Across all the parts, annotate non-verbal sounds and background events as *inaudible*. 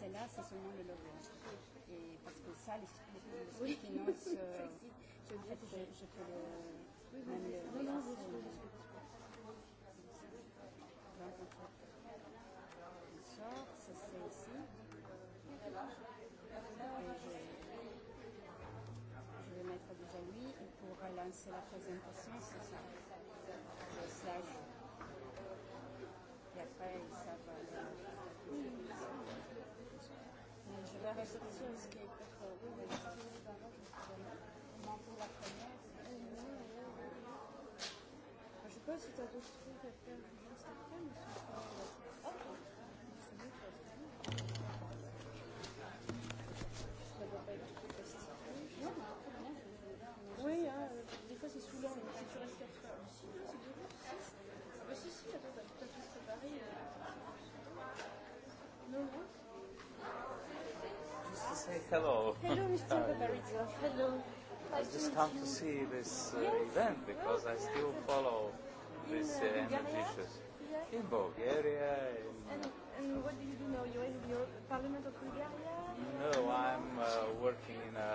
Celle-là, c'est seulement le logo. Et parce que ça, les, les, euh, en fait, je, je peux le, même le, Ça, c'est ici. oui, il pourra lancer la présentation ce soir. Le slide. Et après, ça euh, va. Oui. Je vais rester sur ce qui est peut-être. Comment pour la première Je pense que c'est tu as d'autres say hello. Hello, Mr. Paparizzo. Hello. I just come to see this uh, yes. event because I still follow this uh, uh energy issues. Yeah. In Bulgaria. In and, and what do you do now? You're in the Parliament of Bulgaria? No, I'm uh, working in a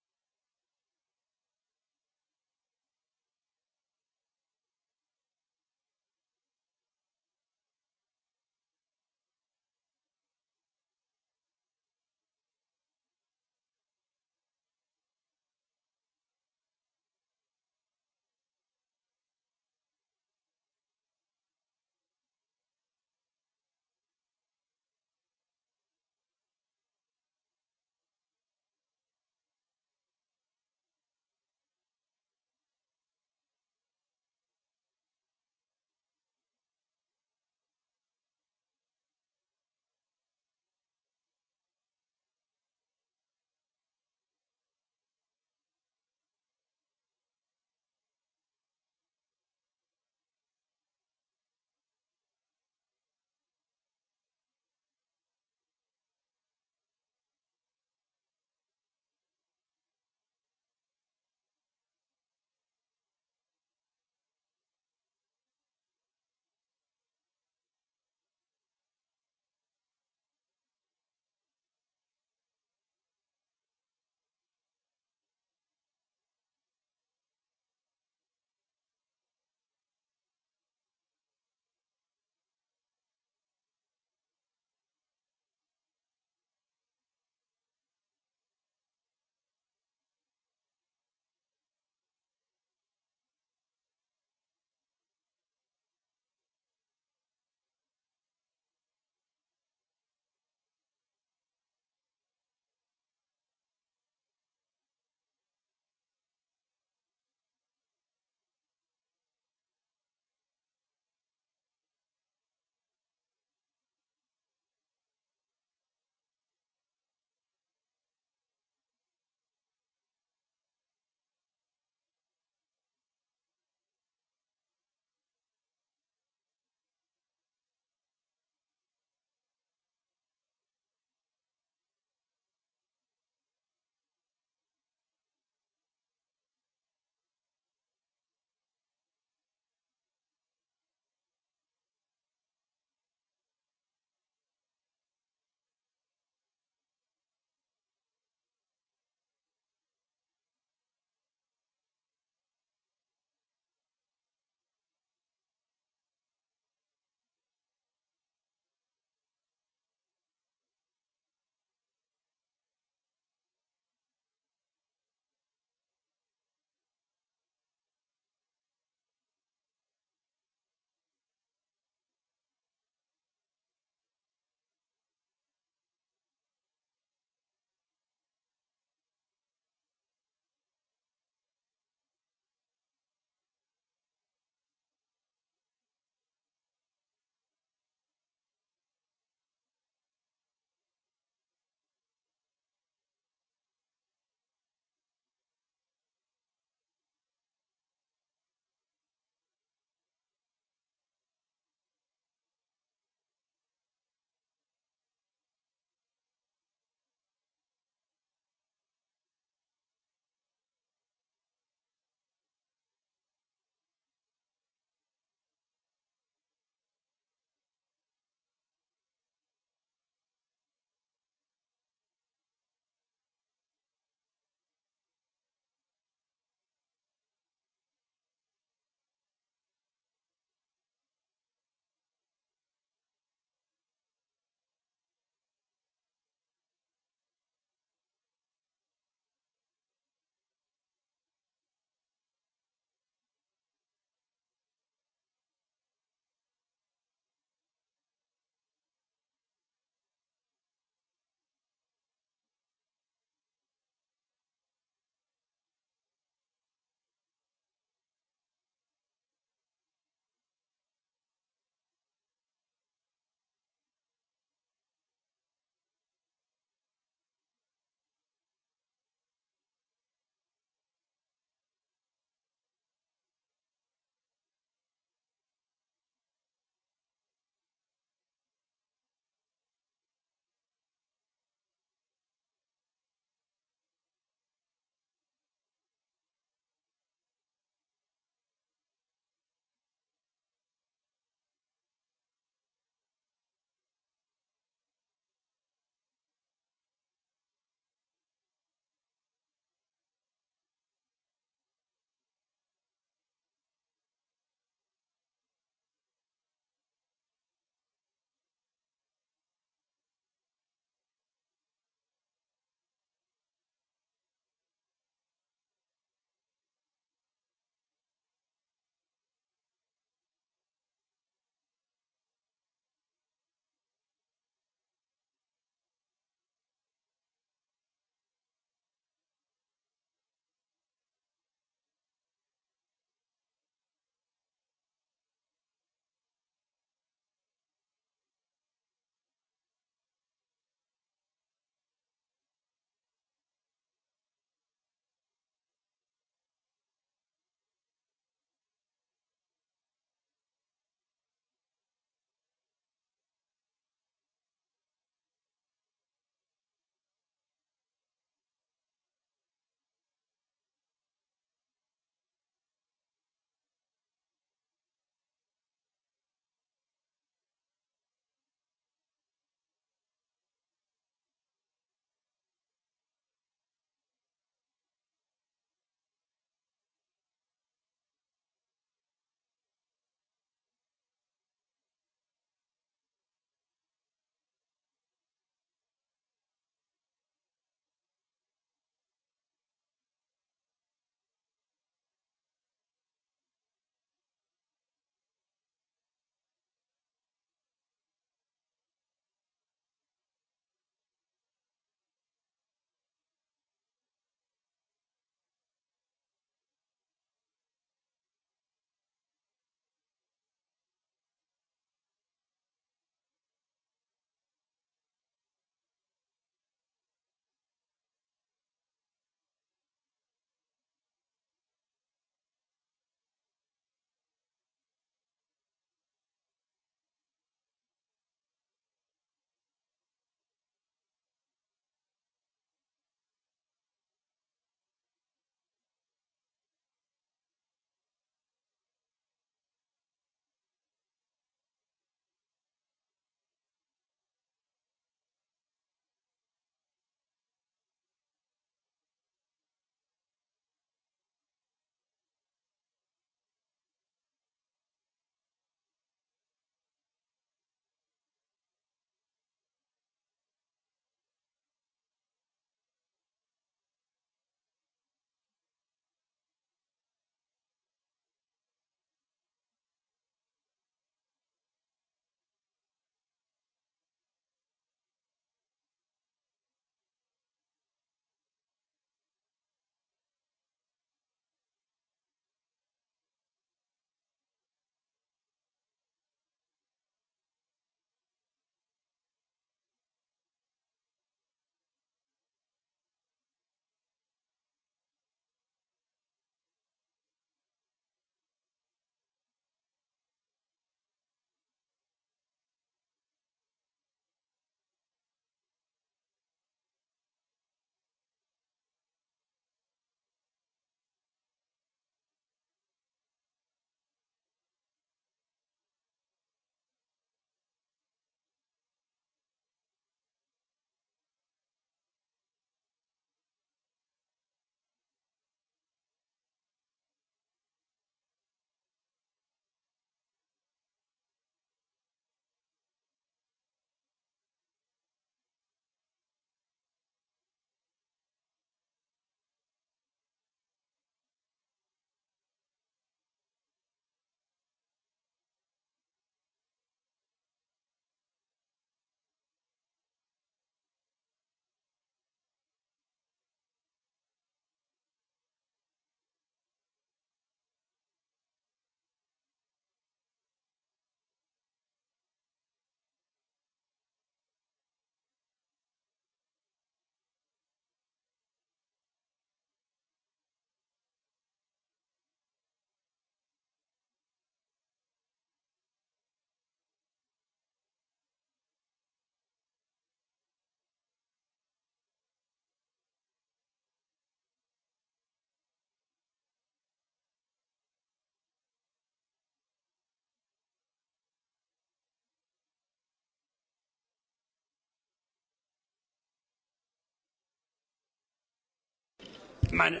Meine,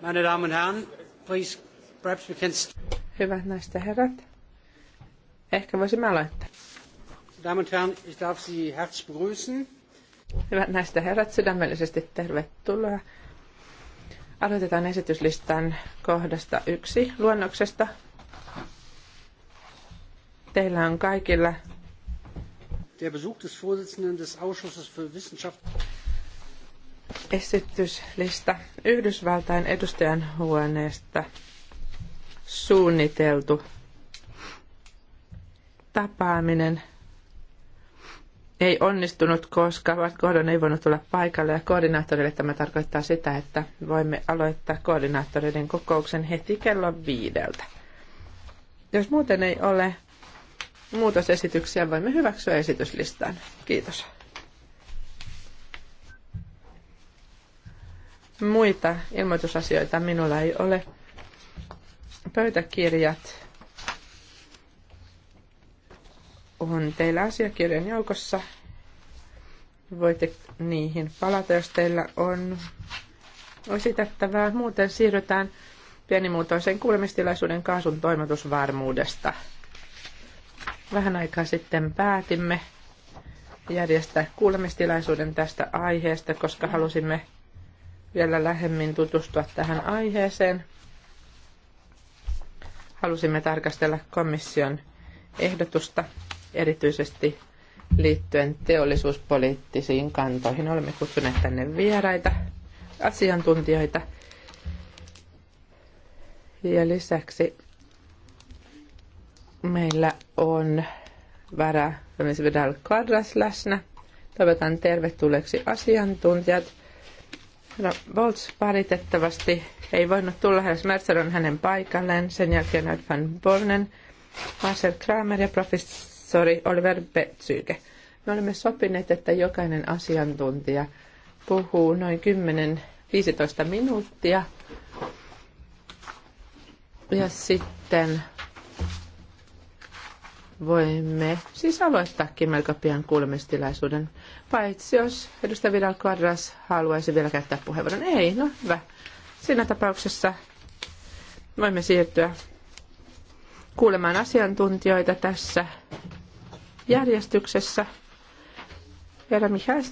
Meine Damen und Herren, please, perhaps we can... Hyvät naiset ja herrat, ehkä voisimme aloittaa. Damen und Herren, ich darf Sie herzlich begrüßen. Hyvät naiset ja herrat, sydämellisesti tervetuloa. Aloitetaan esityslistan kohdasta yksi luonnoksesta. Teillä on kaikilla Der Besuch des Vorsitzenden des Ausschusses für Wissenschaft. Esityslista Yhdysvaltain edustajanhuoneesta suunniteltu tapaaminen ei onnistunut, koska Gordon ei voinut tulla paikalle ja koordinaattorille tämä tarkoittaa sitä, että voimme aloittaa koordinaattoreiden kokouksen heti kello viideltä. Jos muuten ei ole muutosesityksiä, voimme hyväksyä esityslistan. Kiitos. Muita ilmoitusasioita minulla ei ole. Pöytäkirjat on teillä asiakirjan joukossa. Voitte niihin palata, jos teillä on esitettävää. Muuten siirrytään pienimuotoisen kuulemistilaisuuden kaasun toimitusvarmuudesta. Vähän aikaa sitten päätimme järjestää kuulemistilaisuuden tästä aiheesta, koska halusimme vielä lähemmin tutustua tähän aiheeseen. Halusimme tarkastella komission ehdotusta erityisesti liittyen teollisuuspoliittisiin kantoihin. Olemme kutsuneet tänne vieraita asiantuntijoita. Ja lisäksi Meillä on vara Vidal Kvadras läsnä. Toivotan tervetulleeksi asiantuntijat. Herra Bolts paritettavasti ei voinut tulla, jos Mercer on hänen paikalleen. Sen jälkeen Ed van Bornen, Marcel Kramer ja professori Oliver Betsyke. Me olemme sopineet, että jokainen asiantuntija puhuu noin 10-15 minuuttia. Ja sitten voimme siis aloittaakin melko pian kuulemistilaisuuden, paitsi jos edustaja Vidal Quadras haluaisi vielä käyttää puheenvuoron. Ei, no hyvä. Siinä tapauksessa voimme siirtyä kuulemaan asiantuntijoita tässä järjestyksessä. Herra Michael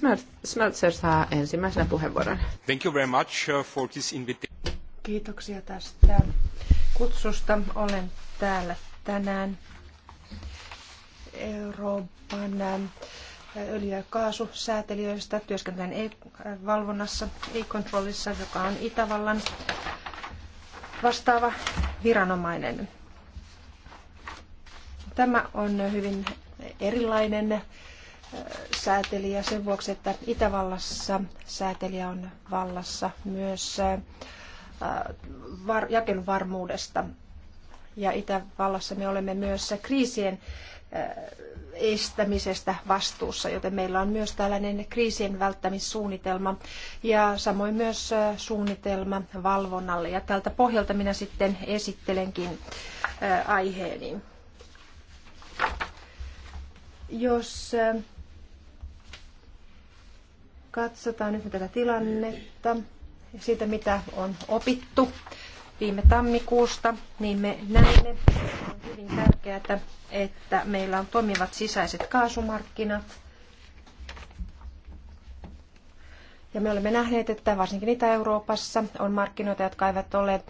Smeltzer saa ensimmäisenä puheenvuoron. Thank you very much uh, for this invitation. Kiitoksia tästä kutsusta. Olen täällä tänään Euroopan ähm, öljy- ja kaasusäätelijöistä. Työskentelen e-valvonnassa, e-controllissa, joka on Itävallan vastaava viranomainen. Tämä on hyvin erilainen äh, säätelijä sen vuoksi, että Itävallassa säätelijä on vallassa myös äh, jakeluvarmuudesta. Ja Itävallassa me olemme myös kriisien Eh, estämisestä vastuussa, joten meillä on myös tällainen kriisien välttämissuunnitelma ja samoin myös eh, suunnitelma valvonnalle. Ja tältä pohjalta minä sitten esittelenkin eh, aiheeni. Jos katsotaan nyt tätä tilannetta, siitä mitä on opittu viime tammikuusta, niin me näemme että on hyvin tärkeää, että meillä on toimivat sisäiset kaasumarkkinat. Ja me olemme nähneet, että varsinkin Itä-Euroopassa on markkinoita, jotka eivät ole eh,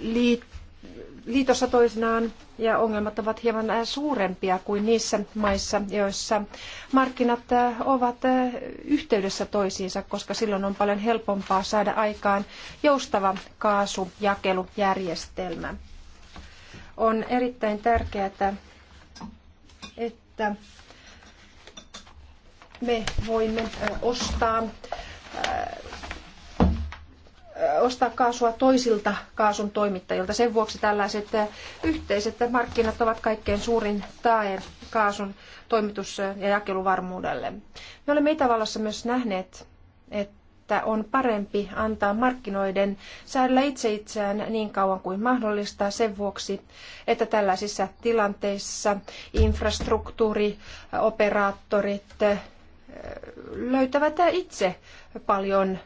liittyneet liitossa toisinaan ja ongelmat ovat hieman äh, suurempia kuin niissä maissa, joissa markkinat äh, ovat äh, yhteydessä toisiinsa, koska silloin on paljon helpompaa saada aikaan joustava kaasujakelujärjestelmä. On erittäin tärkeää, että me voimme ostaa ostaa kaasua toisilta kaasun toimittajilta. Sen vuoksi tällaiset yhteiset markkinat ovat kaikkein suurin tae kaasun toimitus- ja jakeluvarmuudelle. Me olemme Itävallassa myös nähneet, että on parempi antaa markkinoiden säädellä itse itseään niin kauan kuin mahdollista sen vuoksi, että tällaisissa tilanteissa infrastruktuuri, operaattorit, löytävät itse paljon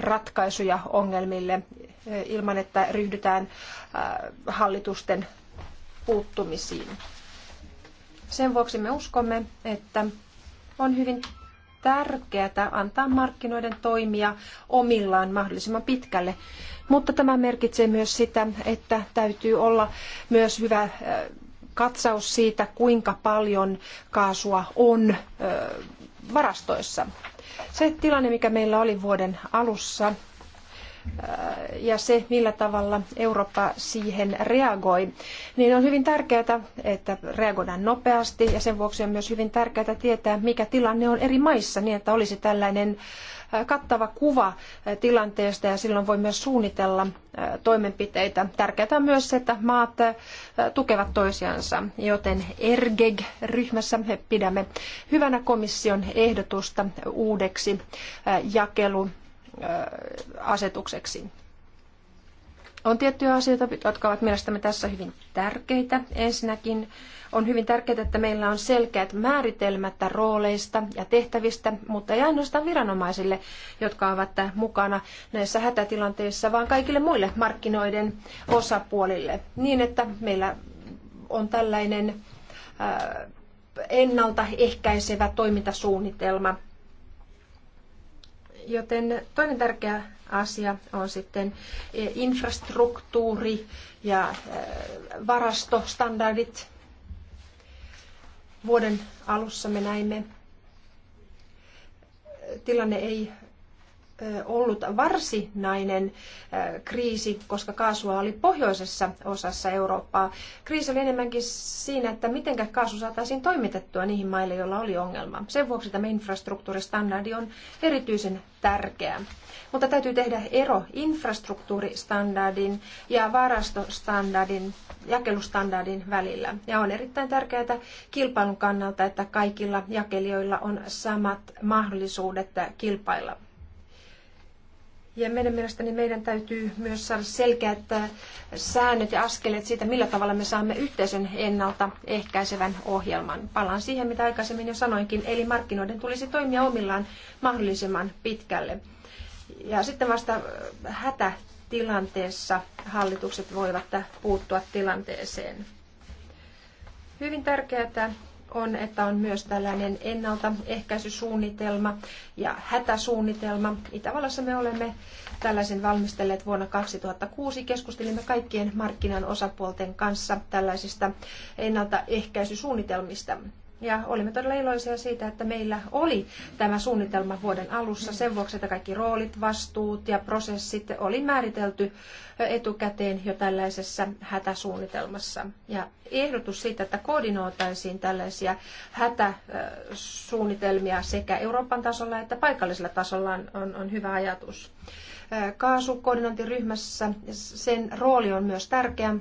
ratkaisuja ongelmille ilman, että ryhdytään hallitusten puuttumisiin. Sen vuoksi me uskomme, että on hyvin tärkeää antaa markkinoiden toimia omillaan mahdollisimman pitkälle. Mutta tämä merkitsee myös sitä, että täytyy olla myös hyvä katsaus siitä, kuinka paljon kaasua on varastoissa. Se tilanne, mikä meillä oli vuoden alussa, äh, ja se, millä tavalla Eurooppa siihen reagoi, niin on hyvin tärkeää, että reagoidaan nopeasti ja sen vuoksi on myös hyvin tärkeää tietää, mikä tilanne on eri maissa niin, että olisi tällainen äh, kattava kuva tilanteesta ja silloin voi myös suunnitella toimenpiteitä. Tärkeää on myös se, että maat tukevat toisiansa, joten ERGEG-ryhmässä me pidämme hyvänä komission ehdotusta uudeksi jakeluasetukseksi. On tiettyjä asioita, jotka ovat mielestämme tässä hyvin tärkeitä. Ensinnäkin on hyvin tärkeää, että meillä on selkeät määritelmät rooleista ja tehtävistä, mutta ei ainoastaan viranomaisille, jotka ovat mukana näissä hätätilanteissa, vaan kaikille muille markkinoiden osapuolille. Niin, että meillä on tällainen äh, ennaltaehkäisevä toimintasuunnitelma. Joten toinen tärkeä asia on sitten eh, infrastruktuuri ja eh, varastostandardit. Vuoden alussa me näimme, eh, tilanne ei ollut varsinainen kriisi, koska kaasua oli pohjoisessa osassa Eurooppaa. Kriisi oli enemmänkin siinä, että miten kaasu saataisiin toimitettua niihin maille, joilla oli ongelma. Sen vuoksi tämä infrastruktuuristandardi on erityisen tärkeä. Mutta täytyy tehdä ero infrastruktuuristandardin ja varastostandardin, jakelustandardin välillä. Ja on erittäin tärkeää kilpailun kannalta, että kaikilla jakelijoilla on samat mahdollisuudet kilpailla. Ja meidän mielestäni meidän täytyy myös saada selkeät äh, säännöt ja askeleet siitä, millä tavalla me saamme yhteisen ennalta ehkäisevän ohjelman. Palaan siihen, mitä aikaisemmin jo sanoinkin, eli markkinoiden tulisi toimia omillaan mahdollisimman pitkälle. Ja sitten vasta äh, hätätilanteessa hallitukset voivat puuttua tilanteeseen. Hyvin tärkeää on, että on myös tällainen ennaltaehkäisysuunnitelma ja hätäsuunnitelma. Itävallassa me olemme tällaisen valmistelleet vuonna 2006. Keskustelimme kaikkien markkinan osapuolten kanssa tällaisista ennaltaehkäisysuunnitelmista. Ja olimme todella iloisia siitä, että meillä oli tämä suunnitelma vuoden alussa sen vuoksi, että kaikki roolit, vastuut ja prosessit oli määritelty etukäteen jo tällaisessa hätäsuunnitelmassa. Ja ehdotus siitä, että koordinoitaisiin tällaisia hätäsuunnitelmia sekä Euroopan tasolla että paikallisella tasolla on, on hyvä ajatus. Kaasukoordinointiryhmässä sen rooli on myös tärkeä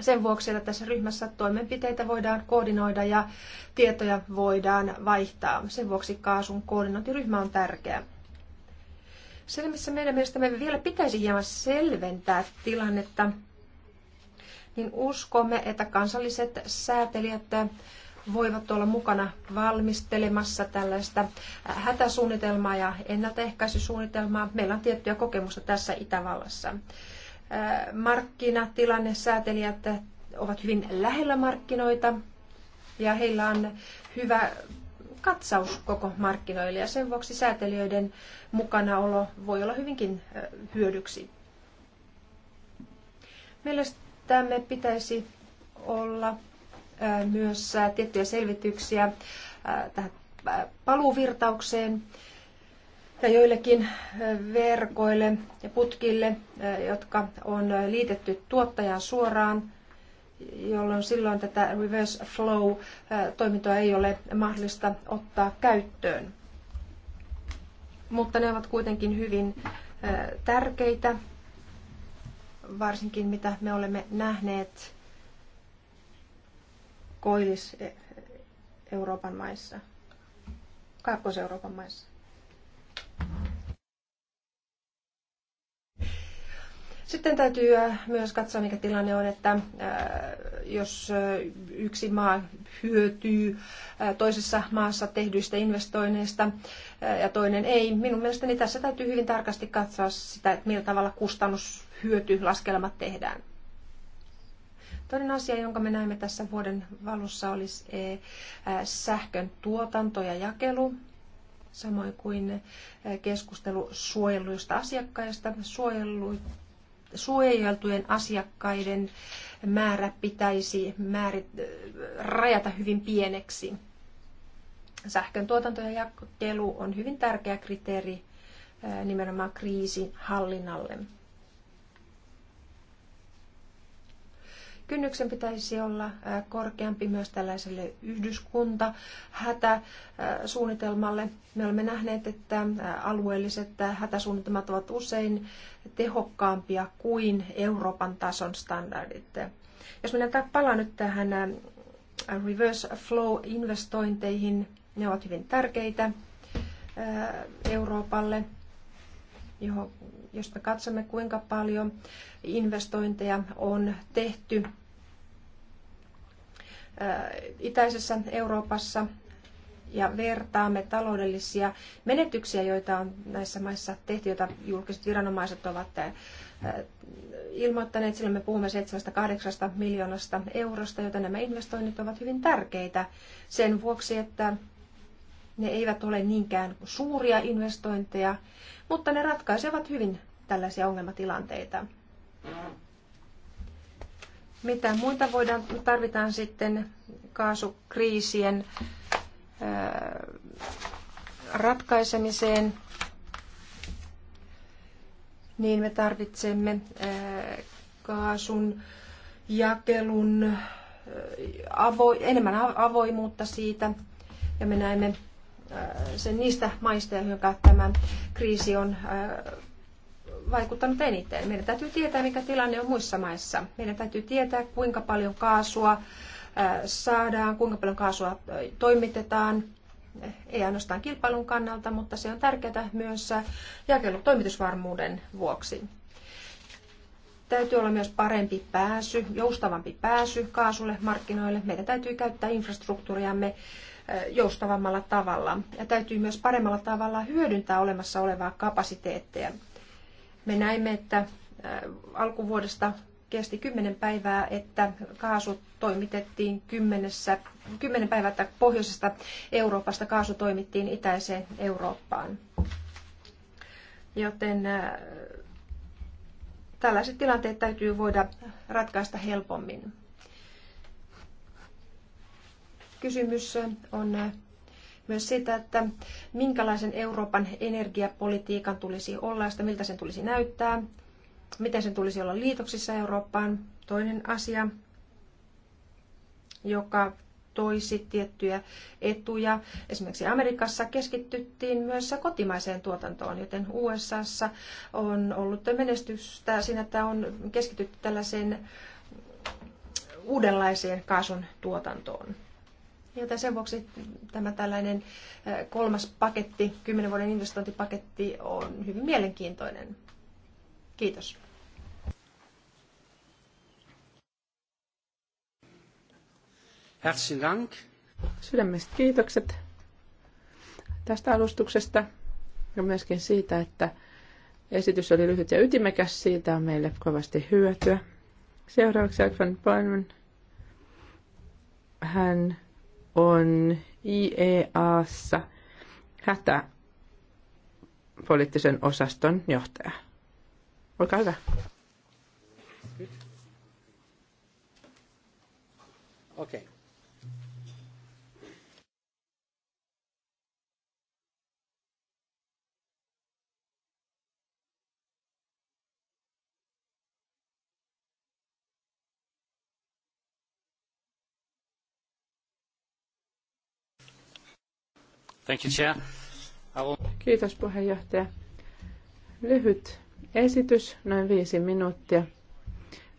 sen vuoksi, että tässä ryhmässä toimenpiteitä voidaan koordinoida ja tietoja voidaan vaihtaa. Sen vuoksi kaasun koordinointiryhmä on tärkeä. Se, missä meidän mielestämme vielä pitäisi hieman selventää tilannetta, niin uskomme, että kansalliset säätelijät voivat olla mukana valmistelemassa tällaista hätäsuunnitelmaa ja ennaltaehkäisysuunnitelmaa. Meillä on tiettyä kokemusta tässä Itävallassa markkinatilanne, säätelijät ovat hyvin lähellä markkinoita ja heillä on hyvä katsaus koko markkinoille ja sen vuoksi säätelijöiden mukanaolo voi olla hyvinkin hyödyksi. Mielestämme pitäisi olla myös tiettyjä selvityksiä tähän paluuvirtaukseen ja joillekin äh, verkoille ja putkille, äh, jotka on äh, liitetty tuottajan suoraan, jolloin silloin tätä reverse flow-toimintoa ei ole mahdollista ottaa käyttöön. Mutta ne ovat kuitenkin hyvin tärkeitä, varsinkin mitä me olemme nähneet Koillis-Euroopan e-, maissa, Kaakkois-Euroopan maissa. Sitten täytyy äh, myös katsoa, mikä tilanne on, että äh, jos äh, yksi maa hyötyy toisessa maassa tehdyistä investoinneista ja toinen ei, minun mielestäni tässä täytyy hyvin tarkasti katsoa sitä, että millä tavalla kustannushyötylaskelmat tehdään. Toinen asia, jonka me näimme tässä vuoden valussa, olisi sähkön tuotanto ja jakelu samoin kuin eh, keskustelu suojeluista asiakkaista, suojelu, suojeltujen asiakkaiden määrä pitäisi määrit, rajata hyvin pieneksi. Sähkön tuotanto ja jakelu on hyvin tärkeä kriteeri eh, nimenomaan kriisin hallinnalle. Kynnyksen pitäisi olla korkeampi myös tällaiselle yhdyskunta hätäsuunnitelmalle. Me olemme nähneet, että alueelliset hätäsuunnitelmat ovat usein tehokkaampia kuin Euroopan tason standardit. Jos mennään palaan nyt tähän reverse flow-investointeihin, ne ovat hyvin tärkeitä Euroopalle, johon jos me katsomme, kuinka paljon investointeja on tehty itäisessä Euroopassa ja vertaamme taloudellisia menetyksiä, joita on näissä maissa tehty, joita julkiset viranomaiset ovat ilmoittaneet. Silloin me puhumme 7-8 miljoonasta eurosta, joten nämä investoinnit ovat hyvin tärkeitä sen vuoksi, että ne eivät ole niinkään suuria investointeja, mutta ne ratkaisevat hyvin tällaisia ongelmatilanteita. Mitä muita voidaan, tarvitaan sitten kaasukriisien äh, ratkaisemiseen, niin me tarvitsemme äh, kaasun jakelun äh, avo, enemmän avoimuutta siitä. Ja me näemme sen niistä maista, joka tämä kriisi on vaikuttanut eniten. Meidän täytyy tietää, mikä tilanne on muissa maissa. Meidän täytyy tietää, kuinka paljon kaasua äh, saadaan, kuinka paljon kaasua äh, toimitetaan, ei ainoastaan kilpailun kannalta, mutta se on tärkeää myös äh, jakelun toimitusvarmuuden vuoksi. Täytyy olla myös parempi pääsy, joustavampi pääsy kaasulle markkinoille. Meidän täytyy käyttää infrastruktuuriamme joustavammalla tavalla ja täytyy myös paremmalla tavalla hyödyntää olemassa olevaa kapasiteettia. Me näimme, että alkuvuodesta kesti kymmenen päivää, että kaasu toimitettiin kymmenessä, kymmenen päivää, että pohjoisesta Euroopasta kaasu toimittiin itäiseen Eurooppaan. Joten tällaiset tilanteet täytyy voida ratkaista helpommin. Kysymys on myös sitä, että minkälaisen Euroopan energiapolitiikan tulisi olla ja sitä, miltä sen tulisi näyttää, miten sen tulisi olla liitoksissa Eurooppaan. Toinen asia, joka toisi tiettyjä etuja. Esimerkiksi Amerikassa keskityttiin myös kotimaiseen tuotantoon, joten USAssa on ollut menestystä siinä, että on keskitytty tällaiseen uudenlaiseen kaasun tuotantoon. Joten sen vuoksi tämä tällainen kolmas paketti, kymmenen vuoden investointipaketti on hyvin mielenkiintoinen. Kiitos. Herzlichen Dank. Sydämestä kiitokset tästä alustuksesta ja myöskin siitä, että esitys oli lyhyt ja ytimekäs. Siitä on meille kovasti hyötyä. Seuraavaksi Alfred Hän on IEAssa hätä poliittisen osaston johtaja. Olkaa hyvä. Okay. Thank you, Chair. Kiitos puheenjohtaja. Lyhyt esitys, noin viisi minuuttia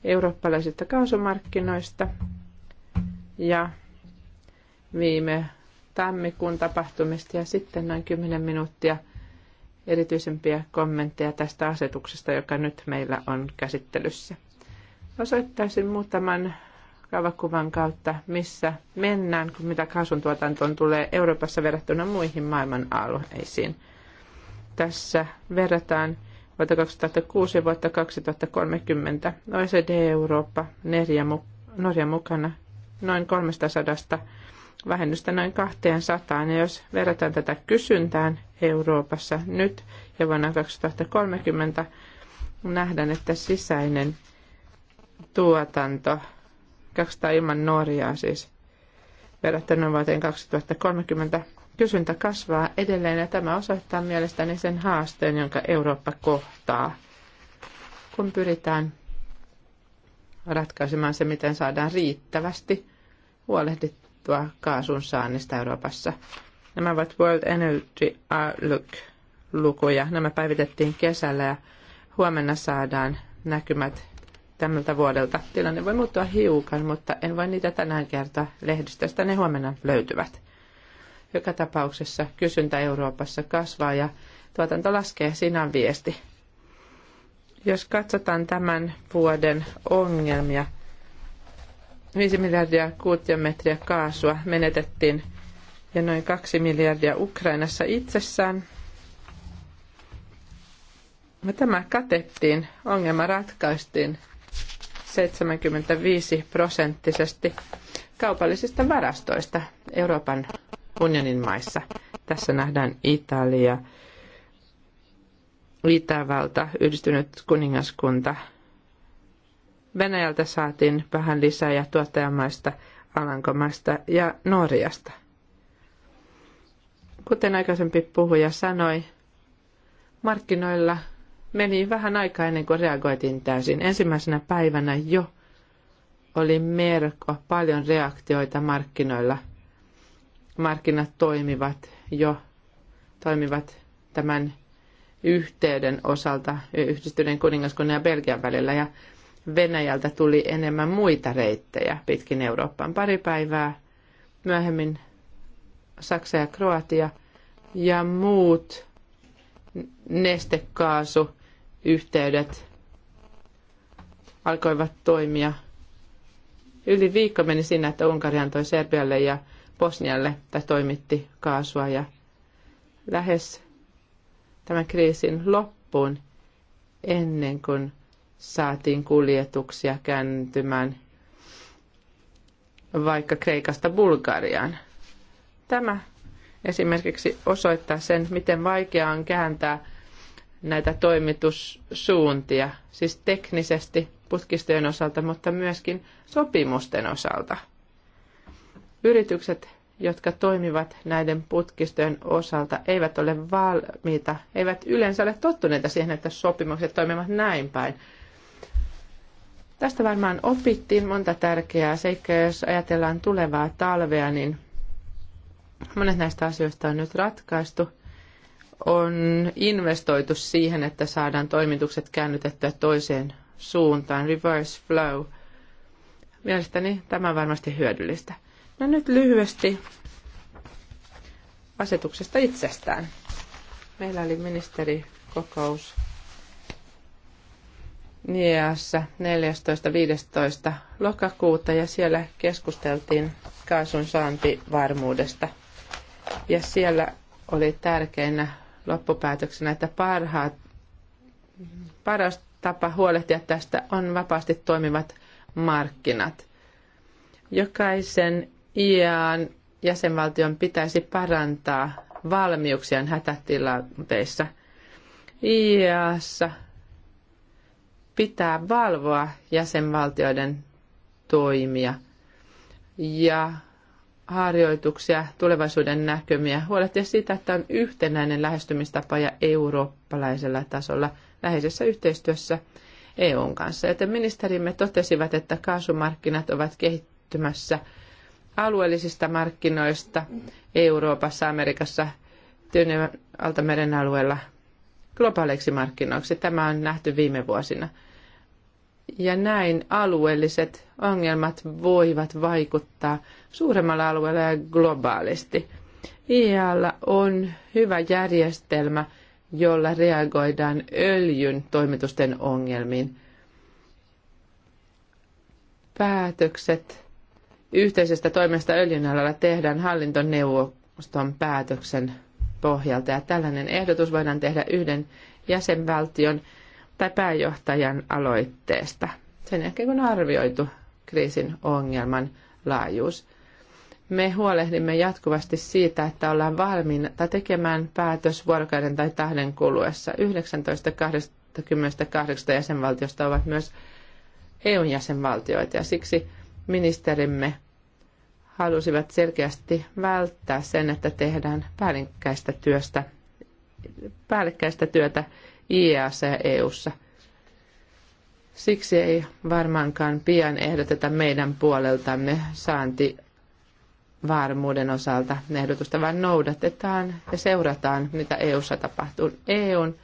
eurooppalaisista kaasumarkkinoista ja viime tammikuun tapahtumista ja sitten noin 10 minuuttia erityisempiä kommentteja tästä asetuksesta, joka nyt meillä on käsittelyssä. Osoittaisin muutaman kaavakuvan kautta, missä mennään, kun mitä kaasuntuotantoon tulee Euroopassa verrattuna muihin maailman alueisiin. Tässä verrataan vuotta 2006 ja vuotta 2030 OECD Eurooppa, Norja, Norja mukana noin 300 vähennystä noin 200. Ja jos verrataan tätä kysyntään Euroopassa nyt ja vuonna 2030, nähdään, että sisäinen tuotanto 200 ilman nuoriaa siis verrattuna vuoteen 2030. Kysyntä kasvaa edelleen ja tämä osoittaa mielestäni sen haasteen, jonka Eurooppa kohtaa, kun pyritään ratkaisemaan se, miten saadaan riittävästi huolehdittua kaasun saannista Euroopassa. Nämä ovat World Energy Outlook-lukuja. Nämä päivitettiin kesällä ja huomenna saadaan näkymät tämmöltä vuodelta. Tilanne voi muuttua hiukan, mutta en voi niitä tänään kertoa lehdistöstä. Ne huomenna löytyvät. Joka tapauksessa kysyntä Euroopassa kasvaa ja tuotanto laskee. Siinä on viesti. Jos katsotaan tämän vuoden ongelmia, 5 miljardia kuutiometriä kaasua menetettiin ja noin 2 miljardia Ukrainassa itsessään. Tämä katettiin, ongelma ratkaistiin 75 prosenttisesti kaupallisista varastoista Euroopan unionin maissa. Tässä nähdään Italia, Itävalta, yhdistynyt kuningaskunta. Venäjältä saatiin vähän lisää ja tuottajamaista, Alankomaista ja Norjasta. Kuten aikaisempi puhuja sanoi, markkinoilla – meni vähän aikaa ennen kuin reagoitin täysin. Ensimmäisenä päivänä jo oli merko, paljon reaktioita markkinoilla. Markkinat toimivat jo, toimivat tämän yhteyden osalta yhdistyneen kuningaskunnan ja Belgian välillä ja Venäjältä tuli enemmän muita reittejä pitkin Eurooppaan. Pari päivää myöhemmin Saksa ja Kroatia ja muut nestekaasu yhteydet alkoivat toimia. Yli viikko meni sinne, että Unkari antoi Serbialle ja Bosnialle tai toimitti kaasua ja lähes tämän kriisin loppuun ennen kuin saatiin kuljetuksia kääntymään vaikka Kreikasta Bulgariaan. Tämä esimerkiksi osoittaa sen, miten vaikeaa on kääntää näitä toimitussuuntia, siis teknisesti putkistojen osalta, mutta myöskin sopimusten osalta. Yritykset, jotka toimivat näiden putkistojen osalta, eivät ole valmiita, eivät yleensä ole tottuneita siihen, että sopimukset toimivat näin päin. Tästä varmaan opittiin monta tärkeää seikkaa, jos ajatellaan tulevaa talvea, niin monet näistä asioista on nyt ratkaistu – on investoitu siihen, että saadaan toimitukset käännytettyä toiseen suuntaan, reverse flow. Mielestäni tämä on varmasti hyödyllistä. No nyt lyhyesti asetuksesta itsestään. Meillä oli ministerikokous Niassa 14.15. lokakuuta ja siellä keskusteltiin kaasun saantivarmuudesta. Ja siellä oli tärkeinä loppupäätöksenä, että parhaat, paras tapa huolehtia tästä on vapaasti toimivat markkinat. Jokaisen IAN jäsenvaltion pitäisi parantaa valmiuksiaan hätätilanteissa. IAS pitää valvoa jäsenvaltioiden toimia ja harjoituksia, tulevaisuuden näkymiä, huolehtia siitä, että on yhtenäinen lähestymistapa ja eurooppalaisella tasolla läheisessä yhteistyössä EUn kanssa. Joten ministerimme totesivat, että kaasumarkkinat ovat kehittymässä alueellisista markkinoista Euroopassa, Amerikassa, Tyynyn altameren alueella globaaleiksi markkinoiksi. Tämä on nähty viime vuosina. Ja näin alueelliset ongelmat voivat vaikuttaa suuremmalla alueella ja globaalisti. IAlla on hyvä järjestelmä, jolla reagoidaan öljyn toimitusten ongelmiin. Päätökset yhteisestä toimesta öljyn alalla tehdään hallintoneuvoston päätöksen pohjalta ja tällainen ehdotus voidaan tehdä yhden jäsenvaltion tai pääjohtajan aloitteesta sen jälkeen, kun on arvioitu kriisin ongelman laajuus. Me huolehdimme jatkuvasti siitä, että ollaan valmiina tekemään päätös vuorokauden tai tahden kuluessa. 1928 jäsenvaltiosta ovat myös EUn jäsenvaltioita ja siksi ministerimme halusivat selkeästi välttää sen, että tehdään päällekkäistä, työstä, päällekkäistä työtä IAC EUssa. Siksi ei varmaankaan pian ehdoteta meidän puoleltamme saanti varmuuden osalta ehdotusta, vaan noudatetaan ja seurataan, mitä EUssa tapahtuu. EUn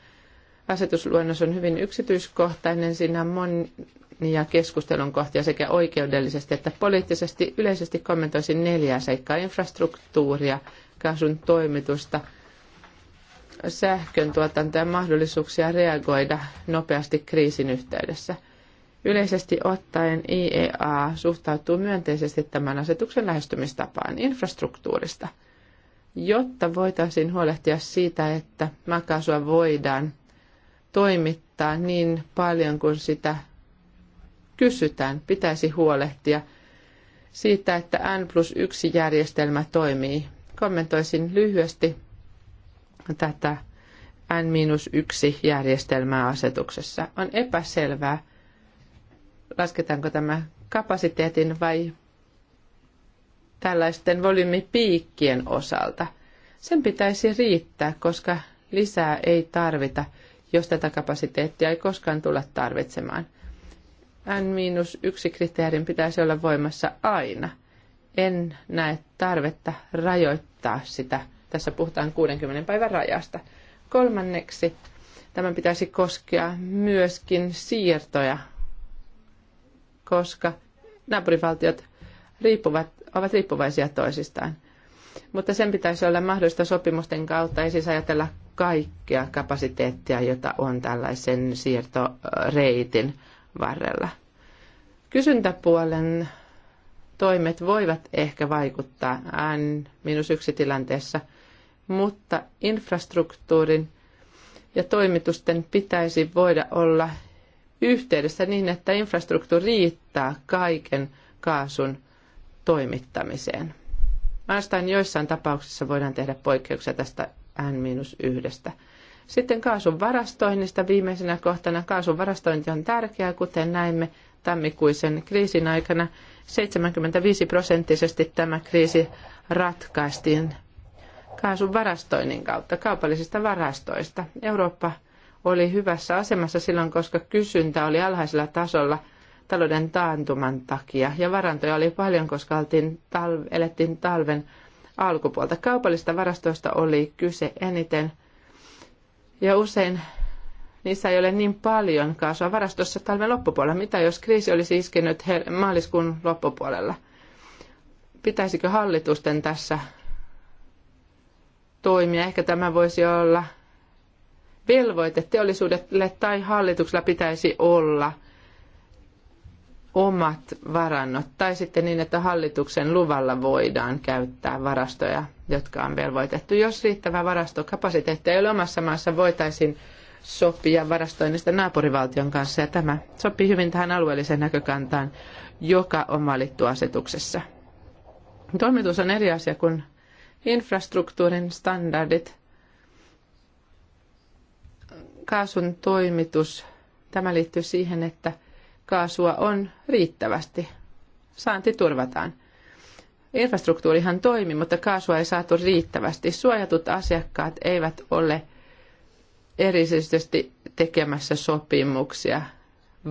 asetusluonnos on hyvin yksityiskohtainen, siinä on monia keskustelun kohtia sekä oikeudellisesti että poliittisesti. Yleisesti kommentoisin neljää seikkaa, infrastruktuuria, kaasun toimitusta – sähkön tuotantoa ja mahdollisuuksia reagoida nopeasti kriisin yhteydessä. Yleisesti ottaen IEA suhtautuu myönteisesti tämän asetuksen lähestymistapaan infrastruktuurista, jotta voitaisiin huolehtia siitä, että makasua voidaan toimittaa niin paljon kuin sitä kysytään. Pitäisi huolehtia siitä, että N plus 1 järjestelmä toimii. Kommentoisin lyhyesti tätä N-1-järjestelmää asetuksessa. On epäselvää, lasketaanko tämä kapasiteetin vai tällaisten volyymipiikkien osalta. Sen pitäisi riittää, koska lisää ei tarvita, jos tätä kapasiteettia ei koskaan tulla tarvitsemaan. N-1 kriteerin pitäisi olla voimassa aina. En näe tarvetta rajoittaa sitä – tässä puhutaan 60 päivän rajasta. Kolmanneksi tämän pitäisi koskea myöskin siirtoja, koska naapurivaltiot riippuvat, ovat riippuvaisia toisistaan. Mutta sen pitäisi olla mahdollista sopimusten kautta, ei siis ajatella kaikkea kapasiteettia, jota on tällaisen siirtoreitin varrella. Kysyntäpuolen toimet voivat ehkä vaikuttaa N-1 tilanteessa – mutta infrastruktuurin ja toimitusten pitäisi voida olla yhteydessä niin, että infrastruktuuri riittää kaiken kaasun toimittamiseen. Ainoastaan joissain tapauksissa voidaan tehdä poikkeuksia tästä N-1. Sitten kaasun varastoinnista viimeisenä kohtana. Kaasun varastointi on tärkeää, kuten näimme tammikuisen kriisin aikana. 75 prosenttisesti tämä kriisi ratkaistiin kaasun varastoinnin kautta, kaupallisista varastoista. Eurooppa oli hyvässä asemassa silloin, koska kysyntä oli alhaisella tasolla talouden taantuman takia ja varantoja oli paljon, koska oltiin talve, elettiin talven alkupuolta. Kaupallista varastoista oli kyse eniten ja usein niissä ei ole niin paljon kaasua varastossa talven loppupuolella. Mitä jos kriisi olisi iskenyt maaliskuun loppupuolella? Pitäisikö hallitusten tässä toimia. Ehkä tämä voisi olla velvoite teollisuudelle tai hallituksella pitäisi olla omat varannot, tai sitten niin, että hallituksen luvalla voidaan käyttää varastoja, jotka on velvoitettu. Jos riittävä varastokapasiteetti ei ole omassa maassa, voitaisiin sopia varastoinnista naapurivaltion kanssa, ja tämä sopii hyvin tähän alueelliseen näkökantaan, joka on valittu asetuksessa. Toimitus on eri asia kuin infrastruktuurin standardit, kaasun toimitus, tämä liittyy siihen, että kaasua on riittävästi. Saanti turvataan. Infrastruktuurihan toimi, mutta kaasua ei saatu riittävästi. Suojatut asiakkaat eivät ole erityisesti tekemässä sopimuksia,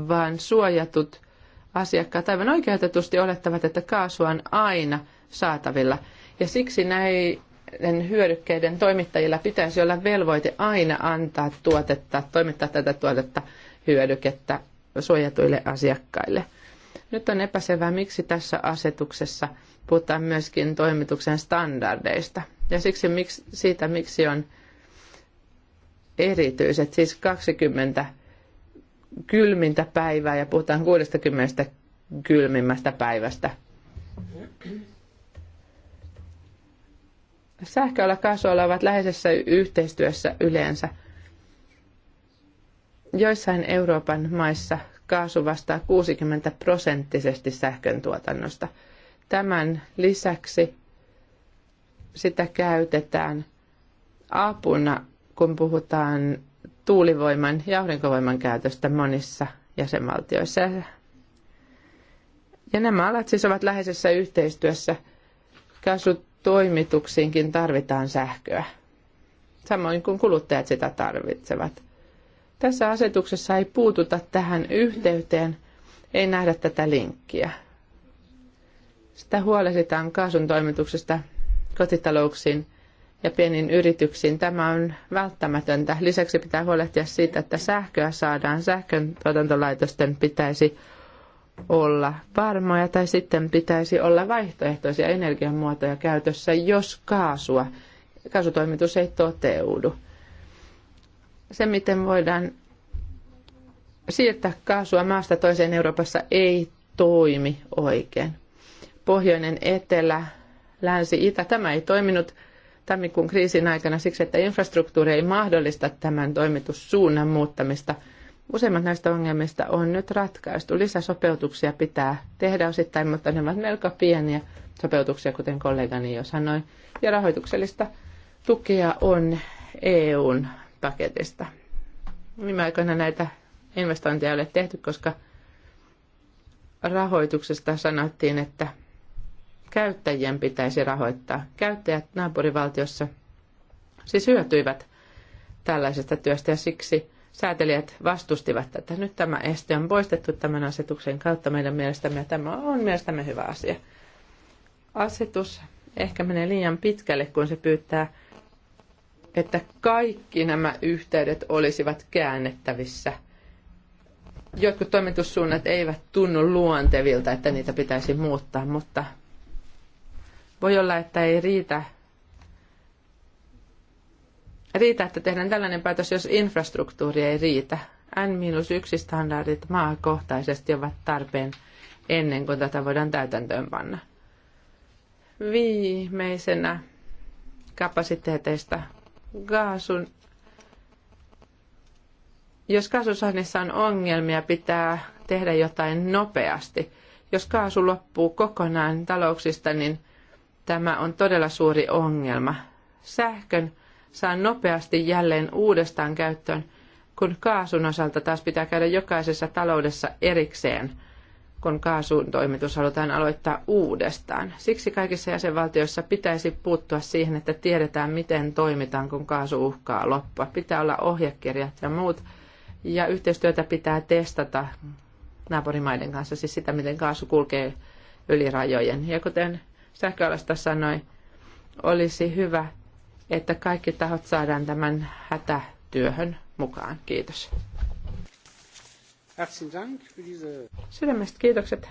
vaan suojatut asiakkaat aivan oikeutetusti olettavat, että kaasua on aina saatavilla – ja siksi näiden hyödykkeiden toimittajilla pitäisi olla velvoite aina antaa tuotetta, toimittaa tätä tuotetta hyödykettä suojatuille asiakkaille. Nyt on epäselvää, miksi tässä asetuksessa puhutaan myöskin toimituksen standardeista ja siksi miksi, siitä, miksi on erityiset, siis 20 kylmintä päivää ja puhutaan 60 kylmimmästä päivästä sähköllä kaasualla ovat läheisessä yhteistyössä yleensä. Joissain Euroopan maissa kaasu vastaa 60 prosenttisesti sähkön tuotannosta. Tämän lisäksi sitä käytetään apuna, kun puhutaan tuulivoiman ja aurinkovoiman käytöstä monissa jäsenvaltioissa. Ja nämä alat siis ovat läheisessä yhteistyössä. Kaasut toimituksiinkin tarvitaan sähköä, samoin kuin kuluttajat sitä tarvitsevat. Tässä asetuksessa ei puututa tähän yhteyteen, ei nähdä tätä linkkiä. Sitä huolehditaan kaasun toimituksesta kotitalouksiin ja pieniin yrityksiin. Tämä on välttämätöntä. Lisäksi pitää huolehtia siitä, että sähköä saadaan. Sähkön tuotantolaitosten pitäisi olla varmoja tai sitten pitäisi olla vaihtoehtoisia energiamuotoja käytössä, jos kaasua, kaasutoimitus ei toteudu. Se, miten voidaan siirtää kaasua maasta toiseen Euroopassa, ei toimi oikein. Pohjoinen, etelä, länsi, itä, tämä ei toiminut tammikuun kriisin aikana siksi, että infrastruktuuri ei mahdollista tämän toimitussuunnan muuttamista – Useimmat näistä ongelmista on nyt ratkaistu. Lisäsopeutuksia pitää tehdä osittain, mutta ne ovat melko pieniä sopeutuksia, kuten kollegani jo sanoi. Ja rahoituksellista tukea on EUn paketista. Viime aikoina näitä investointeja ei ole tehty, koska rahoituksesta sanottiin, että käyttäjien pitäisi rahoittaa. Käyttäjät naapurivaltiossa siis hyötyivät tällaisesta työstä ja siksi säätelijät vastustivat tätä. Nyt tämä este on poistettu tämän asetuksen kautta meidän mielestämme ja tämä on mielestämme hyvä asia. Asetus ehkä menee liian pitkälle, kun se pyytää, että kaikki nämä yhteydet olisivat käännettävissä. Jotkut toimitussuunnat eivät tunnu luontevilta, että niitä pitäisi muuttaa, mutta voi olla, että ei riitä riitä, että tehdään tällainen päätös, jos infrastruktuuri ei riitä. N-1 standardit maakohtaisesti ovat tarpeen ennen kuin tätä voidaan täytäntöön panna. Viimeisenä kapasiteeteista kaasun. Jos kaasusahdissa on ongelmia, pitää tehdä jotain nopeasti. Jos kaasu loppuu kokonaan talouksista, niin tämä on todella suuri ongelma. Sähkön saa nopeasti jälleen uudestaan käyttöön, kun kaasun osalta taas pitää käydä jokaisessa taloudessa erikseen, kun kaasun toimitus halutaan aloittaa uudestaan. Siksi kaikissa jäsenvaltioissa pitäisi puuttua siihen, että tiedetään, miten toimitaan, kun kaasu uhkaa loppua. Pitää olla ohjekirjat ja muut, ja yhteistyötä pitää testata naapurimaiden kanssa, siis sitä, miten kaasu kulkee yli rajojen. Ja kuten sähköalasta sanoi, olisi hyvä että kaikki tahot saadaan tämän hätätyöhön mukaan. Kiitos. Sydämestä kiitokset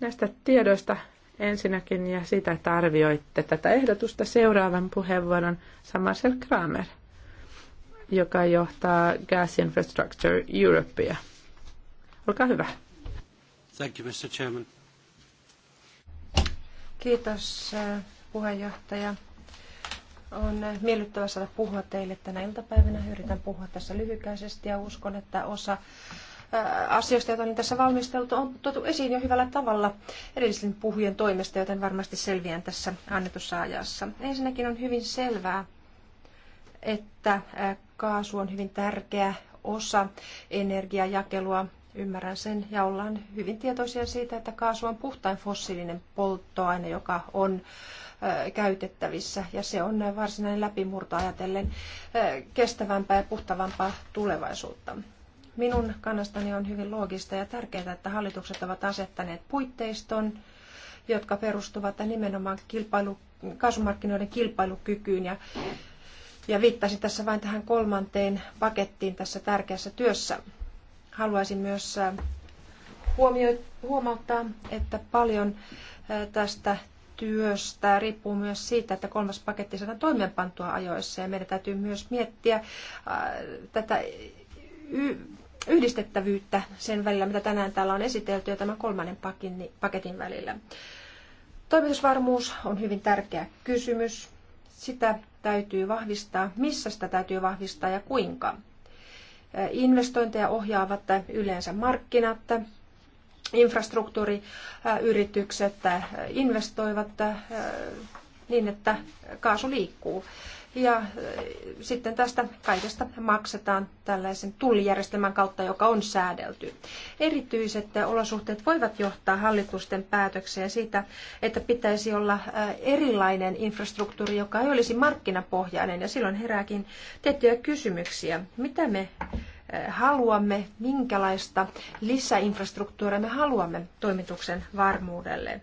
näistä tiedoista ensinnäkin ja siitä, että arvioitte tätä ehdotusta seuraavan puheenvuoron Samasel Kramer, joka johtaa Gas Infrastructure Europea. Olkaa hyvä. Thank you, Mr. Chairman. Kiitos eh, puheenjohtaja. On miellyttävä saada puhua teille tänä iltapäivänä. Yritän puhua tässä lyhykäisesti ja uskon, että osa asioista, joita olen tässä valmisteltu, on tuotu esiin jo hyvällä tavalla edellisen puhujen toimesta, joten varmasti selviän tässä annetussa ajassa. Ensinnäkin on hyvin selvää, että kaasu on hyvin tärkeä osa energiajakelua. Ymmärrän sen ja ollaan hyvin tietoisia siitä, että kaasu on puhtain fossiilinen polttoaine, joka on äh, käytettävissä ja se on varsinainen läpimurto ajatellen kestävämpää ja puhtavampaa tulevaisuutta. Minun kannastani on hyvin loogista ja tärkeää, että hallitukset ovat asettaneet puitteiston, jotka perustuvat nimenomaan kilpailu, kasvumarkkinoiden kilpailukykyyn ja ja viittasin tässä vain tähän kolmanteen pakettiin tässä tärkeässä työssä. Haluaisin myös huomio, huomauttaa, että paljon tästä työstä riippuu myös siitä, että kolmas paketti saadaan toimeenpantua ajoissa ja meidän täytyy myös miettiä äh, tätä yhdistettävyyttä sen välillä, mitä tänään täällä on esitelty ja tämän kolmannen paketin välillä. Toimitusvarmuus on hyvin tärkeä kysymys. Sitä täytyy vahvistaa, missä sitä täytyy vahvistaa ja kuinka. Äh, investointeja ohjaavat yleensä markkinat, infrastruktuuriyritykset äh, äh, investoivat äh, niin, että kaasu liikkuu. Ja sitten tästä kaikesta maksetaan tällaisen tullijärjestelmän kautta, joka on säädelty. Erityiset olosuhteet voivat johtaa hallitusten päätökseen siitä, että pitäisi olla erilainen infrastruktuuri, joka ei olisi markkinapohjainen. Ja silloin herääkin tiettyjä kysymyksiä. Mitä me haluamme, minkälaista lisäinfrastruktuuria me haluamme toimituksen varmuudelle.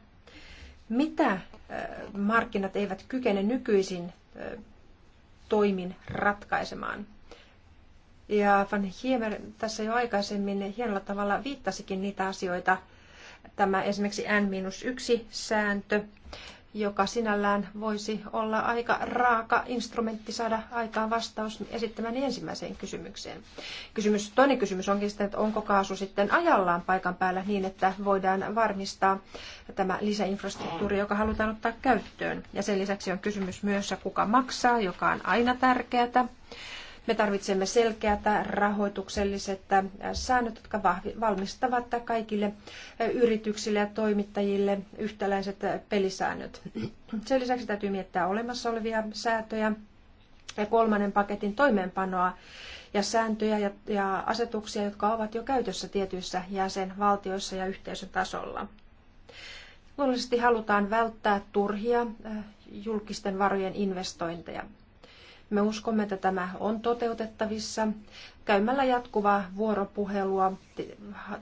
Mitä markkinat eivät kykene nykyisin toimin ratkaisemaan? Ja Van Hiemer tässä jo aikaisemmin hienolla tavalla viittasikin niitä asioita, tämä esimerkiksi N-1-sääntö, joka sinällään voisi olla aika raaka instrumentti saada aikaan vastaus esittämään ensimmäiseen kysymykseen. Kysymys, toinen kysymys onkin sitten, että onko kaasu sitten ajallaan paikan päällä niin, että voidaan varmistaa tämä lisäinfrastruktuuri, joka halutaan ottaa käyttöön. Ja sen lisäksi on kysymys myös, kuka maksaa, joka on aina tärkeää. Me tarvitsemme selkeät rahoitukselliset säännöt, jotka valmistavat kaikille yrityksille ja toimittajille yhtäläiset pelisäännöt. Sen lisäksi täytyy miettiä olemassa olevia säätöjä ja kolmannen paketin toimeenpanoa ja sääntöjä ja, ja asetuksia, jotka ovat jo käytössä tietyissä jäsenvaltioissa ja yhteisön tasolla. Luonnollisesti halutaan välttää turhia eh, julkisten varojen investointeja. Me uskomme, että tämä on toteutettavissa käymällä jatkuvaa vuoropuhelua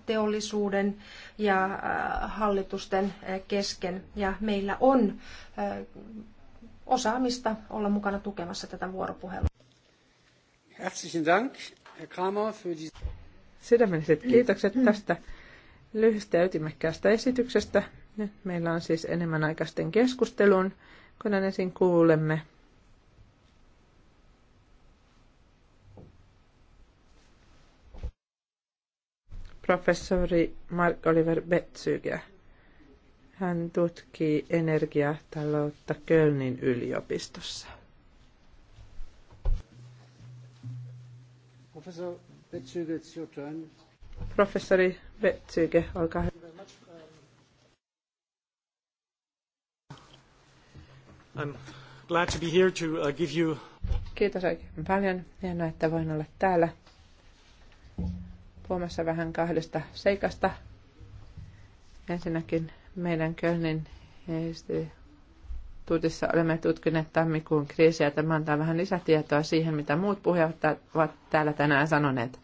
teollisuuden ja äh, hallitusten äh, kesken. Ja meillä on äh, osaamista olla mukana tukemassa tätä vuoropuhelua. Herzlichen Dank, Herr Kramer, für die... Sydämelliset kiitokset tästä lyhyestä ja ytimekkäästä esityksestä. Nyt meillä on siis enemmän aikaisten keskustelun, kun ensin kuulemme professori Mark Oliver Betsyge. Hän tutkii energiataloutta Kölnin yliopistossa. Professor Betsyge, it's your turn. Professori Betsyge, olkaa hyvä. I'm glad to be here to uh, give you... Kiitos oikein paljon. Hienoa, että voin olla täällä puhumassa vähän kahdesta seikasta. Ensinnäkin meidän Kölnin tuutissa olemme tutkineet tammikuun kriisiä. Tämä antaa vähän lisätietoa siihen, mitä muut puhujat ovat täällä tänään sanoneet.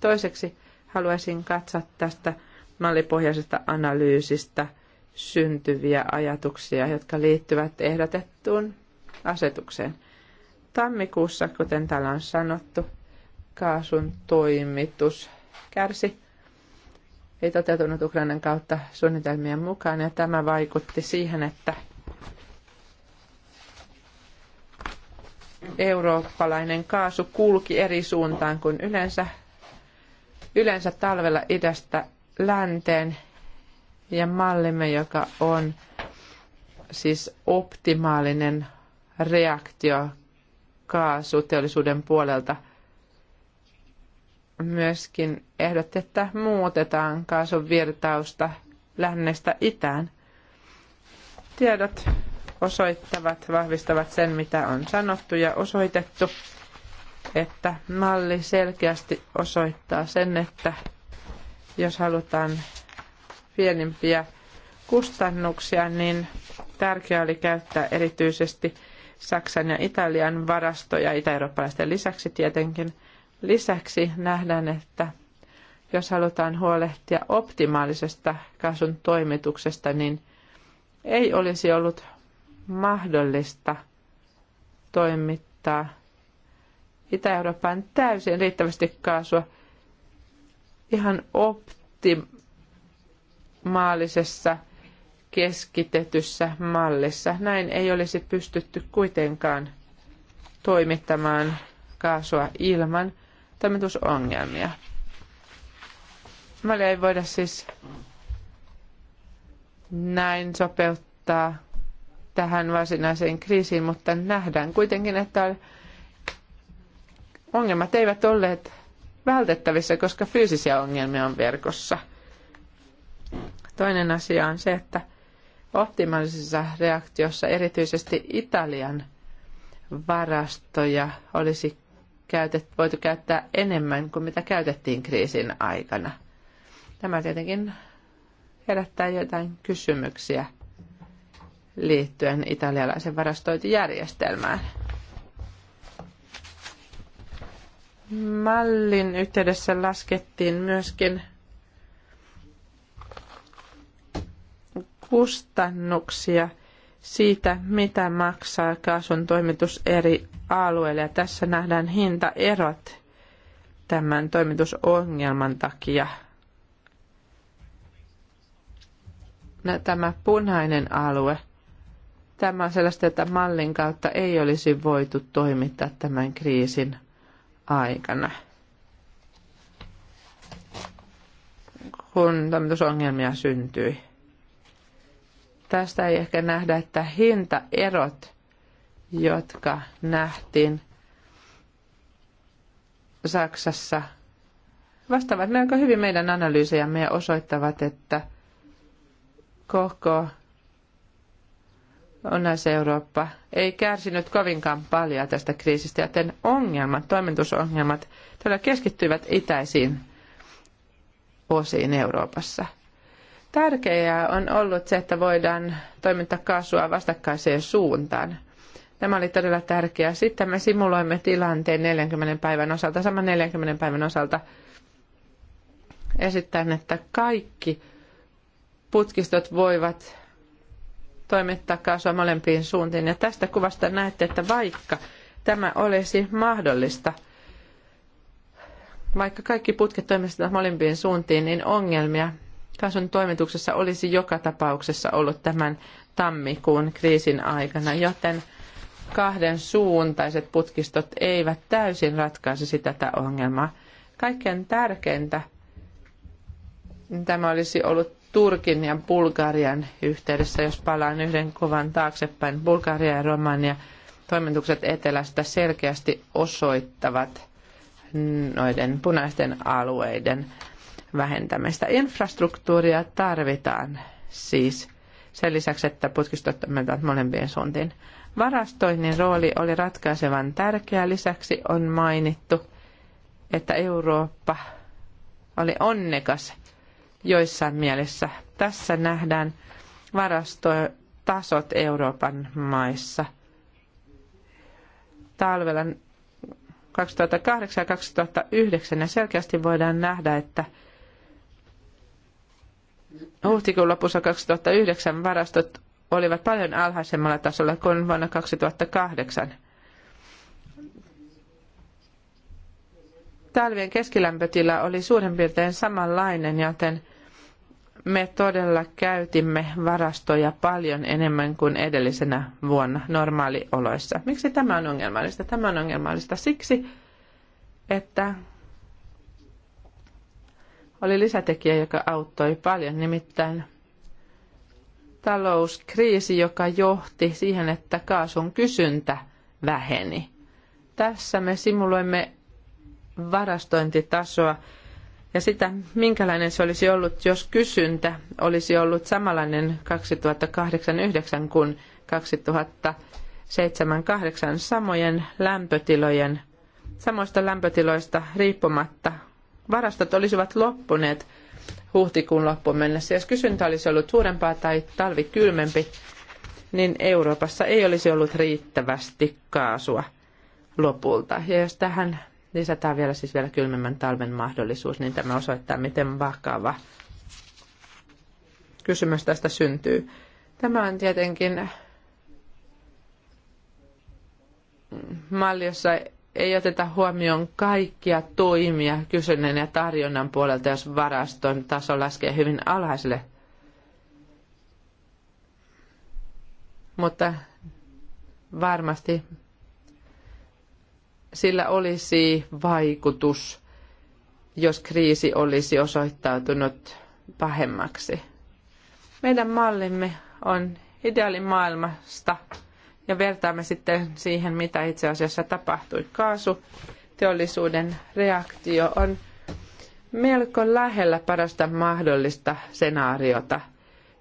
Toiseksi haluaisin katsoa tästä mallipohjaisesta analyysistä syntyviä ajatuksia, jotka liittyvät ehdotettuun asetukseen. Tammikuussa, kuten täällä on sanottu, kaasun toimitus kärsi. Ei toteutunut Ukrainan kautta suunnitelmien mukaan ja tämä vaikutti siihen, että eurooppalainen kaasu kulki eri suuntaan kuin yleensä, yleensä talvella idästä länteen ja mallimme, joka on siis optimaalinen reaktio kaasuteollisuuden puolelta – myöskin ehdotti, että muutetaan kaasun virtausta lännestä itään. Tiedot osoittavat, vahvistavat sen, mitä on sanottu ja osoitettu, että malli selkeästi osoittaa sen, että jos halutaan pienimpiä kustannuksia, niin tärkeää oli käyttää erityisesti Saksan ja Italian varastoja, itä-eurooppalaisten lisäksi tietenkin – Lisäksi nähdään, että jos halutaan huolehtia optimaalisesta kasvun toimituksesta, niin ei olisi ollut mahdollista toimittaa itä euroopan täysin riittävästi kaasua ihan optimaalisessa keskitetyssä mallissa. Näin ei olisi pystytty kuitenkaan toimittamaan kaasua ilman toimitusongelmia. Mallia ei voida siis näin sopeuttaa tähän varsinaiseen kriisiin, mutta nähdään kuitenkin, että ongelmat eivät olleet vältettävissä, koska fyysisiä ongelmia on verkossa. Toinen asia on se, että optimaalisessa reaktiossa erityisesti Italian varastoja olisi käytet, voitu käyttää enemmän kuin mitä käytettiin kriisin aikana. Tämä tietenkin herättää jotain kysymyksiä liittyen italialaisen varastointijärjestelmään. Mallin yhteydessä laskettiin myöskin kustannuksia siitä, mitä maksaa kaasun toimitus eri alueelle. Ja tässä nähdään hintaerot tämän toimitusongelman takia. Tämä punainen alue, tämä on sellaista, että mallin kautta ei olisi voitu toimittaa tämän kriisin aikana. Kun toimitusongelmia syntyi. Tästä ei ehkä nähdä, että hintaerot – jotka nähtiin Saksassa, vastaavat melko hyvin meidän analyysejämme ja osoittavat, että koko Onnais-Eurooppa ei kärsinyt kovinkaan paljon tästä kriisistä, joten ongelmat, toimitusongelmat, todella keskittyivät itäisiin osiin Euroopassa. Tärkeää on ollut se, että voidaan toimintaa kaasua vastakkaiseen suuntaan. Tämä oli todella tärkeää. Sitten me simuloimme tilanteen 40 päivän osalta, saman 40 päivän osalta esittäen, että kaikki putkistot voivat toimittaa kaasua molempiin suuntiin. Ja tästä kuvasta näette, että vaikka tämä olisi mahdollista, vaikka kaikki putket toimisivat molempiin suuntiin, niin ongelmia kaasun toimituksessa olisi joka tapauksessa ollut tämän tammikuun kriisin aikana, joten – kahden suuntaiset putkistot eivät täysin ratkaisisi tätä ongelmaa. Kaikkein tärkeintä tämä olisi ollut Turkin ja Bulgarian yhteydessä, jos palaan yhden kuvan taaksepäin. Bulgaria ja Romania toimitukset etelästä selkeästi osoittavat noiden punaisten alueiden vähentämistä. Infrastruktuuria tarvitaan siis sen lisäksi, että putkistot menevät molempien suuntiin. Varastoinnin rooli oli ratkaisevan tärkeä. Lisäksi on mainittu, että Eurooppa oli onnekas joissain mielessä. Tässä nähdään varastotasot Euroopan maissa. Talvella 2008 ja 2009 ja selkeästi voidaan nähdä, että huhtikuun lopussa 2009 varastot olivat paljon alhaisemmalla tasolla kuin vuonna 2008. Talvien keskilämpötila oli suurin piirtein samanlainen, joten me todella käytimme varastoja paljon enemmän kuin edellisenä vuonna normaalioloissa. Miksi tämä on ongelmallista? Tämä on ongelmallista siksi, että oli lisätekijä, joka auttoi paljon, nimittäin – talouskriisi, joka johti siihen, että kaasun kysyntä väheni. Tässä me simuloimme varastointitasoa ja sitä, minkälainen se olisi ollut, jos kysyntä olisi ollut samanlainen 2008-2009 kuin 2007-2008 samojen lämpötilojen, samoista lämpötiloista riippumatta. Varastot olisivat loppuneet – huhtikuun loppuun mennessä. Jos kysyntä olisi ollut suurempaa tai talvi kylmempi, niin Euroopassa ei olisi ollut riittävästi kaasua lopulta. Ja jos tähän lisätään vielä siis vielä kylmemmän talven mahdollisuus, niin tämä osoittaa, miten vakava kysymys tästä syntyy. Tämä on tietenkin malli, jossa ei oteta huomioon kaikkia toimia kysynnän ja tarjonnan puolelta, jos varaston taso laskee hyvin alhaiselle. Mutta varmasti sillä olisi vaikutus, jos kriisi olisi osoittautunut pahemmaksi. Meidän mallimme on ideaalimaailmasta maailmasta ja vertaamme sitten siihen, mitä itse asiassa tapahtui. Kaasuteollisuuden reaktio on melko lähellä parasta mahdollista senaariota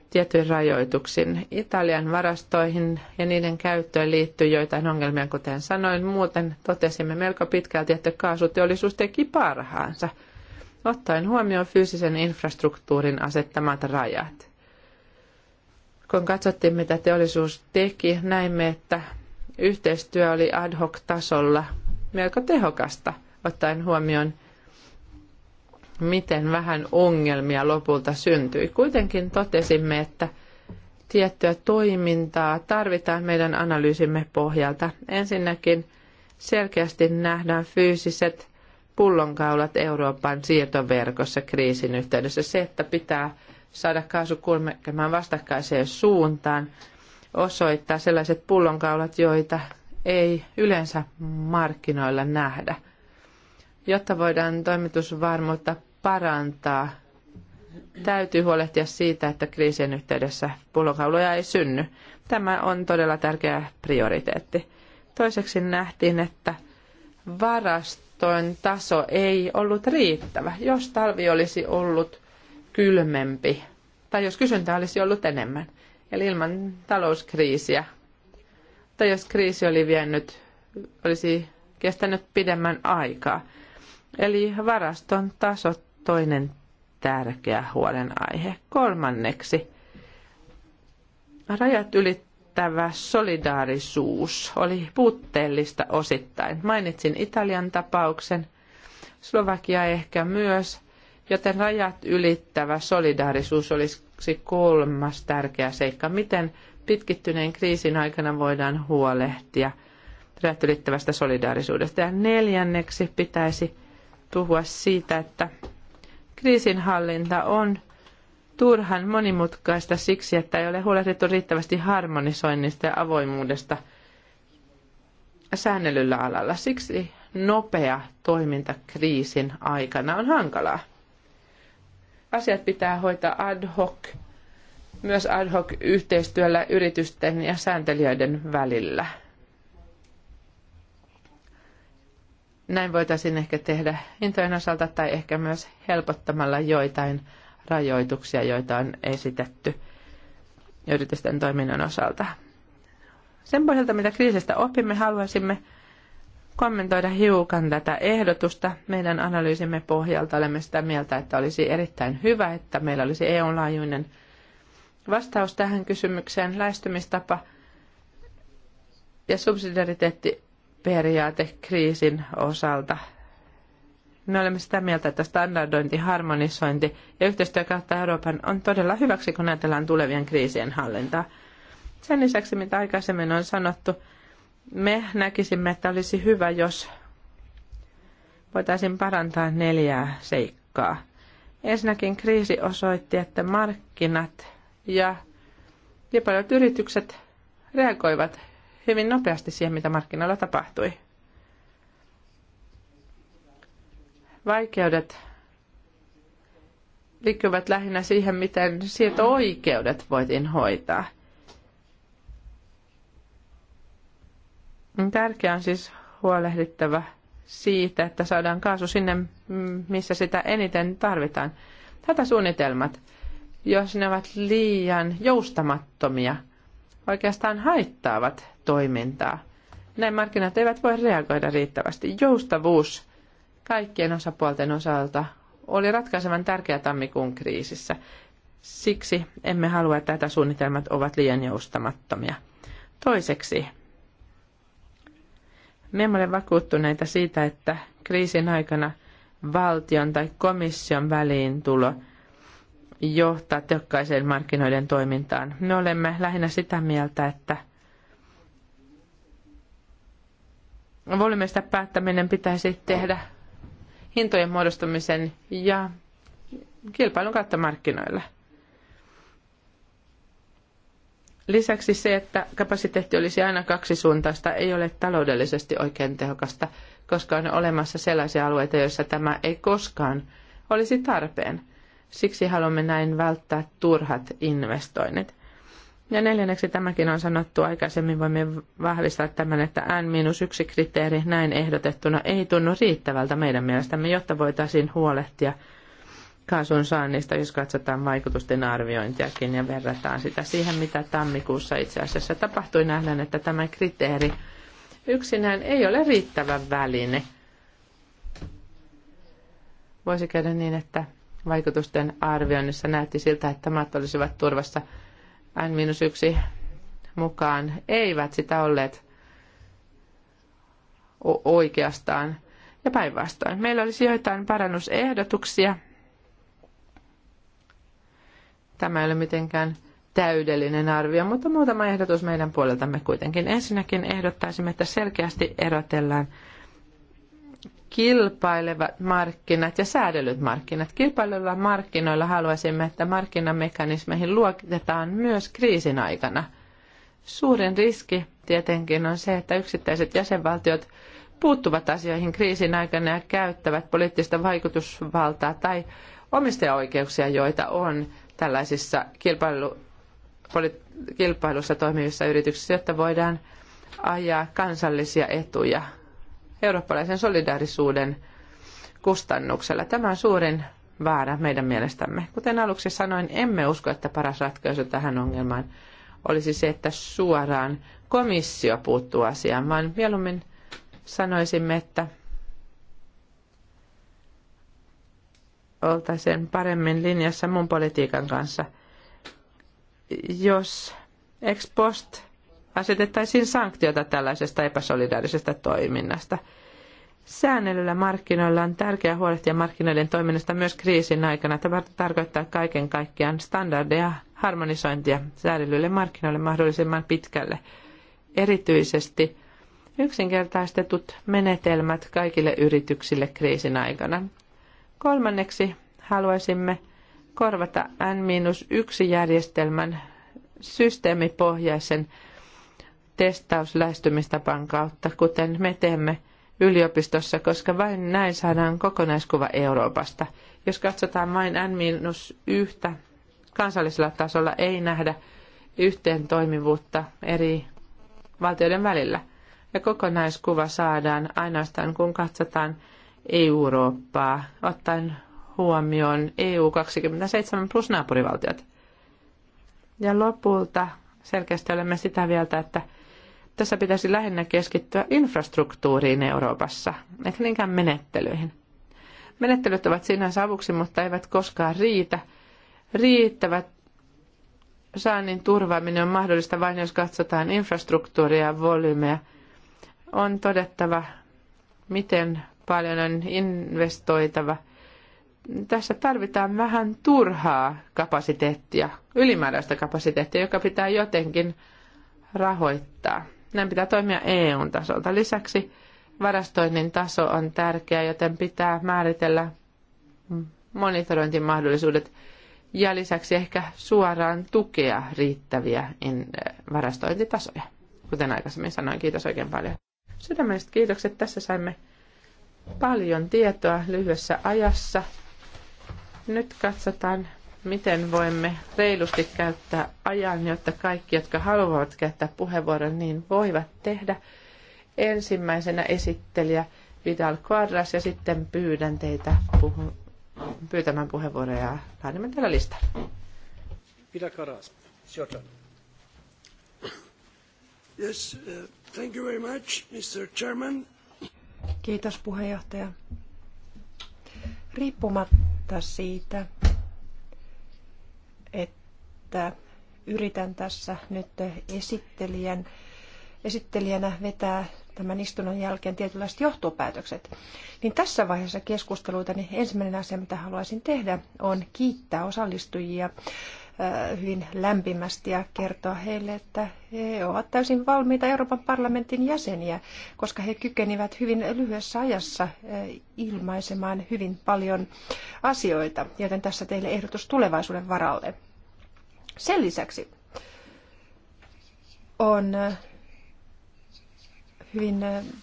tietyin rajoituksin. Italian varastoihin ja niiden käyttöön liittyy joitain ongelmia, kuten sanoin. Muuten totesimme melko pitkälti, että kaasuteollisuus teki parhaansa, ottaen huomioon fyysisen infrastruktuurin asettamat rajat kun katsottiin, mitä teollisuus teki, näimme, että yhteistyö oli ad hoc-tasolla melko tehokasta, ottaen huomioon, miten vähän ongelmia lopulta syntyi. Kuitenkin totesimme, että tiettyä toimintaa tarvitaan meidän analyysimme pohjalta. Ensinnäkin selkeästi nähdään fyysiset pullonkaulat Euroopan siirtoverkossa kriisin yhteydessä. Se, että pitää saada kaasu kulmekemaan vastakkaiseen suuntaan, osoittaa sellaiset pullonkaulat, joita ei yleensä markkinoilla nähdä. Jotta voidaan toimitusvarmuutta parantaa, täytyy huolehtia siitä, että kriisien yhteydessä pullonkauloja ei synny. Tämä on todella tärkeä prioriteetti. Toiseksi nähtiin, että varastoin taso ei ollut riittävä. Jos talvi olisi ollut kylmempi, tai jos kysyntä olisi ollut enemmän, eli ilman talouskriisiä, tai jos kriisi oli vienyt, olisi kestänyt pidemmän aikaa. Eli varaston taso toinen tärkeä huolenaihe. Kolmanneksi, rajat ylittävä solidaarisuus oli puutteellista osittain. Mainitsin Italian tapauksen, Slovakia ehkä myös – Joten rajat ylittävä solidaarisuus olisi kolmas tärkeä seikka. Miten pitkittyneen kriisin aikana voidaan huolehtia rajat ylittävästä solidaarisuudesta? Ja neljänneksi pitäisi puhua siitä, että kriisinhallinta on turhan monimutkaista siksi, että ei ole huolehdittu riittävästi harmonisoinnista ja avoimuudesta säännellyllä alalla. Siksi nopea toiminta kriisin aikana on hankalaa. Asiat pitää hoitaa ad hoc, myös ad hoc yhteistyöllä yritysten ja sääntelijöiden välillä. Näin voitaisiin ehkä tehdä hintojen osalta tai ehkä myös helpottamalla joitain rajoituksia, joita on esitetty yritysten toiminnan osalta. Sen pohjalta, mitä kriisistä opimme, haluaisimme kommentoida hiukan tätä ehdotusta. Meidän analyysimme pohjalta olemme sitä mieltä, että olisi erittäin hyvä, että meillä olisi EU-laajuinen vastaus tähän kysymykseen, lähestymistapa ja subsidiariteettiperiaate kriisin osalta. Me olemme sitä mieltä, että standardointi, harmonisointi ja yhteistyö kautta Euroopan on todella hyväksi, kun ajatellaan tulevien kriisien hallintaa. Sen lisäksi, mitä aikaisemmin on sanottu, me näkisimme, että olisi hyvä, jos voitaisiin parantaa neljää seikkaa. Ensinnäkin kriisi osoitti, että markkinat ja jopa yritykset reagoivat hyvin nopeasti siihen, mitä markkinoilla tapahtui. Vaikeudet liittyvät lähinnä siihen, miten siirto-oikeudet voitiin hoitaa – Tärkeää on siis huolehdittava siitä, että saadaan kaasu sinne, missä sitä eniten tarvitaan. Tätä suunnitelmat, jos ne ovat liian joustamattomia, oikeastaan haittaavat toimintaa. Näin markkinat eivät voi reagoida riittävästi. Joustavuus kaikkien osapuolten osalta oli ratkaisevan tärkeä tammikuun kriisissä. Siksi emme halua, että tätä suunnitelmat ovat liian joustamattomia. Toiseksi, me emme ole vakuuttuneita siitä, että kriisin aikana valtion tai komission väliin tulo johtaa tehokkaiseen markkinoiden toimintaan. Me olemme lähinnä sitä mieltä, että volyymista päättäminen pitäisi tehdä hintojen muodostumisen ja kilpailun kautta markkinoilla. Lisäksi se, että kapasiteetti olisi aina kaksisuuntaista, ei ole taloudellisesti oikein tehokasta, koska on olemassa sellaisia alueita, joissa tämä ei koskaan olisi tarpeen. Siksi haluamme näin välttää turhat investoinnit. Ja neljänneksi tämäkin on sanottu aikaisemmin, voimme vahvistaa tämän, että N-1 kriteeri näin ehdotettuna ei tunnu riittävältä meidän mielestämme, jotta voitaisiin huolehtia – kaasun saannista, jos katsotaan vaikutusten arviointiakin ja verrataan sitä siihen, mitä tammikuussa itse asiassa tapahtui, nähdään, että tämä kriteeri yksinään ei ole riittävä väline. Voisi käydä niin, että vaikutusten arvioinnissa näytti siltä, että maat olisivat turvassa N-1 mukaan. Eivät sitä olleet oikeastaan ja päinvastoin. Meillä olisi joitain parannusehdotuksia, Tämä ei ole mitenkään täydellinen arvio, mutta muutama ehdotus meidän puoleltamme kuitenkin. Ensinnäkin ehdottaisimme, että selkeästi erotellaan kilpailevat markkinat ja säädellyt markkinat. Kilpailevilla markkinoilla haluaisimme, että markkinamekanismeihin luokitetaan myös kriisin aikana. Suurin riski tietenkin on se, että yksittäiset jäsenvaltiot puuttuvat asioihin kriisin aikana ja käyttävät poliittista vaikutusvaltaa tai omistajaoikeuksia, joita on tällaisissa kilpailu, kilpailussa toimivissa yrityksissä, jotta voidaan ajaa kansallisia etuja eurooppalaisen solidaarisuuden kustannuksella. Tämä on suurin vaara meidän mielestämme. Kuten aluksi sanoin, emme usko, että paras ratkaisu tähän ongelmaan olisi se, että suoraan komissio puuttuu asiaan, vaan mieluummin sanoisimme, että oltaisiin paremmin linjassa mun politiikan kanssa. Jos ex post asetettaisiin sanktiota tällaisesta epäsolidaarisesta toiminnasta. Säännellyllä markkinoilla on tärkeää huolehtia markkinoiden toiminnasta myös kriisin aikana. Tämä tarkoittaa kaiken kaikkiaan standardeja, harmonisointia säädellyille markkinoille mahdollisimman pitkälle. Erityisesti yksinkertaistetut menetelmät kaikille yrityksille kriisin aikana. Kolmanneksi haluaisimme korvata N-1-järjestelmän systeemipohjaisen testauslähestymistapaan kautta, kuten me teemme yliopistossa, koska vain näin saadaan kokonaiskuva Euroopasta. Jos katsotaan vain N-1 kansallisella tasolla, ei nähdä yhteen toimivuutta eri valtioiden välillä. Ja kokonaiskuva saadaan ainoastaan, kun katsotaan Eurooppaa, ottaen huomioon EU 27 plus naapurivaltiot. Ja lopulta selkeästi olemme sitä mieltä, että tässä pitäisi lähinnä keskittyä infrastruktuuriin Euroopassa, eikä niinkään menettelyihin. Menettelyt ovat sinänsä avuksi, mutta eivät koskaan riitä. Riittävät saannin turvaaminen on mahdollista vain, jos katsotaan infrastruktuuria ja volyymeja. On todettava, miten paljon on investoitava. Tässä tarvitaan vähän turhaa kapasiteettia, ylimääräistä kapasiteettia, joka pitää jotenkin rahoittaa. Näin pitää toimia eu tasolta. Lisäksi varastoinnin taso on tärkeä, joten pitää määritellä monitorointimahdollisuudet ja lisäksi ehkä suoraan tukea riittäviä varastointitasoja. Kuten aikaisemmin sanoin, kiitos oikein paljon. Sydämelliset kiitokset. Tässä saimme paljon tietoa lyhyessä ajassa. Nyt katsotaan, miten voimme reilusti käyttää ajan, jotta kaikki, jotka haluavat käyttää puheenvuoron, niin voivat tehdä. Ensimmäisenä esittelijä Vidal Quadras ja sitten pyydän teitä puhu- pyytämään puheenvuoroja ja laadimme tällä listan. Vidal Quadras, Yes, uh, thank you very much, Mr. Chairman. Kiitos puheenjohtaja. Riippumatta siitä, että yritän tässä nyt esittelijän, esittelijänä vetää tämän istunnon jälkeen tietynlaiset johtopäätökset, niin tässä vaiheessa keskusteluita niin ensimmäinen asia, mitä haluaisin tehdä, on kiittää osallistujia hyvin lämpimästi ja kertoa heille, että he ovat täysin valmiita Euroopan parlamentin jäseniä, koska he kykenivät hyvin lyhyessä ajassa ilmaisemaan hyvin paljon asioita, joten tässä teille ehdotus tulevaisuuden varalle. Sen lisäksi on hyvin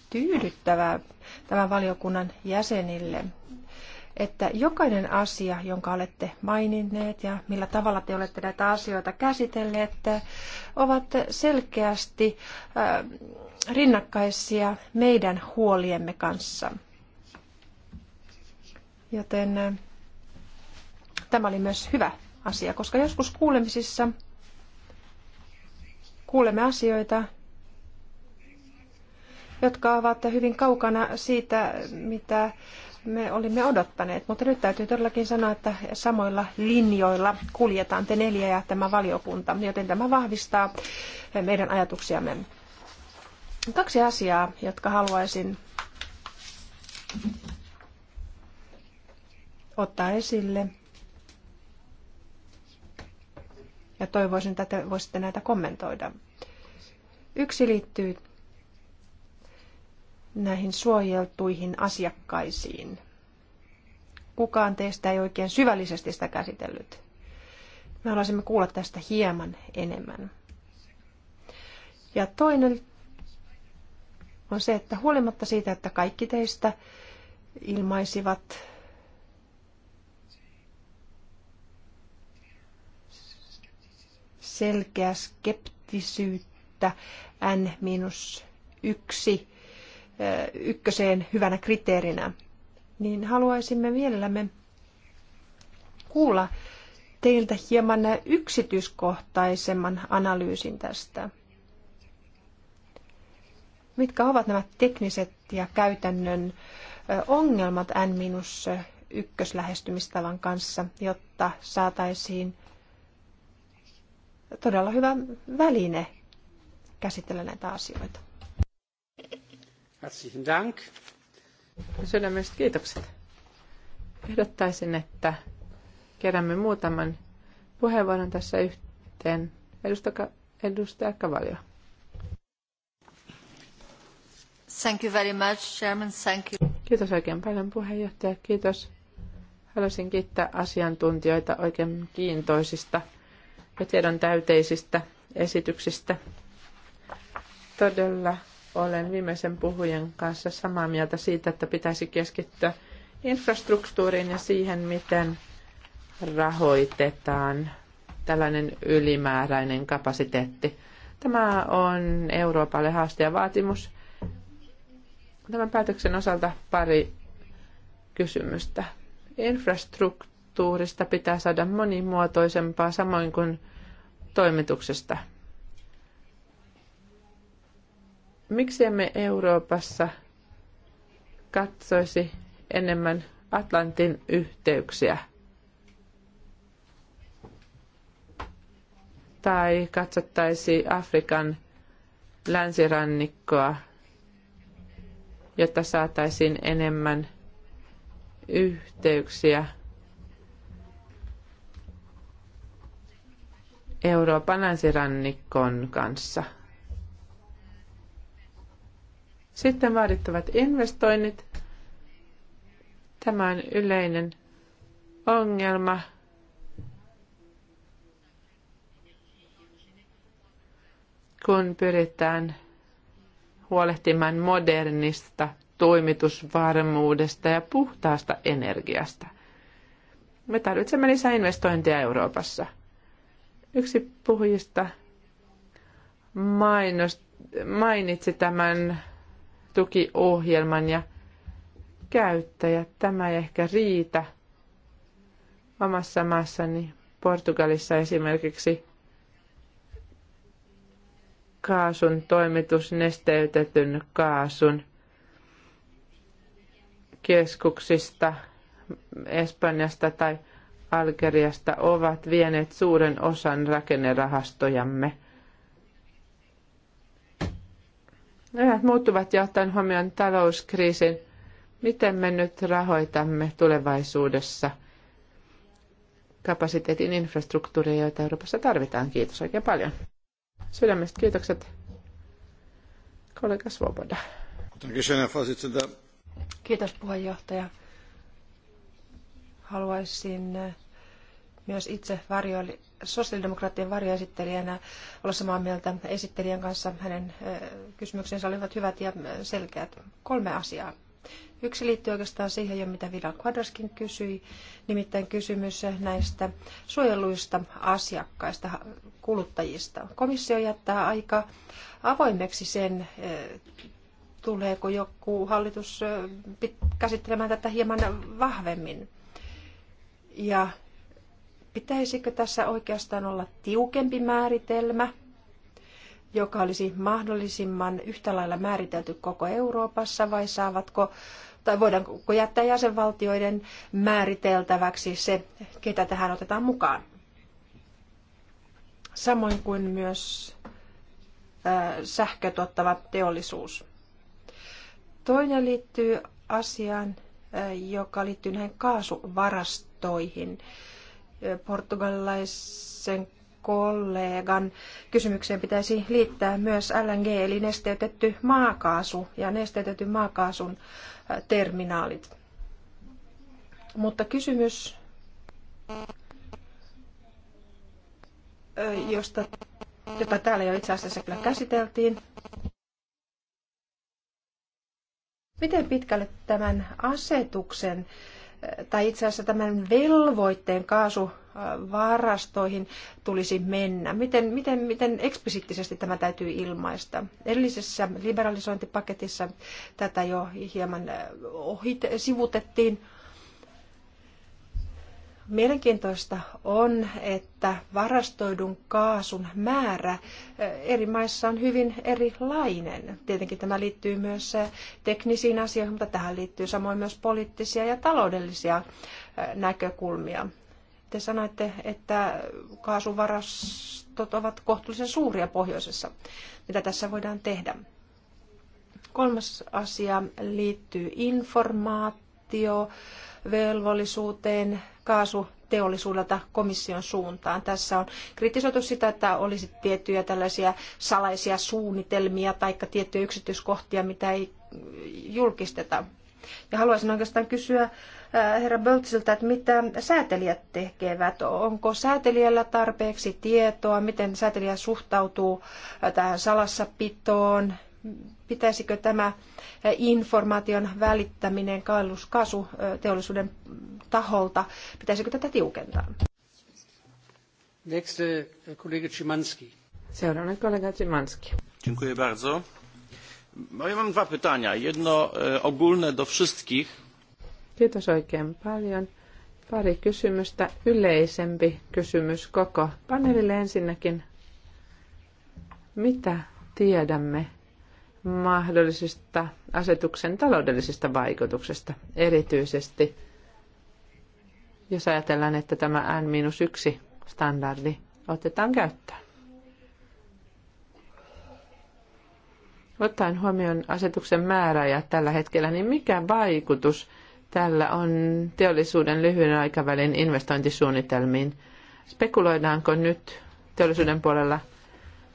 tyydyttävää tämän valiokunnan jäsenille, että jokainen asia, jonka olette maininneet ja millä tavalla te olette näitä asioita käsitelleet, ovat selkeästi äh, rinnakkaisia meidän huoliemme kanssa. Joten äh, tämä oli myös hyvä asia, koska joskus kuulemisissa kuulemme asioita, jotka ovat hyvin kaukana siitä, mitä me olimme odottaneet, mutta nyt täytyy todellakin sanoa, että samoilla linjoilla kuljetaan te neljä ja tämä valiokunta, joten tämä vahvistaa meidän ajatuksiamme. Kaksi asiaa, jotka haluaisin ottaa esille. Ja toivoisin, että te voisitte näitä kommentoida. Yksi liittyy näihin suojeltuihin asiakkaisiin. Kukaan teistä ei oikein syvällisesti sitä käsitellyt. Me haluaisimme kuulla tästä hieman enemmän. Ja toinen on se, että huolimatta siitä, että kaikki teistä ilmaisivat selkeää skeptisyyttä n-1 ykköseen hyvänä kriteerinä, niin haluaisimme mielellämme kuulla teiltä hieman yksityiskohtaisemman analyysin tästä. Mitkä ovat nämä tekniset ja käytännön ongelmat N-1 lähestymistavan kanssa, jotta saataisiin todella hyvä väline käsitellä näitä asioita? Herzlichen Dank. Sydämestä kiitokset. Ehdottaisin, että kerämme muutaman puheenvuoron tässä yhteen. Edustaja, edustaja Kavalio. Thank you very much, Chairman. Thank you. Kiitos oikein paljon puheenjohtaja. Kiitos. Haluaisin kiittää asiantuntijoita oikein kiintoisista ja tiedon täyteisistä esityksistä. Todella olen viimeisen puhujan kanssa samaa mieltä siitä, että pitäisi keskittyä infrastruktuuriin ja siihen, miten rahoitetaan tällainen ylimääräinen kapasiteetti. Tämä on Euroopalle haaste ja vaatimus. Tämän päätöksen osalta pari kysymystä. Infrastruktuurista pitää saada monimuotoisempaa samoin kuin toimituksesta – miksi emme Euroopassa katsoisi enemmän Atlantin yhteyksiä? Tai katsottaisi Afrikan länsirannikkoa, jotta saataisiin enemmän yhteyksiä Euroopan länsirannikon kanssa. Sitten vaadittavat investoinnit. Tämä on yleinen ongelma. kun pyritään huolehtimaan modernista toimitusvarmuudesta ja puhtaasta energiasta. Me tarvitsemme lisää investointeja Euroopassa. Yksi puhujista mainosti, mainitsi tämän tukiohjelman ja käyttäjät. Tämä ei ehkä riitä. Omassa maassani Portugalissa esimerkiksi kaasun toimitus nesteytetyn kaasun keskuksista Espanjasta tai Algeriasta ovat vieneet suuren osan rakennerahastojamme – Ajat muuttuvat ja ottaen huomioon talouskriisin. Miten me nyt rahoitamme tulevaisuudessa kapasiteetin infrastruktuuria, joita Euroopassa tarvitaan? Kiitos oikein paljon. Sydämestä kiitokset kollega Svoboda. Kiitos puheenjohtaja. Haluaisin myös itse varjoilla sosiaalidemokraattien varjoesittelijänä olla samaa mieltä esittelijän kanssa. Hänen kysymyksensä olivat hyvät ja selkeät. Kolme asiaa. Yksi liittyy oikeastaan siihen jo, mitä Vidal Quadraskin kysyi, nimittäin kysymys näistä suojeluista asiakkaista, kuluttajista. Komissio jättää aika avoimeksi sen, tuleeko joku hallitus käsittelemään tätä hieman vahvemmin. Ja Pitäisikö tässä oikeastaan olla tiukempi määritelmä, joka olisi mahdollisimman yhtä lailla määritelty koko Euroopassa, vai saavatko tai voidaanko jättää jäsenvaltioiden määriteltäväksi se, ketä tähän otetaan mukaan. Samoin kuin myös sähkö tuottava teollisuus. Toinen liittyy asiaan, joka liittyy näihin kaasuvarastoihin portugalilaisen kollegan kysymykseen pitäisi liittää myös LNG eli nesteytetty maakaasu ja nesteytetyn maakaasun terminaalit. Mutta kysymys, josta, jota täällä jo itse asiassa kyllä käsiteltiin. Miten pitkälle tämän asetuksen tai itse asiassa tämän velvoitteen kaasuvarastoihin tulisi mennä? Miten, miten, miten eksplisiittisesti tämä täytyy ilmaista? Edellisessä liberalisointipaketissa tätä jo hieman eh, ohit, sivutettiin, Mielenkiintoista on, että varastoidun kaasun määrä eh, eri maissa on hyvin erilainen. Tietenkin tämä liittyy myös eh, teknisiin asioihin, mutta tähän liittyy samoin myös poliittisia ja taloudellisia eh, näkökulmia. Te sanoitte, että kaasuvarastot ovat kohtuullisen suuria pohjoisessa. Mitä tässä voidaan tehdä? Kolmas asia liittyy informaatio velvollisuuteen kaasuteollisuudelta komission suuntaan. Tässä on kritisoitu sitä, että olisi tiettyjä tällaisia salaisia suunnitelmia tai tiettyjä yksityiskohtia, mitä ei julkisteta. Ja haluaisin oikeastaan kysyä äh, herra Böltsiltä, että mitä säätelijät tekevät? Onko säätelijällä tarpeeksi tietoa? Miten säätelijä suhtautuu äh, tähän salassapitoon? pitäisikö tämä informaation välittäminen kalluskasu teollisuuden taholta, pitäisikö tätä tiukentaa? Next kollega Szymanski. Seuraavana kollega Szymanski. Dziękuję bardzo. No ja mam dwa pytania. Jedno ogólne do wszystkich. Kiitos oikein paljon. Pari kysymystä. Yleisempi kysymys koko paneelille ensinnäkin. Mitä tiedämme mahdollisista asetuksen taloudellisista vaikutuksista, erityisesti jos ajatellaan, että tämä N-1 standardi otetaan käyttöön. Ottaen huomioon asetuksen määrä ja tällä hetkellä, niin mikä vaikutus tällä on teollisuuden lyhyen aikavälin investointisuunnitelmiin? Spekuloidaanko nyt teollisuuden puolella –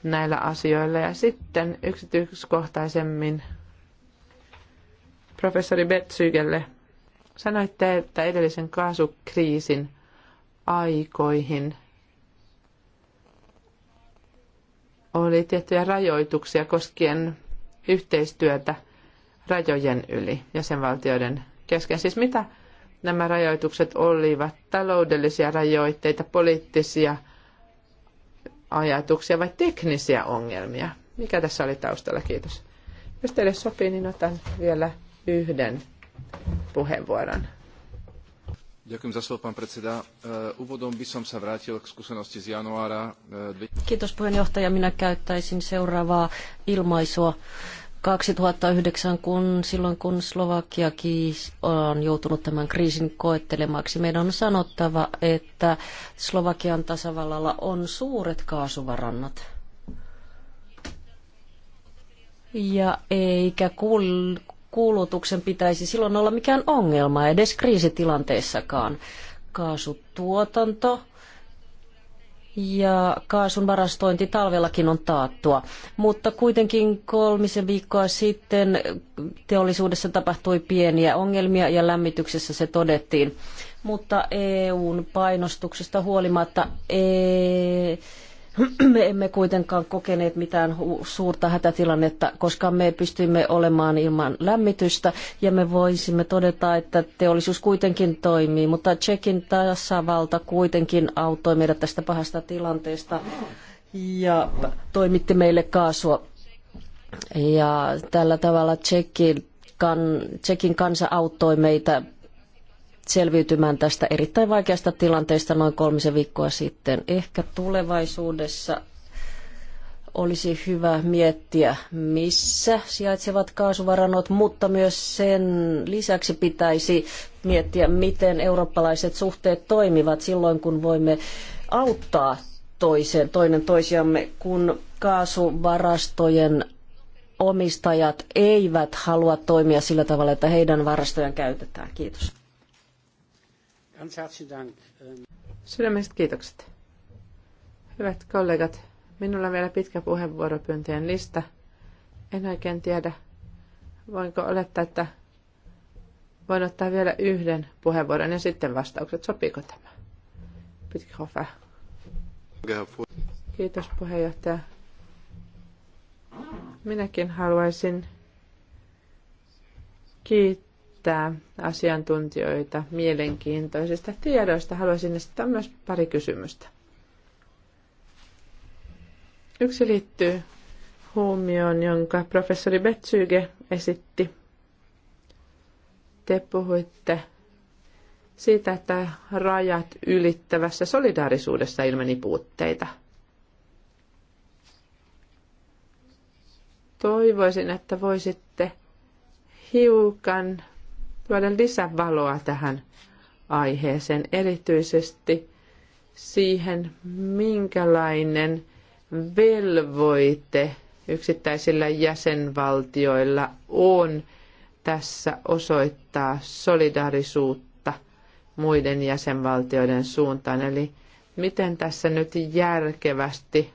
näillä asioilla. Ja sitten yksityiskohtaisemmin professori Betsygelle sanoitte, että edellisen kaasukriisin aikoihin oli tiettyjä rajoituksia koskien yhteistyötä rajojen yli jäsenvaltioiden kesken. Siis mitä nämä rajoitukset olivat? Taloudellisia rajoitteita, poliittisia – ajatuksia vai teknisiä ongelmia? Mikä tässä oli taustalla? Kiitos. Jos teille sopii, niin otan vielä yhden puheenvuoron. Ďakujem za slovo, pán predseda. E, úvodom by som sa vrátil k skúsenosti z januára. E, Kiitos puheenjohtaja. Minä käyttäisin seuraavaa ilmaisua 2009, kun, silloin kun Slovakiakin on joutunut tämän kriisin koettelemaksi, meidän on sanottava, että Slovakian tasavallalla on suuret kaasuvarannat. Ja eikä kul- kulutuksen pitäisi silloin olla mikään ongelma edes kriisitilanteessakaan. Kaasutuotanto ja kaasun varastointi talvellakin on taattua. Mutta kuitenkin kolmisen viikkoa sitten teollisuudessa tapahtui pieniä ongelmia ja lämmityksessä se todettiin. Mutta EUn painostuksesta huolimatta... ei me emme kuitenkaan kokeneet mitään suurta hätätilannetta, koska me pystyimme olemaan ilman lämmitystä ja me voisimme todeta, että teollisuus kuitenkin toimii, mutta Tsekin tasavalta kuitenkin auttoi meidät tästä pahasta tilanteesta ja toimitti meille kaasua. Ja tällä tavalla Tsekin, kan, Tsekin kansa auttoi meitä selviytymään tästä erittäin vaikeasta tilanteesta noin kolmisen viikkoa sitten. Ehkä tulevaisuudessa olisi hyvä miettiä, missä sijaitsevat kaasuvarannot, mutta myös sen lisäksi pitäisi miettiä, miten eurooppalaiset suhteet toimivat silloin, kun voimme auttaa toisen, toinen toisiamme, kun kaasuvarastojen omistajat eivät halua toimia sillä tavalla, että heidän varastojaan käytetään. Kiitos. Ganz herzlichen ähm, kiitokset. Hyvät kollegat, minulla on vielä pitkä puheenvuoropyyntöjen lista. En oikein tiedä, voinko olettaa, että voin ottaa vielä yhden puheenvuoron ja sitten vastaukset. Sopiiko tämä? Pitkähofer. Kiitos puheenjohtaja. Minäkin haluaisin kiittää kiittää asiantuntijoita mielenkiintoisista tiedoista. Haluaisin esittää myös pari kysymystä. Yksi liittyy huomioon, jonka professori Betsyge esitti. Te puhuitte siitä, että rajat ylittävässä solidaarisuudessa ilmeni puutteita. Toivoisin, että voisitte hiukan luoda lisävaloa tähän aiheeseen, erityisesti siihen, minkälainen velvoite yksittäisillä jäsenvaltioilla on tässä osoittaa solidaarisuutta muiden jäsenvaltioiden suuntaan. Eli miten tässä nyt järkevästi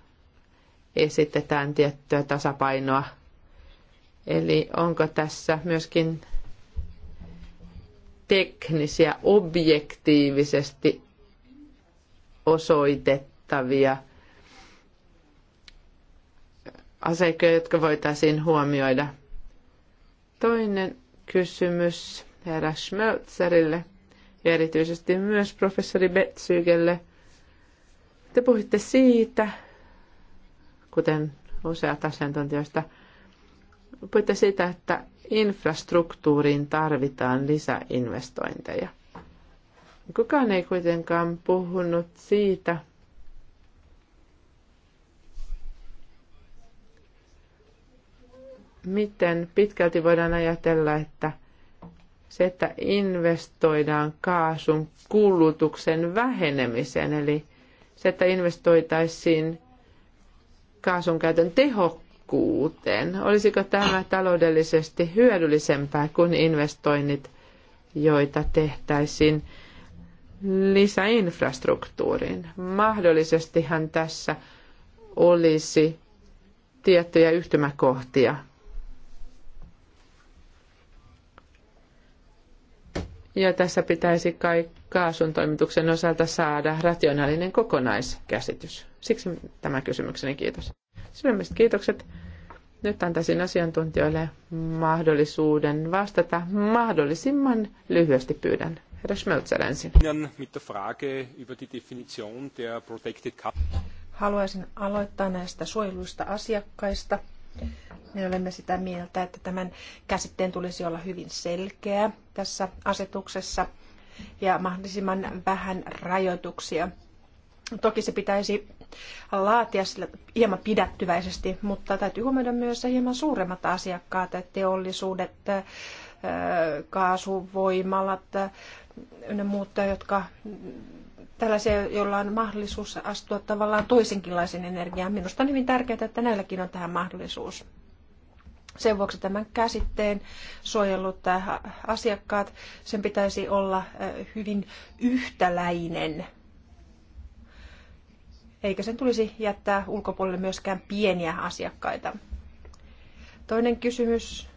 esitetään tiettyä tasapainoa. Eli onko tässä myöskin teknisiä, objektiivisesti osoitettavia asioita, jotka voitaisiin huomioida. Toinen kysymys herra Schmelzerille ja erityisesti myös professori Betsygelle. Te puhuitte siitä, kuten useat asiantuntijoista, puhuitte siitä, että infrastruktuuriin tarvitaan lisäinvestointeja. Kukaan ei kuitenkaan puhunut siitä, miten pitkälti voidaan ajatella, että se, että investoidaan kaasun kulutuksen vähenemiseen, eli se, että investoitaisiin kaasun käytön tehokkuuteen, tehokkuuteen? Olisiko tämä taloudellisesti hyödyllisempää kuin investoinnit, joita tehtäisiin lisäinfrastruktuuriin? Mahdollisestihan tässä olisi tiettyjä yhtymäkohtia. Ja tässä pitäisi kai kaasun toimituksen osalta saada rationaalinen kokonaiskäsitys. Siksi tämä kysymykseni, kiitos. Sydämestä kiitokset. Nyt antaisin asiantuntijoille mahdollisuuden vastata mahdollisimman lyhyesti pyydän. Herra Schmelzer ensin. Haluaisin aloittaa näistä suojeluista asiakkaista. Me olemme sitä mieltä, että tämän käsitteen tulisi olla hyvin selkeä tässä asetuksessa ja mahdollisimman vähän rajoituksia. Toki se pitäisi laatia sillä hieman pidättyväisesti, mutta täytyy huomioida myös hieman suuremmat asiakkaat, teollisuudet, kaasuvoimalat ja muut, jotka tällaisia, joilla on mahdollisuus astua tavallaan toisenkinlaisen energiaan. Minusta on hyvin tärkeää, että näilläkin on tähän mahdollisuus. Sen vuoksi tämän käsitteen suojellut asiakkaat, sen pitäisi olla hyvin yhtäläinen eikä sen tulisi jättää ulkopuolelle myöskään pieniä asiakkaita. Toinen kysymys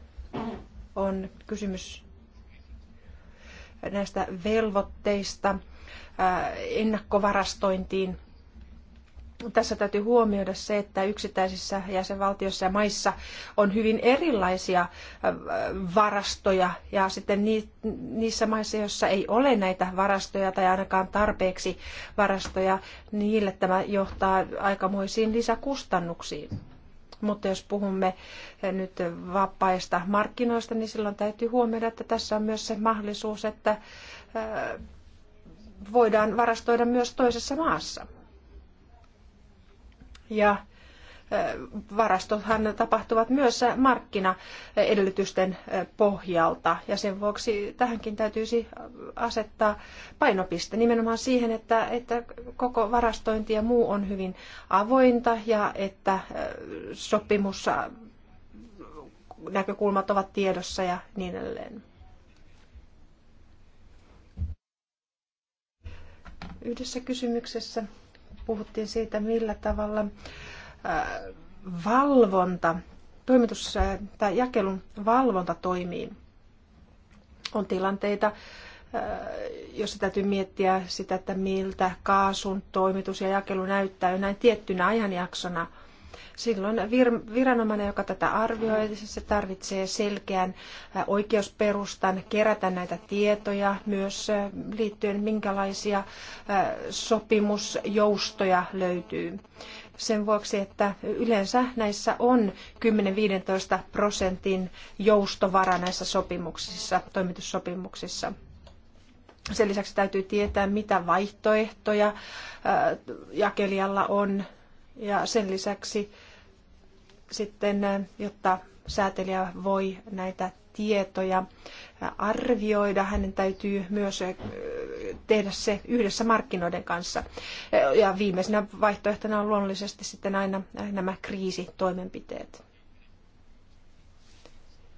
on kysymys näistä velvoitteista ennakkovarastointiin tässä täytyy huomioida se, että yksittäisissä jäsenvaltioissa ja maissa on hyvin erilaisia äh, varastoja ja sitten niissä maissa, joissa ei ole näitä varastoja tai ainakaan tarpeeksi varastoja, niille tämä johtaa aikamoisiin lisäkustannuksiin. Mutta jos puhumme äh, nyt vapaista markkinoista, niin silloin täytyy huomioida, että tässä on myös se mahdollisuus, että äh, voidaan varastoida myös toisessa maassa ja varastothan tapahtuvat myös markkinaedellytysten pohjalta ja sen vuoksi tähänkin täytyisi asettaa painopiste nimenomaan siihen, että, että koko varastointi ja muu on hyvin avointa ja että sopimussa näkökulmat ovat tiedossa ja niin edelleen. Yhdessä kysymyksessä puhuttiin siitä, millä tavalla valvonta, toimitus- tai jakelun valvonta toimii. On tilanteita, jos täytyy miettiä sitä, että miltä kaasun toimitus ja jakelu näyttää jo näin tiettynä ajanjaksona – Silloin viranomainen, joka tätä arvioi, se tarvitsee selkeän oikeusperustan kerätä näitä tietoja myös liittyen minkälaisia sopimusjoustoja löytyy. Sen vuoksi, että yleensä näissä on 10-15 prosentin joustovara näissä sopimuksissa, toimitussopimuksissa. Sen lisäksi täytyy tietää, mitä vaihtoehtoja jakelijalla on ja sen lisäksi sitten, eh, jotta säätelijä voi näitä tietoja eh, arvioida. Hänen täytyy myös eh, tehdä se yhdessä markkinoiden kanssa. Ja viimeisenä vaihtoehtona on luonnollisesti sitten aina nämä kriisitoimenpiteet.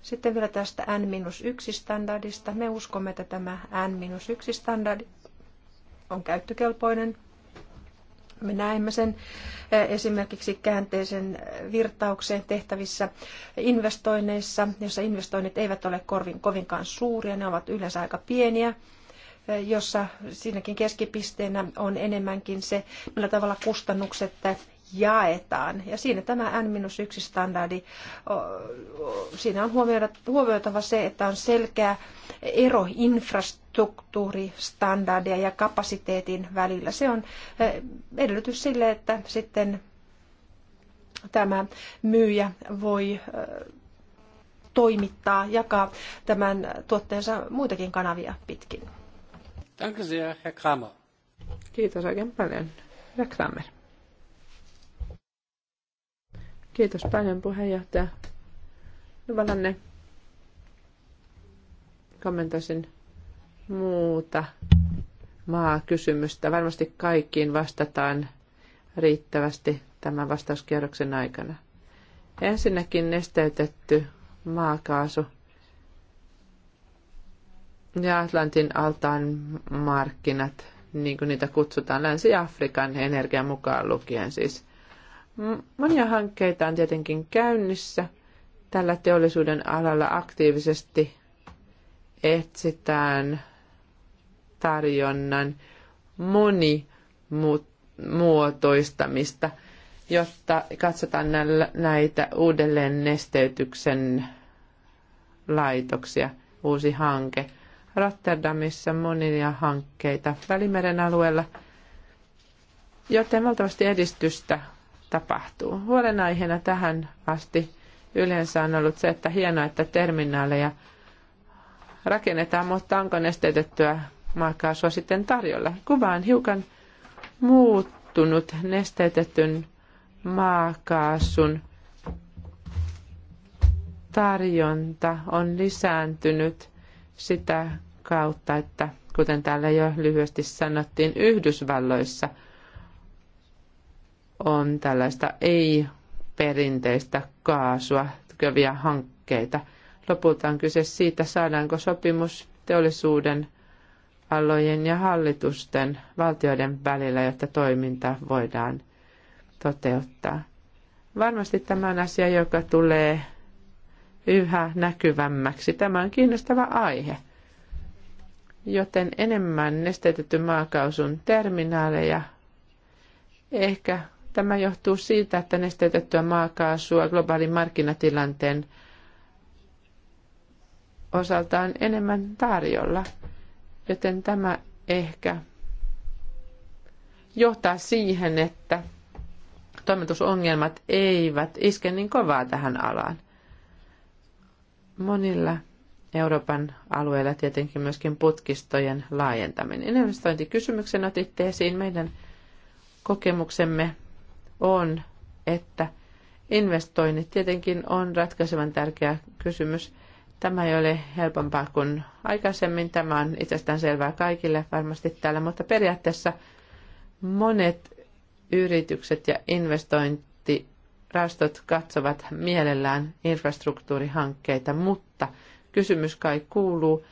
Sitten vielä tästä N-1-standardista. Me uskomme, että tämä N-1-standardi on käyttökelpoinen me näemme sen eh, esimerkiksi käänteisen virtaukseen tehtävissä investoinneissa, jossa investoinnit eivät ole korvin, kovinkaan suuria, ne ovat yleensä aika pieniä eh, jossa siinäkin keskipisteenä on enemmänkin se, millä tavalla kustannukset jaetaan. Ja siinä tämä N-1 standardi, siinä on huomioitava se, että on selkeä ero infras, struktuuristandardia ja kapasiteetin välillä. Se on eh, edellytys sille, että sitten tämä myyjä voi eh, toimittaa, jakaa tämän tuotteensa muitakin kanavia pitkin. Kiitos oikein paljon, Herr Kramer. Kiitos paljon puheenjohtaja. Valanne kommentoisin muuta kysymystä Varmasti kaikkiin vastataan riittävästi tämän vastauskierroksen aikana. Ensinnäkin nesteytetty maakaasu ja Atlantin altaan markkinat, niin kuin niitä kutsutaan, Länsi-Afrikan energian mukaan lukien siis. Monia hankkeita on tietenkin käynnissä. Tällä teollisuuden alalla aktiivisesti etsitään tarjonnan monimuotoistamista, jotta katsotaan näitä uudelleen nesteytyksen laitoksia, uusi hanke. Rotterdamissa monia hankkeita Välimeren alueella, joten valtavasti edistystä tapahtuu. Huolenaiheena tähän asti yleensä on ollut se, että hienoa, että terminaaleja rakennetaan, mutta onko nesteytettyä maakaasua sitten tarjolla. Kuva on hiukan muuttunut nesteytetyn maakaasun tarjonta on lisääntynyt sitä kautta, että kuten täällä jo lyhyesti sanottiin, Yhdysvalloissa on tällaista ei-perinteistä kaasua tukevia hankkeita. Lopulta on kyse siitä, saadaanko sopimus teollisuuden alojen ja hallitusten, valtioiden välillä, jotta toiminta voidaan toteuttaa. Varmasti tämä on asia, joka tulee yhä näkyvämmäksi. Tämä on kiinnostava aihe. Joten enemmän nestetetty maakausun terminaaleja. Ehkä tämä johtuu siitä, että nestetettyä maakaasua globaalin markkinatilanteen osaltaan enemmän tarjolla – Joten tämä ehkä johtaa siihen, että toimitusongelmat eivät iske niin kovaa tähän alaan. Monilla Euroopan alueella tietenkin myöskin putkistojen laajentaminen. Investointikysymyksen otitte esiin. Meidän kokemuksemme on, että investoinnit tietenkin on ratkaisevan tärkeä kysymys – Tämä ei ole helpompaa kuin aikaisemmin. Tämä on itsestään selvää kaikille varmasti täällä, mutta periaatteessa monet yritykset ja investointirastot katsovat mielellään infrastruktuurihankkeita, mutta kysymys kai kuuluu,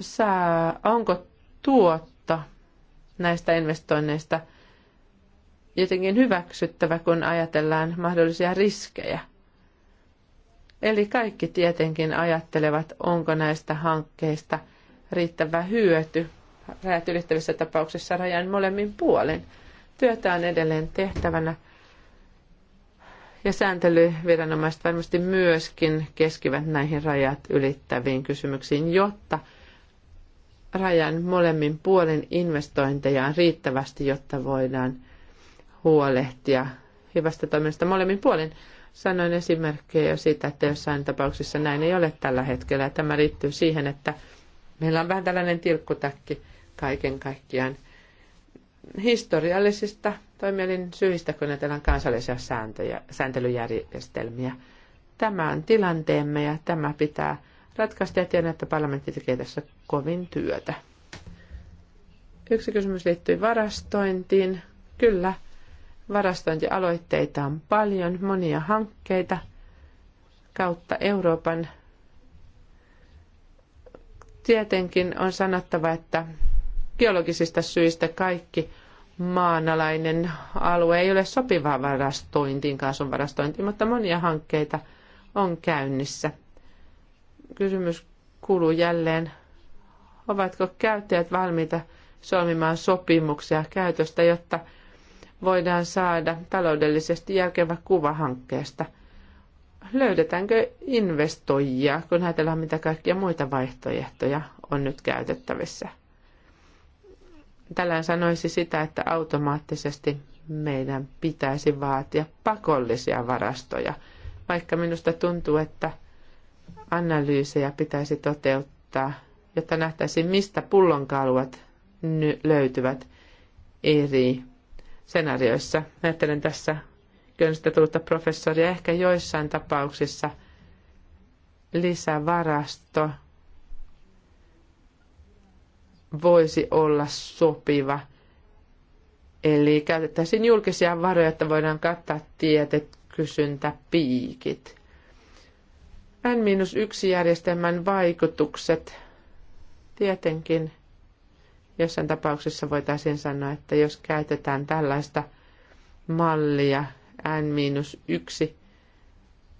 saa, onko tuotto näistä investoinneista jotenkin hyväksyttävä, kun ajatellaan mahdollisia riskejä – Eli kaikki tietenkin ajattelevat, onko näistä hankkeista riittävä hyöty rajat ylittävissä tapauksissa rajan molemmin puolin. Työtä on edelleen tehtävänä ja sääntelyviranomaiset varmasti myöskin keskivät näihin rajat ylittäviin kysymyksiin, jotta rajan molemmin puolin investointeja on riittävästi, jotta voidaan huolehtia hyvästä toiminnasta molemmin puolin. Sanoin esimerkkejä jo siitä, että jossain tapauksissa näin ei ole tällä hetkellä. Tämä liittyy siihen, että meillä on vähän tällainen tilkkutäkki kaiken kaikkiaan historiallisista toimielin syistä, kun ajatellaan kansallisia sääntöjä, sääntelyjärjestelmiä. Tämä on tilanteemme ja tämä pitää ratkaista ja tiedän, että parlamentti tekee tässä kovin työtä. Yksi kysymys liittyy varastointiin. Kyllä, Varastointialoitteita on paljon, monia hankkeita kautta Euroopan. Tietenkin on sanottava, että geologisista syistä kaikki maanalainen alue ei ole sopivaa varastointiin, kaasun varastointiin, mutta monia hankkeita on käynnissä. Kysymys kuuluu jälleen, ovatko käyttäjät valmiita solmimaan sopimuksia käytöstä, jotta voidaan saada taloudellisesti järkevä kuva hankkeesta. Löydetäänkö investoijia, kun ajatellaan mitä kaikkia muita vaihtoehtoja on nyt käytettävissä? Tällään sanoisi sitä, että automaattisesti meidän pitäisi vaatia pakollisia varastoja, vaikka minusta tuntuu, että analyysejä pitäisi toteuttaa, jotta nähtäisiin, mistä pullonkaluat löytyvät eri skenaarioissa. Ajattelen tässä Könstä tullutta professoria ehkä joissain tapauksissa lisävarasto voisi olla sopiva. Eli käytettäisiin julkisia varoja, että voidaan kattaa tietet kysyntäpiikit. N-1 järjestelmän vaikutukset tietenkin – Jossain tapauksessa voitaisiin sanoa, että jos käytetään tällaista mallia n-1,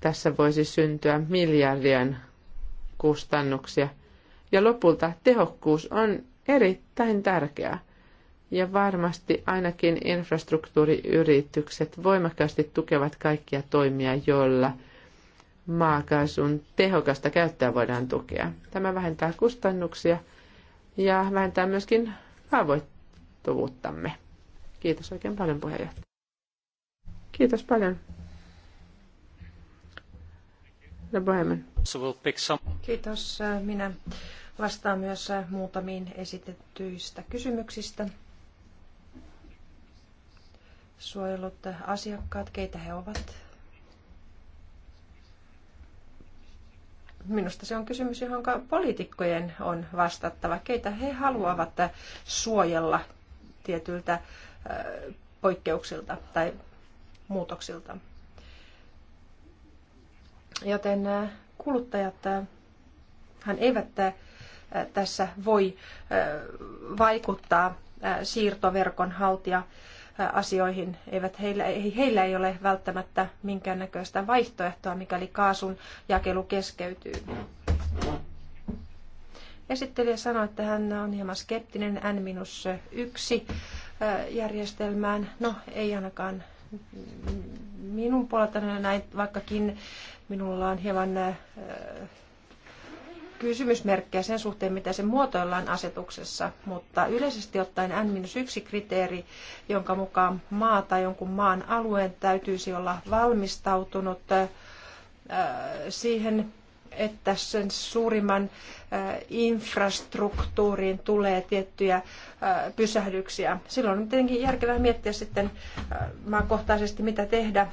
tässä voisi syntyä miljardien kustannuksia. Ja lopulta tehokkuus on erittäin tärkeää. Ja varmasti ainakin infrastruktuuriyritykset voimakkaasti tukevat kaikkia toimia, joilla maakaasun tehokasta käyttöä voidaan tukea. Tämä vähentää kustannuksia – ja vähentää myöskin haavoittuvuuttamme. Kiitos oikein paljon puheenjohtaja. Kiitos paljon. Kiitos. Minä vastaan myös muutamiin esitettyistä kysymyksistä. Suojelut asiakkaat, keitä he ovat, Minusta se on kysymys, johon poliitikkojen on vastattava, keitä he haluavat suojella tietyiltä poikkeuksilta tai muutoksilta. Joten kuluttajat hän eivät tässä voi vaikuttaa siirtoverkon haltija asioihin. Eivät heillä, heillä ei ole välttämättä minkäännäköistä vaihtoehtoa, mikäli kaasun jakelu keskeytyy. Esittelijä sanoi, että hän on hieman skeptinen N-1 äh, järjestelmään. No, ei ainakaan minun puoleltani näin, vaikkakin minulla on hieman äh, kysymysmerkkejä sen suhteen, mitä se muotoillaan asetuksessa, mutta yleisesti ottaen N-1 kriteeri, jonka mukaan maa tai jonkun maan alueen täytyisi olla valmistautunut äh, siihen, että sen suurimman äh, infrastruktuuriin tulee tiettyjä äh, pysähdyksiä. Silloin on tietenkin järkevää miettiä sitten maakohtaisesti, mitä tehdä,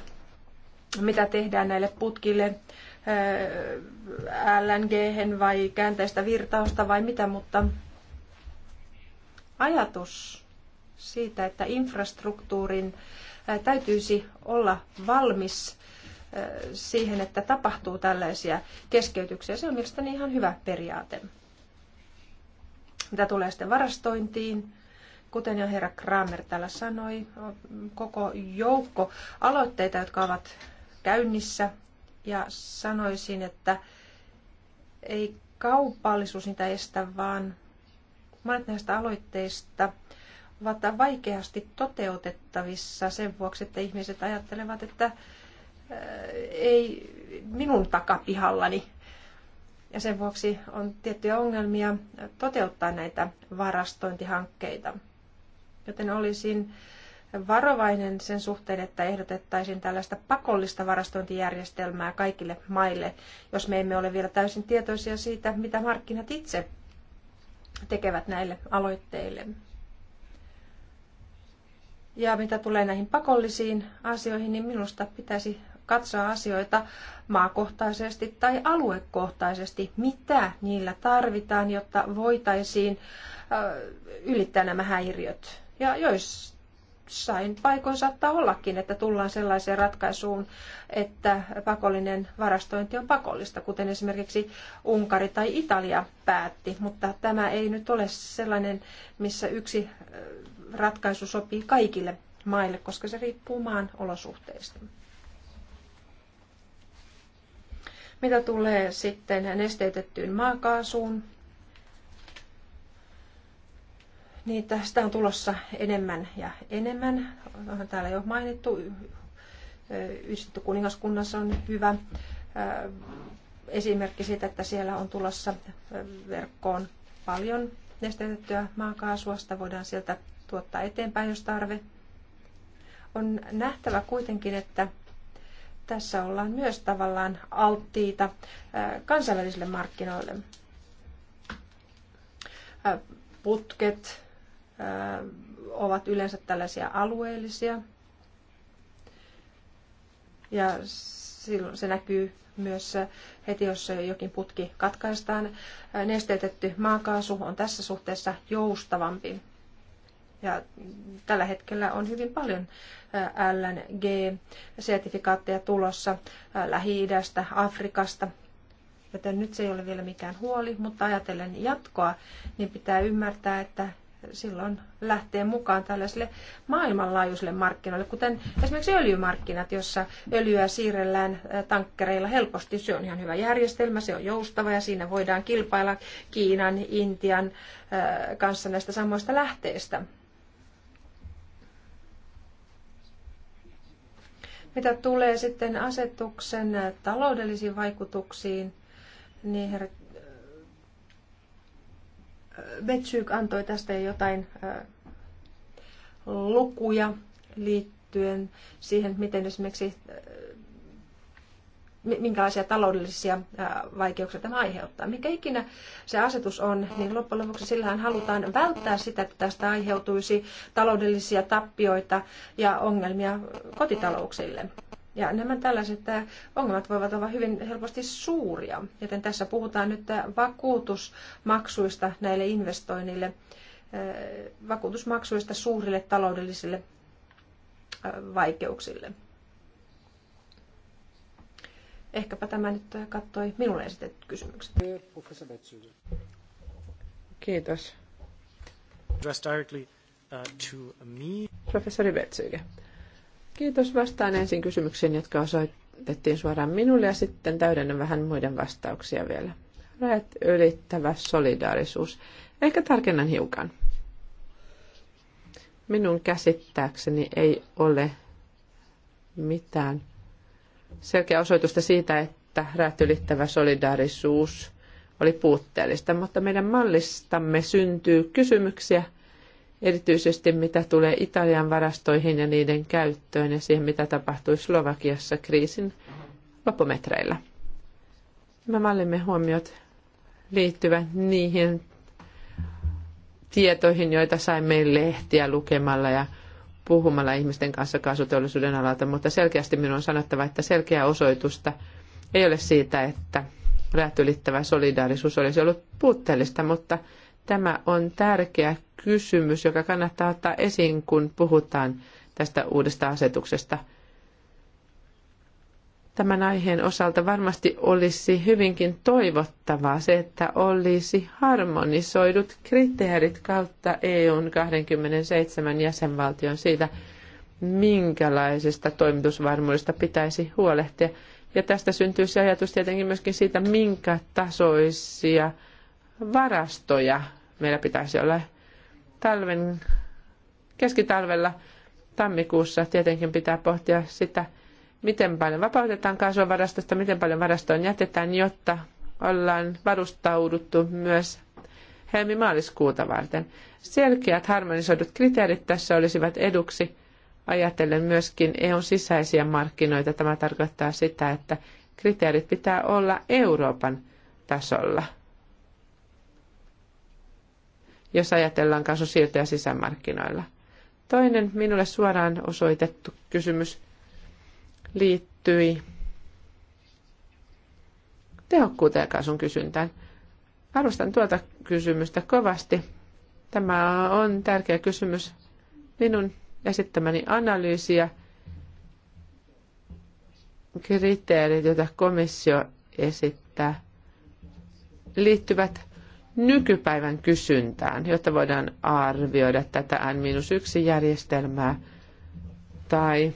mitä tehdään näille putkille, lng vai käänteistä virtausta vai mitä, mutta ajatus siitä, että infrastruktuurin täytyisi olla valmis siihen, että tapahtuu tällaisia keskeytyksiä. Se on mielestäni ihan hyvä periaate. Mitä tulee sitten varastointiin, kuten jo herra Kramer täällä sanoi, koko joukko aloitteita, jotka ovat käynnissä ja sanoisin, että ei kaupallisuus niitä estä, vaan monet näistä aloitteista ovat vaikeasti toteutettavissa sen vuoksi, että ihmiset ajattelevat, että ei minun takapihallani. Ja sen vuoksi on tiettyjä ongelmia toteuttaa näitä varastointihankkeita. Joten olisin varovainen sen suhteen, että ehdotettaisiin tällaista pakollista varastointijärjestelmää kaikille maille, jos me emme ole vielä täysin tietoisia siitä, mitä markkinat itse tekevät näille aloitteille. Ja mitä tulee näihin pakollisiin asioihin, niin minusta pitäisi katsoa asioita maakohtaisesti tai aluekohtaisesti, mitä niillä tarvitaan, jotta voitaisiin ylittää nämä häiriöt. Ja jos jossain paikoin saattaa ollakin, että tullaan sellaiseen ratkaisuun, että pakollinen varastointi on pakollista, kuten esimerkiksi Unkari tai Italia päätti, mutta tämä ei nyt ole sellainen, missä yksi ratkaisu sopii kaikille maille, koska se riippuu maan olosuhteista. Mitä tulee sitten nesteytettyyn maakaasuun, niin tästä on tulossa enemmän ja enemmän. Onhan täällä jo mainittu, yhdistetty kuningaskunnassa on hyvä esimerkki siitä, että siellä on tulossa verkkoon paljon nesteytettyä maakaasua. Sitä voidaan sieltä tuottaa eteenpäin, jos tarve. On nähtävä kuitenkin, että tässä ollaan myös tavallaan alttiita kansainvälisille markkinoille. Putket, ovat yleensä tällaisia alueellisia. Ja silloin se näkyy myös heti, jos jokin putki katkaistaan. Nesteytetty maakaasu on tässä suhteessa joustavampi. Ja tällä hetkellä on hyvin paljon LNG-sertifikaatteja tulossa Lähi-idästä, Afrikasta, joten nyt se ei ole vielä mikään huoli, mutta ajatellen jatkoa, niin pitää ymmärtää, että silloin lähtee mukaan tällaisille maailmanlaajuiselle markkinoille, kuten esimerkiksi öljymarkkinat, jossa öljyä siirrellään tankkereilla helposti. Se on ihan hyvä järjestelmä, se on joustava ja siinä voidaan kilpailla Kiinan, Intian kanssa näistä samoista lähteistä. Mitä tulee sitten asetuksen taloudellisiin vaikutuksiin, niin herra Betsyk antoi tästä jotain lukuja liittyen siihen, miten esimerkiksi minkälaisia taloudellisia vaikeuksia tämä aiheuttaa. Mikä ikinä se asetus on, niin loppujen lopuksi sillähän halutaan välttää sitä, että tästä aiheutuisi taloudellisia tappioita ja ongelmia kotitalouksille. Ja nämä tällaiset äh, ongelmat voivat olla hyvin helposti suuria, joten tässä puhutaan nyt äh, vakuutusmaksuista näille investoinnille, äh, vakuutusmaksuista suurille taloudellisille vaikeuksille. Ehkäpä tämä nyt kattoi minulle esitetyt kysymykset. Kiitos. Uh, Professori Betsyge Kiitos. Vastaan ensin kysymyksiin, jotka osoitettiin suoraan minulle ja sitten täydennän vähän muiden vastauksia vielä. Rajat ylittävä solidaarisuus. Ehkä tarkennan hiukan. Minun käsittääkseni ei ole mitään selkeä osoitusta siitä, että rajat ylittävä solidaarisuus oli puutteellista, mutta meidän mallistamme syntyy kysymyksiä – erityisesti mitä tulee Italian varastoihin ja niiden käyttöön ja siihen, mitä tapahtui Slovakiassa kriisin loppumetreillä. Nämä mallimme huomiot liittyvät niihin tietoihin, joita saimme lehtiä lukemalla ja puhumalla ihmisten kanssa kasvuteollisuuden alalta, mutta selkeästi minun on sanottava, että selkeää osoitusta ei ole siitä, että rajat ylittävä solidaarisuus olisi ollut puutteellista, mutta Tämä on tärkeä kysymys, joka kannattaa ottaa esiin, kun puhutaan tästä uudesta asetuksesta. Tämän aiheen osalta varmasti olisi hyvinkin toivottavaa se, että olisi harmonisoidut kriteerit kautta EUn 27 jäsenvaltion siitä, minkälaisesta toimitusvarmuudesta pitäisi huolehtia. Ja tästä syntyisi ajatus tietenkin myöskin siitä, minkä tasoisia varastoja meillä pitäisi olla talven, keskitalvella tammikuussa tietenkin pitää pohtia sitä, miten paljon vapautetaan kaasua miten paljon varastoon jätetään, jotta ollaan varustauduttu myös helmimaaliskuuta varten. Selkeät harmonisoidut kriteerit tässä olisivat eduksi ajatellen myöskin EUn sisäisiä markkinoita. Tämä tarkoittaa sitä, että kriteerit pitää olla Euroopan tasolla – jos ajatellaan kasvusiirtoja sisämarkkinoilla. Toinen minulle suoraan osoitettu kysymys liittyi tehokkuuteen ja kasvun kysyntään. Arvostan tuota kysymystä kovasti. Tämä on tärkeä kysymys minun esittämäni analyysiä, kriteerit, joita komissio esittää, liittyvät nykypäivän kysyntään, jotta voidaan arvioida tätä N-1-järjestelmää tai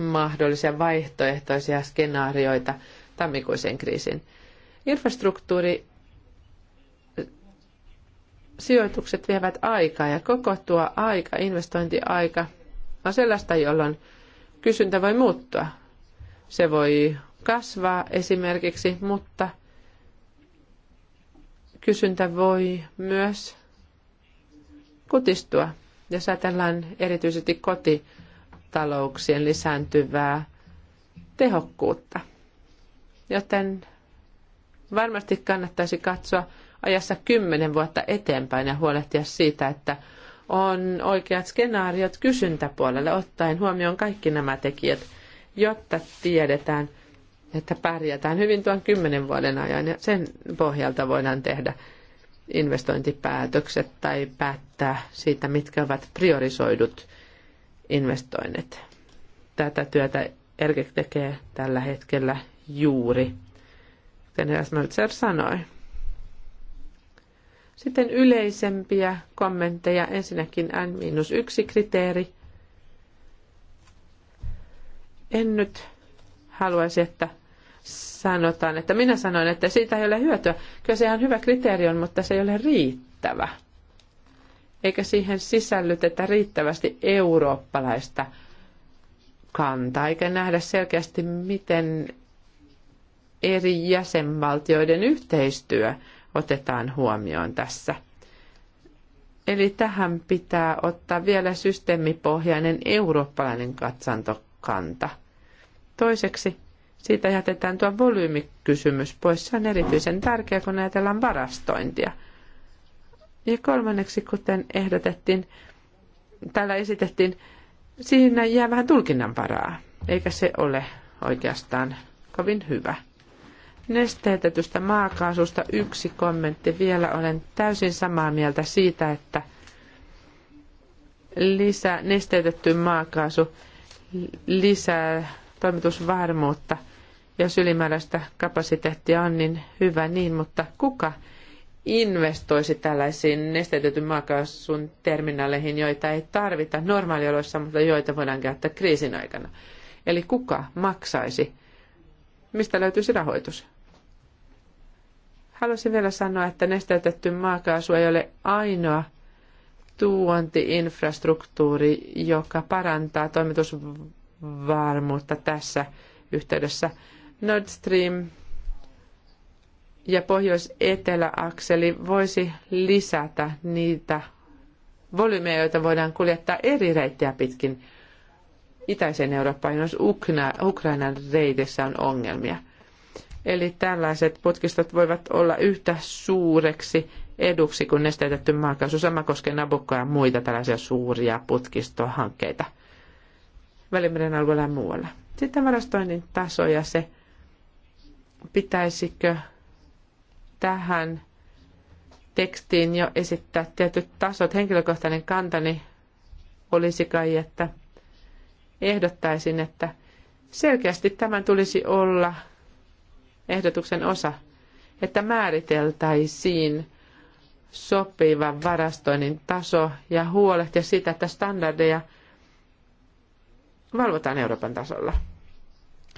mahdollisia vaihtoehtoisia skenaarioita tammikuisen kriisin. Infrastruktuuri sijoitukset vievät aikaa ja koko tuo aika, investointiaika, on sellaista, jolloin kysyntä voi muuttua. Se voi kasvaa esimerkiksi, mutta – kysyntä voi myös kutistua, jos ajatellaan erityisesti kotitalouksien lisääntyvää tehokkuutta. Joten varmasti kannattaisi katsoa ajassa kymmenen vuotta eteenpäin ja huolehtia siitä, että on oikeat skenaariot kysyntäpuolelle ottaen huomioon kaikki nämä tekijät, jotta tiedetään – että pärjätään hyvin tuon kymmenen vuoden ajan ja sen pohjalta voidaan tehdä investointipäätökset tai päättää siitä, mitkä ovat priorisoidut investoinnit. Tätä työtä Erkek tekee tällä hetkellä juuri, kuten Esmeltzer sanoi. Sitten yleisempiä kommentteja. Ensinnäkin N-1 kriteeri. En nyt haluaisi, että sanotaan, että minä sanoin, että siitä ei ole hyötyä. Kyllä se ihan hyvä kriteeri on, mutta se ei ole riittävä. Eikä siihen sisällytetä riittävästi eurooppalaista kantaa, eikä nähdä selkeästi, miten eri jäsenvaltioiden yhteistyö otetaan huomioon tässä. Eli tähän pitää ottaa vielä systeemipohjainen eurooppalainen katsantokanta. Toiseksi siitä jätetään tuo volyymikysymys pois. Se on erityisen tärkeä, kun ajatellaan varastointia. Ja kolmanneksi, kuten ehdotettiin, täällä esitettiin, siinä jää vähän tulkinnan varaa, eikä se ole oikeastaan kovin hyvä. Nesteetetystä maakaasusta yksi kommentti vielä. Olen täysin samaa mieltä siitä, että lisää nesteetetty maakaasu lisää toimitusvarmuutta – jos ylimääräistä kapasiteettia on, niin hyvä niin, mutta kuka investoisi tällaisiin nesteytetyn maakaasun terminaaleihin, joita ei tarvita normaalioloissa, mutta joita voidaan käyttää kriisin aikana. Eli kuka maksaisi? Mistä löytyisi rahoitus? Haluaisin vielä sanoa, että nesteytetty maakaasu ei ole ainoa tuontiinfrastruktuuri, joka parantaa toimitusvarmuutta tässä yhteydessä – Nord Stream ja pohjois-etelä-akseli voisi lisätä niitä volyymeja, joita voidaan kuljettaa eri reittejä pitkin itäiseen Eurooppaan, jos Ukna, Ukrainan reitissä on ongelmia. Eli tällaiset putkistot voivat olla yhtä suureksi eduksi kuin nesteytetty maakaasu. Sama koskee Nabukkoa ja muita tällaisia suuria putkistohankkeita Välimeren alueella ja muualla. Sitten varastoinnin taso ja se, pitäisikö tähän tekstiin jo esittää tietyt tasot. Henkilökohtainen kantani olisi kai, että ehdottaisin, että selkeästi tämän tulisi olla ehdotuksen osa, että määriteltäisiin sopivan varastoinnin taso ja huolehtia siitä, että standardeja valvotaan Euroopan tasolla.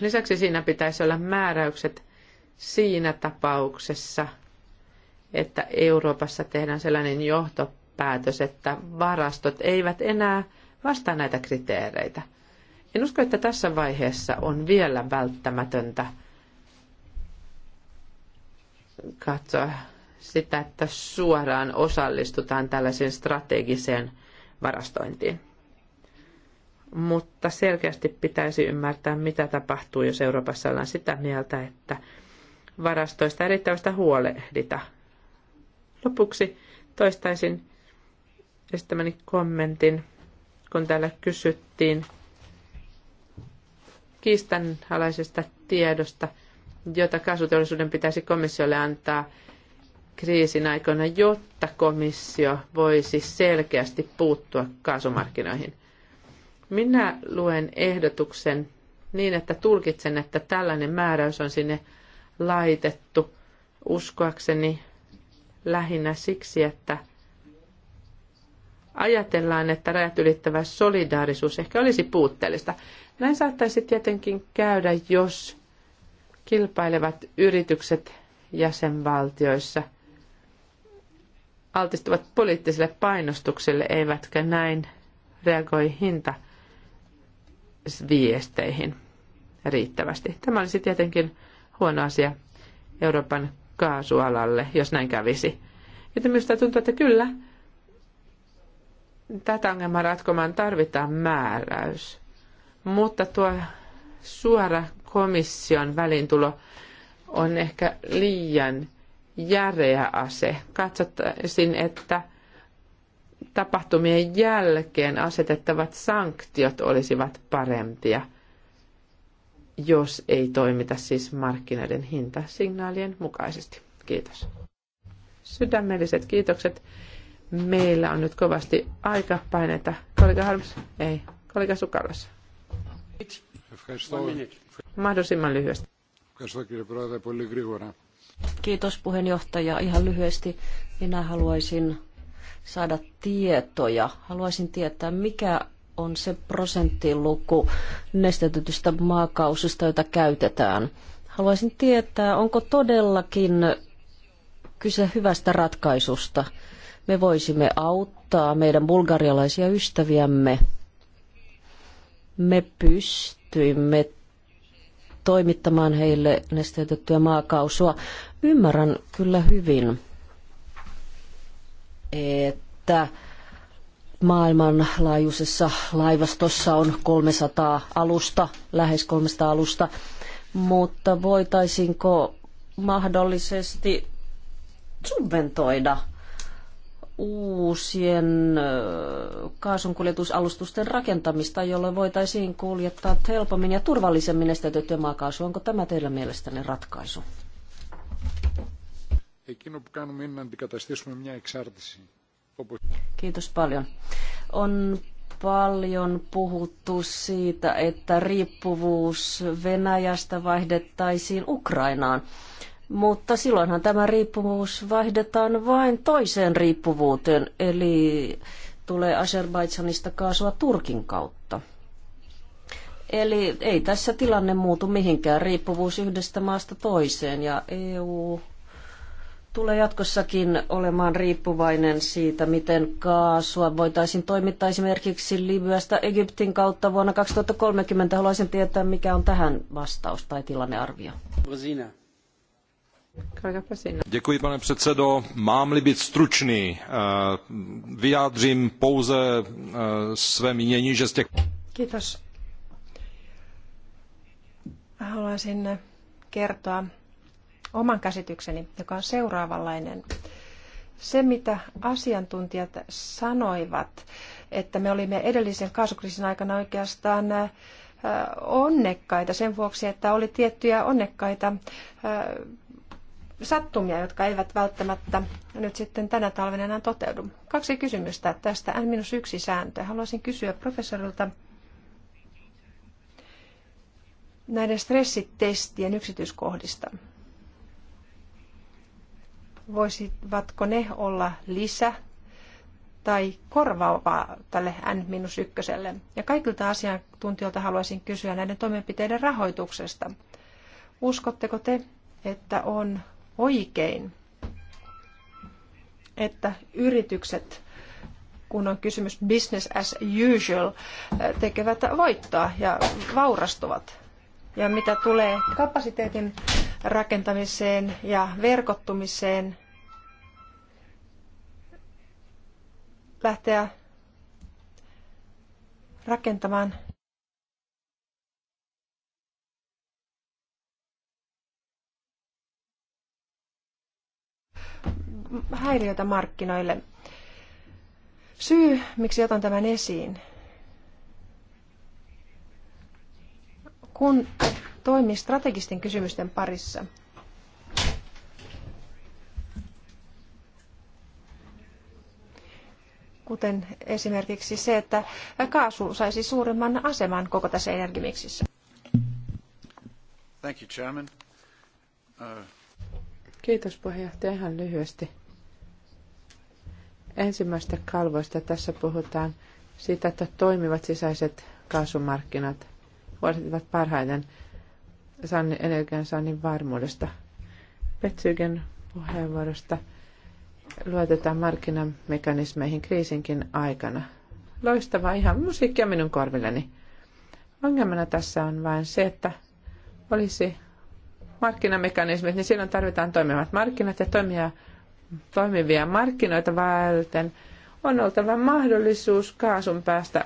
Lisäksi siinä pitäisi olla määräykset siinä tapauksessa, että Euroopassa tehdään sellainen johtopäätös, että varastot eivät enää vastaa näitä kriteereitä. En usko, että tässä vaiheessa on vielä välttämätöntä katsoa sitä, että suoraan osallistutaan tällaiseen strategiseen varastointiin. Mutta selkeästi pitäisi ymmärtää, mitä tapahtuu, jos Euroopassa ollaan sitä mieltä, että varastoista ja riittävästä huolehdita. Lopuksi toistaisin estämäni kommentin, kun täällä kysyttiin kiistanhalaisesta tiedosta, jota kasvuteollisuuden pitäisi komissiolle antaa kriisin aikana, jotta komissio voisi selkeästi puuttua kaasumarkkinoihin. Minä luen ehdotuksen niin, että tulkitsen, että tällainen määräys on sinne laitettu uskoakseni lähinnä siksi, että ajatellaan, että rajat ylittävä solidaarisuus ehkä olisi puutteellista. Näin saattaisi tietenkin käydä, jos kilpailevat yritykset jäsenvaltioissa altistuvat poliittiselle painostukselle, eivätkä näin reagoi hinta viesteihin riittävästi. Tämä olisi tietenkin huono asia Euroopan kaasualalle, jos näin kävisi. Joten minusta tuntuu, että kyllä tätä ongelmaa ratkomaan tarvitaan määräys. Mutta tuo suora komission välintulo on ehkä liian järeä ase. Katsottaisin, että tapahtumien jälkeen asetettavat sanktiot olisivat parempia – jos ei toimita siis markkinoiden hintasignaalien mukaisesti. Kiitos. Sydämelliset kiitokset. Meillä on nyt kovasti aika paineita. Kollega Harms, ei, kollega Sukalas. Mahdollisimman lyhyesti. Kiitos puheenjohtaja. Ihan lyhyesti minä haluaisin saada tietoja. Haluaisin tietää, mikä on se prosenttiluku nestetytystä maakausista, jota käytetään. Haluaisin tietää, onko todellakin kyse hyvästä ratkaisusta. Me voisimme auttaa meidän bulgarialaisia ystäviämme. Me pystyimme toimittamaan heille nesteytettyä maakausua. Ymmärrän kyllä hyvin, että maailmanlaajuisessa laivastossa on 300 alusta, lähes 300 alusta, mutta voitaisinko mahdollisesti subventoida uusien kaasunkuljetusalustusten rakentamista, jolle voitaisiin kuljettaa helpommin ja turvallisemmin nesteytettyä maakaasua. Onko tämä teillä mielestänne ratkaisu? Εκείνο που κάνουμε είναι να Kiitos paljon. On paljon puhuttu siitä, että riippuvuus Venäjästä vaihdettaisiin Ukrainaan. Mutta silloinhan tämä riippuvuus vaihdetaan vain toiseen riippuvuuteen, eli tulee Azerbaidsanista kaasua Turkin kautta. Eli ei tässä tilanne muutu mihinkään, riippuvuus yhdestä maasta toiseen ja EU tulee jatkossakin olemaan riippuvainen siitä, miten kaasua voitaisiin toimittaa esimerkiksi Libyasta Egyptin kautta vuonna 2030. Haluaisin tietää, mikä on tähän vastaus tai tilannearvio. Brezina. Děkuji, pane předsedo. Mám-li být stručný, eh, vyjádřím pouze eh, své mínění, že z těch... Kiitos. Haluaisin kertoa oman käsitykseni, joka on seuraavanlainen. Se, mitä asiantuntijat sanoivat, että me olimme edellisen kaasukriisin aikana oikeastaan äh, onnekkaita sen vuoksi, että oli tiettyjä onnekkaita äh, sattumia, jotka eivät välttämättä nyt sitten tänä talvena enää toteudu. Kaksi kysymystä tästä N-1 sääntöä. Haluaisin kysyä professorilta näiden stressitestien yksityiskohdista voisivatko ne olla lisä tai korvaava tälle N-1. Ja kaikilta asiantuntijoilta haluaisin kysyä näiden toimenpiteiden rahoituksesta. Uskotteko te, että on oikein, että yritykset, kun on kysymys business as usual, tekevät voittoa ja vaurastuvat? Ja mitä tulee kapasiteetin rakentamiseen ja verkottumiseen, lähteä rakentamaan häiriötä markkinoille. Syy, miksi otan tämän esiin, kun toimii strategisten kysymysten parissa. Kuten esimerkiksi se, että kaasu saisi suuremman aseman koko tässä energimiksissä. Thank you, Chairman. Uh... Kiitos puheenjohtaja. Ihan lyhyesti. Ensimmäistä kalvoista tässä puhutaan siitä, että toimivat sisäiset kaasumarkkinat – huolehtivat parhaiten saannin varmuudesta. Petsygen puheenvuorosta luotetaan markkinamekanismeihin kriisinkin aikana. Loistavaa ihan musiikkia minun korvilleni. Ongelmana tässä on vain se, että olisi markkinamekanismit, niin silloin tarvitaan toimivat markkinat ja toimia, toimivia markkinoita varten on oltava mahdollisuus kaasun päästä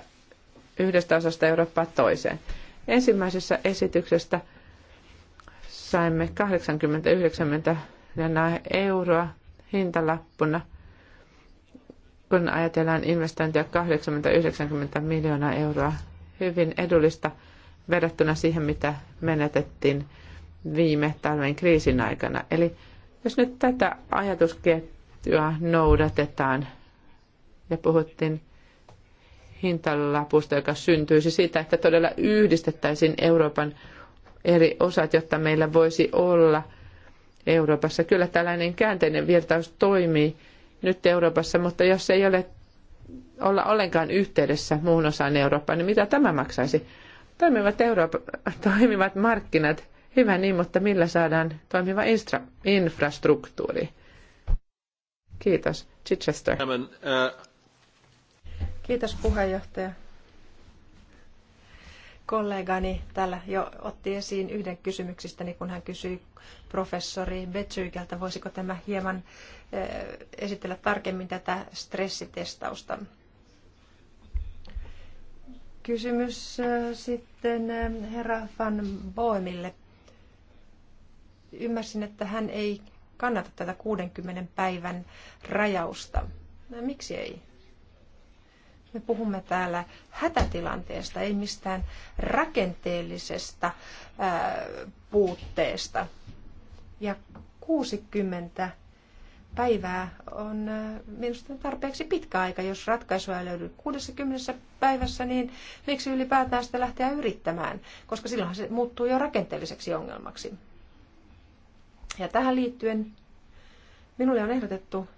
yhdestä osasta Eurooppaa toiseen. Ensimmäisessä esityksestä saimme 89 miljoonaa euroa hintalappuna, kun ajatellaan investointia 80-90 miljoonaa euroa. Hyvin edullista verrattuna siihen, mitä menetettiin viime talven kriisin aikana. Eli jos nyt tätä ajatusketjua noudatetaan, ja puhuttiin hintalapusta, joka syntyisi siitä, että todella yhdistettäisiin Euroopan eri osat, jotta meillä voisi olla Euroopassa. Kyllä tällainen käänteinen virtaus toimii nyt Euroopassa, mutta jos ei ole olla ollenkaan yhteydessä muun osaan Eurooppaa, niin mitä tämä maksaisi? Toimivat, Eurooppa, *laughs* toimivat markkinat, hyvä niin, mutta millä saadaan toimiva instra, infrastruktuuri? Kiitos. Chichester. Uh, Kiitos puheenjohtaja. Kollegani täällä jo otti esiin yhden niin kun hän kysyi professori Betsyykeltä, voisiko tämä hieman eh, esitellä tarkemmin tätä stressitestausta. Kysymys eh, sitten eh, herra Van Boemille. Ymmärsin, että hän ei kannata tätä 60 päivän rajausta. Miksi ei? Me puhumme täällä hätätilanteesta, ei mistään rakenteellisesta ää, äh, puutteesta. Ja 60 päivää on äh, minusta tarpeeksi pitkä aika. Jos ratkaisua ei löydy 60 päivässä, niin miksi ylipäätään sitä lähteä yrittämään? Koska silloinhan se muuttuu jo rakenteelliseksi ongelmaksi. Ja tähän liittyen minulle on ehdotettu,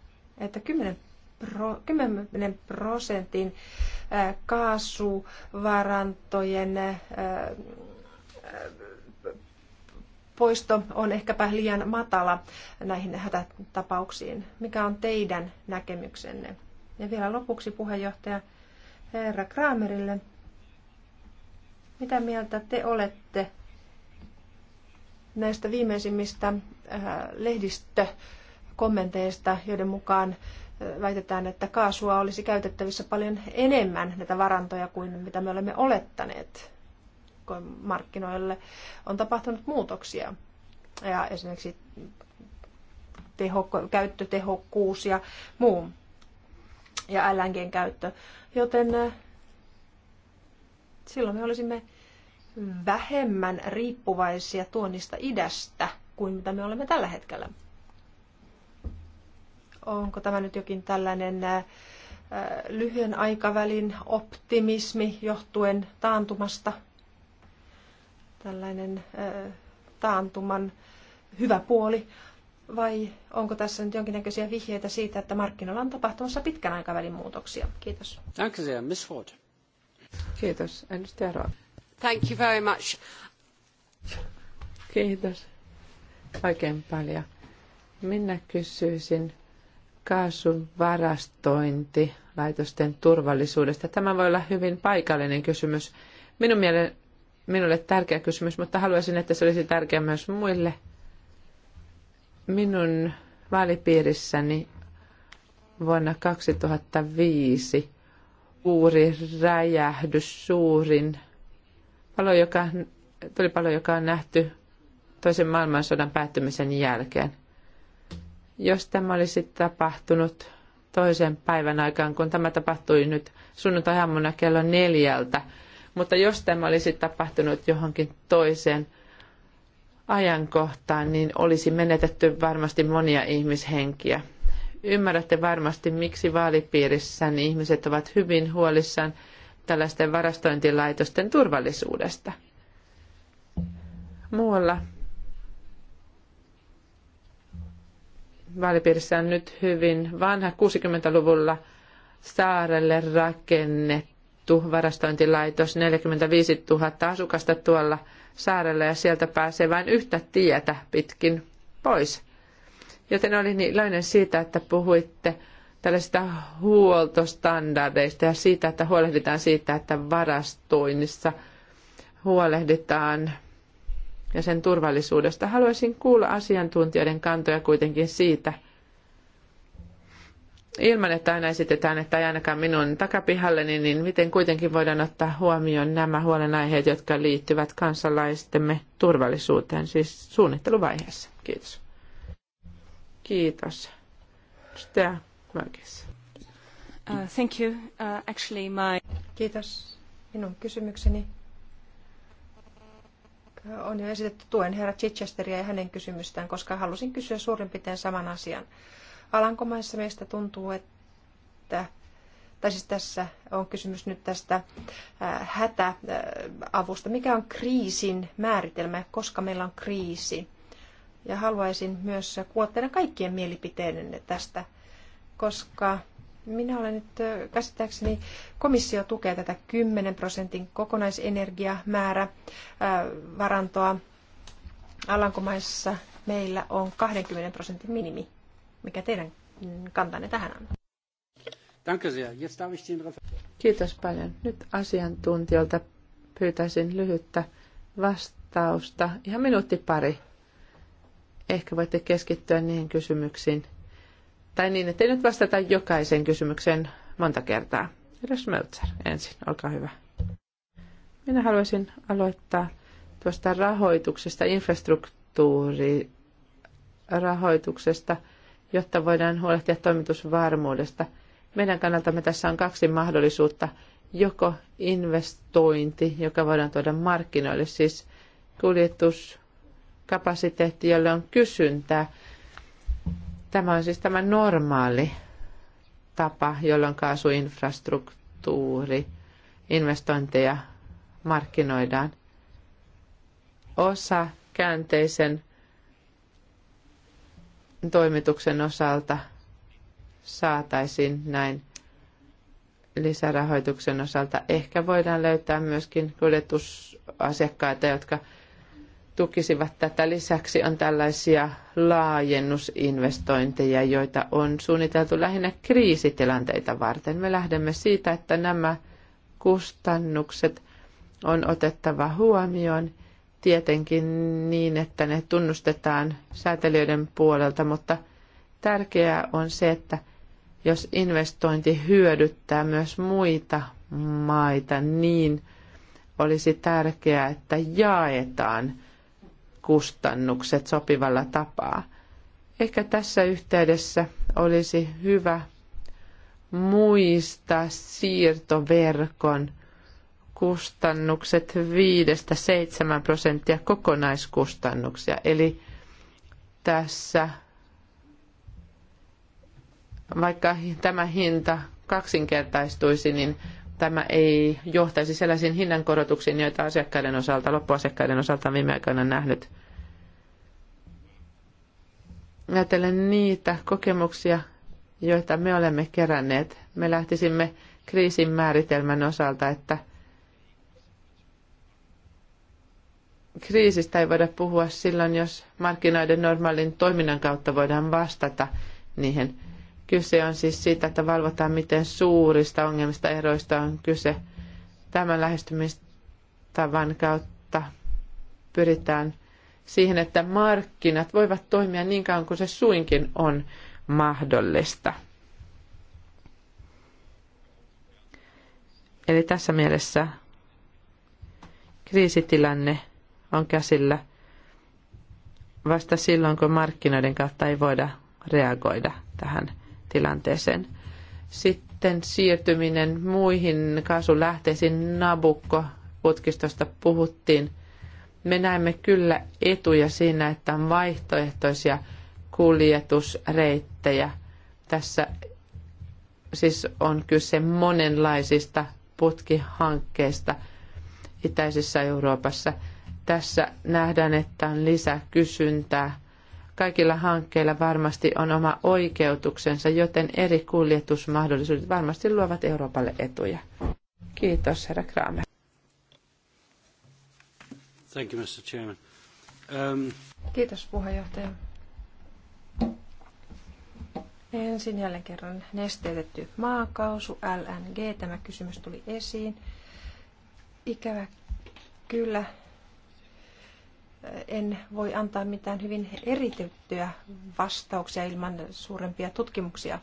että 10 pro, 10 prosentin kaasuvarantojen poisto on ehkäpä liian matala näihin hätätapauksiin. Mikä on teidän näkemyksenne? Ja vielä lopuksi puheenjohtaja herra Kramerille. Mitä mieltä te olette näistä viimeisimmistä lehdistökommenteista, joiden mukaan väitetään, että kaasua olisi käytettävissä paljon enemmän näitä varantoja kuin mitä me olemme olettaneet, kun markkinoille on tapahtunut muutoksia. Ja esimerkiksi teho, käyttötehokkuus ja muu ja lng käyttö. Joten äh, silloin me olisimme vähemmän riippuvaisia tuonnista idästä kuin mitä me olemme tällä hetkellä. Onko tämä nyt jokin tällainen äh, äh, lyhyen aikavälin optimismi johtuen taantumasta? Tällainen äh, taantuman hyvä puoli vai onko tässä nyt jonkinnäköisiä vihjeitä siitä, että markkinoilla on tapahtumassa pitkän aikavälin muutoksia? Kiitos. Miss Ford. Kiitos, edustaja Roa. Thank you very much. Kiitos oikein paljon. Minä kysyisin kaasun varastointi laitosten turvallisuudesta. Tämä voi olla hyvin paikallinen kysymys. Minun miele minulle tärkeä kysymys, mutta haluaisin, että se olisi tärkeä myös muille. Minun vaalipiirissäni vuonna 2005 uuri räjähdys, suurin palo, joka, tuli palo, joka on nähty toisen maailmansodan päättymisen jälkeen. Jos tämä olisi tapahtunut toisen päivän aikaan, kun tämä tapahtui nyt sunnuntai kello neljältä, mutta jos tämä olisi tapahtunut johonkin toiseen ajankohtaan, niin olisi menetetty varmasti monia ihmishenkiä. Ymmärrätte varmasti, miksi niin ihmiset ovat hyvin huolissaan tällaisten varastointilaitosten turvallisuudesta. Muualla vaalipiirissä on nyt hyvin vanha 60-luvulla saarelle rakennettu varastointilaitos, 45 000 asukasta tuolla saarella ja sieltä pääsee vain yhtä tietä pitkin pois. Joten olin niin iloinen siitä, että puhuitte tällaisista huoltostandardeista ja siitä, että huolehditaan siitä, että varastoinnissa huolehditaan – ja sen turvallisuudesta. Haluaisin kuulla asiantuntijoiden kantoja kuitenkin siitä, ilman että aina esitetään, että ei ainakaan minun takapihalleni, niin, niin miten kuitenkin voidaan ottaa huomioon nämä huolenaiheet, jotka liittyvät kansalaistemme turvallisuuteen, siis suunnitteluvaiheessa. Kiitos. Kiitos. Edustaja Mökis. Uh, thank you. Uh, actually my... Kiitos. Minun kysymykseni on jo esitetty tuen herra Chichesteria ja hänen kysymystään, koska halusin kysyä suurin piirtein saman asian. Alankomaissa meistä tuntuu, että tai siis tässä on kysymys nyt tästä äh, hätäavusta. Mikä on kriisin määritelmä, koska meillä on kriisi? Ja haluaisin myös kuottaa kaikkien mielipiteiden tästä, koska minä olen nyt käsittääkseni, komissio tukee tätä 10 prosentin kokonaisenergiamäärä varantoa. Alankomaissa meillä on 20 prosentin minimi. Mikä teidän kantanne tähän on? Kiitos paljon. Nyt asiantuntijalta pyytäisin lyhyttä vastausta. Ihan minuutti pari. Ehkä voitte keskittyä niihin kysymyksiin, tai niin, ettei nyt vastata jokaisen kysymykseen monta kertaa. Edes Möltser ensin, olkaa hyvä. Minä haluaisin aloittaa tuosta rahoituksesta, infrastruktuurirahoituksesta, jotta voidaan huolehtia toimitusvarmuudesta. Meidän kannaltamme tässä on kaksi mahdollisuutta. Joko investointi, joka voidaan tuoda markkinoille, siis kuljetuskapasiteetti, jolle on kysyntää, Tämä on siis tämä normaali tapa, jolloin kaasuinfrastruktuuri, investointeja markkinoidaan. Osa käänteisen toimituksen osalta saataisiin näin lisärahoituksen osalta. Ehkä voidaan löytää myöskin kuljetusasiakkaita, jotka tukisivat tätä. Lisäksi on tällaisia laajennusinvestointeja, joita on suunniteltu lähinnä kriisitilanteita varten. Me lähdemme siitä, että nämä kustannukset on otettava huomioon tietenkin niin, että ne tunnustetaan säätelijöiden puolelta, mutta tärkeää on se, että jos investointi hyödyttää myös muita maita, niin olisi tärkeää, että jaetaan – kustannukset sopivalla tapaa. Ehkä tässä yhteydessä olisi hyvä muistaa siirtoverkon kustannukset 5-7 prosenttia kokonaiskustannuksia. Eli tässä vaikka tämä hinta kaksinkertaistuisi, niin tämä ei johtaisi sellaisiin hinnankorotuksiin, joita asiakkaiden osalta, loppuasiakkaiden osalta on viime aikoina nähnyt. Ajattelen niitä kokemuksia, joita me olemme keränneet. Me lähtisimme kriisin määritelmän osalta, että kriisistä ei voida puhua silloin, jos markkinoiden normaalin toiminnan kautta voidaan vastata niihin Kyse on siis siitä, että valvotaan, miten suurista ongelmista eroista on kyse. Tämän lähestymistavan kautta pyritään siihen, että markkinat voivat toimia niin kauan kuin se suinkin on mahdollista. Eli tässä mielessä kriisitilanne on käsillä vasta silloin, kun markkinoiden kautta ei voida reagoida tähän tilanteeseen. Sitten siirtyminen muihin kaasulähteisiin, Nabukko putkistosta puhuttiin. Me näemme kyllä etuja siinä, että on vaihtoehtoisia kuljetusreittejä. Tässä siis on kyse monenlaisista putkihankkeista itäisessä Euroopassa. Tässä nähdään, että on lisäkysyntää Kaikilla hankkeilla varmasti on oma oikeutuksensa, joten eri kuljetusmahdollisuudet varmasti luovat Euroopalle etuja. Kiitos, herra Kramer. Thank you, Mr. Chairman. Um... Kiitos, puheenjohtaja. Ensin jälleen kerran nesteytetty maakausu, LNG, tämä kysymys tuli esiin. Ikävä kyllä en voi antaa mitään hyvin eritettyä vastauksia ilman suurempia tutkimuksia,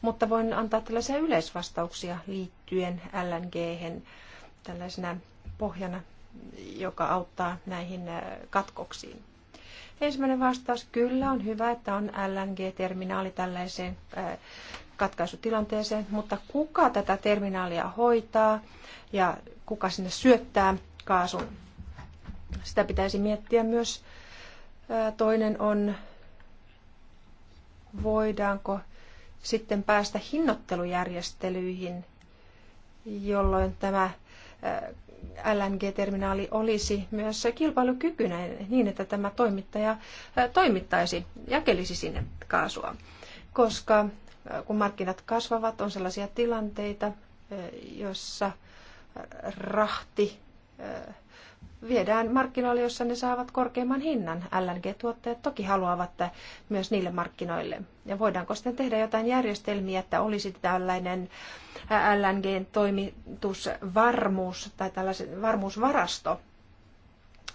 mutta voin antaa tällaisia yleisvastauksia liittyen lng tällaisena pohjana, joka auttaa näihin äh, katkoksiin. Ensimmäinen vastaus, kyllä on hyvä, että on LNG-terminaali tällaiseen äh, katkaisutilanteeseen, mutta kuka tätä terminaalia hoitaa ja kuka sinne syöttää kaasun sitä pitäisi miettiä myös. Toinen on, voidaanko sitten päästä hinnoittelujärjestelyihin, jolloin tämä LNG-terminaali olisi myös kilpailukykyinen niin, että tämä toimittaja toimittaisi, jakelisi sinne kaasua. Koska kun markkinat kasvavat, on sellaisia tilanteita, jossa rahti viedään markkinoille, jossa ne saavat korkeimman hinnan. LNG-tuottajat toki haluavat myös niille markkinoille. Ja voidaanko sitten tehdä jotain järjestelmiä, että olisi tällainen LNG-toimitusvarmuus tai tällaisen varmuusvarasto,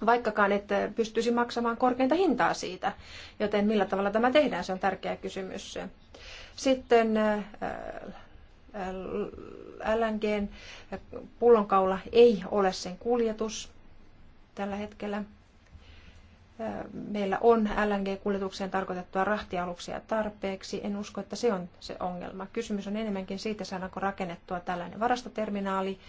vaikkakaan et pystyisi maksamaan korkeinta hintaa siitä. Joten millä tavalla tämä tehdään, se on tärkeä kysymys. Sitten LNGn pullonkaula ei ole sen kuljetus, tällä hetkellä. Meillä on LNG-kuljetukseen tarkoitettua rahtialuksia tarpeeksi. En usko, että se on se ongelma. Kysymys on enemmänkin siitä, saadaanko rakennettua tällainen varastoterminaali,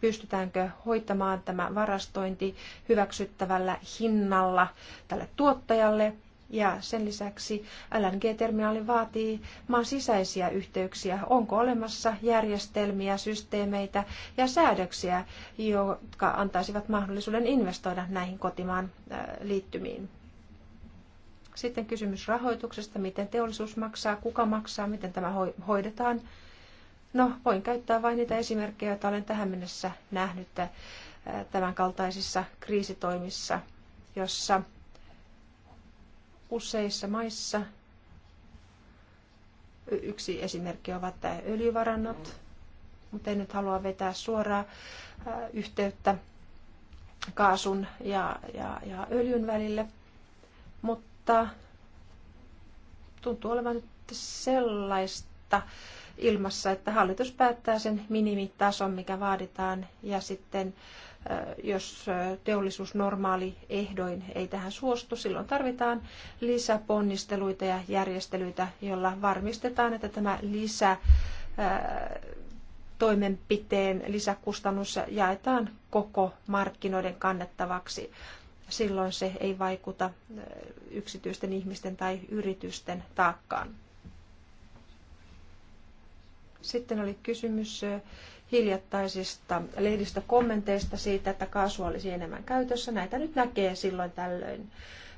pystytäänkö hoitamaan tämä varastointi hyväksyttävällä hinnalla tälle tuottajalle – ja sen lisäksi LNG-terminaali vaatii maan sisäisiä yhteyksiä. Onko olemassa järjestelmiä, systeemeitä ja säädöksiä, jotka antaisivat mahdollisuuden investoida näihin kotimaan liittymiin? Sitten kysymys rahoituksesta, miten teollisuus maksaa, kuka maksaa, miten tämä hoidetaan. No, voin käyttää vain niitä esimerkkejä, joita olen tähän mennessä nähnyt tämän kaltaisissa kriisitoimissa, jossa useissa maissa. Yksi esimerkki ovat öljyvarannot, mutta en nyt halua vetää suoraa yhteyttä kaasun ja, ja, ja öljyn välille. Mutta tuntuu olevan nyt sellaista ilmassa, että hallitus päättää sen minimitason, mikä vaaditaan, ja sitten äh, jos teollisuus normaali ehdoin ei tähän suostu, silloin tarvitaan lisäponnisteluita ja järjestelyitä, joilla varmistetaan, että tämä lisä toimenpiteen lisäkustannus jaetaan koko markkinoiden kannettavaksi. Silloin se ei vaikuta yksityisten ihmisten tai yritysten taakkaan. Sitten oli kysymys hiljattaisista kommenteista siitä, että kaasua olisi enemmän käytössä. Näitä nyt näkee silloin tällöin.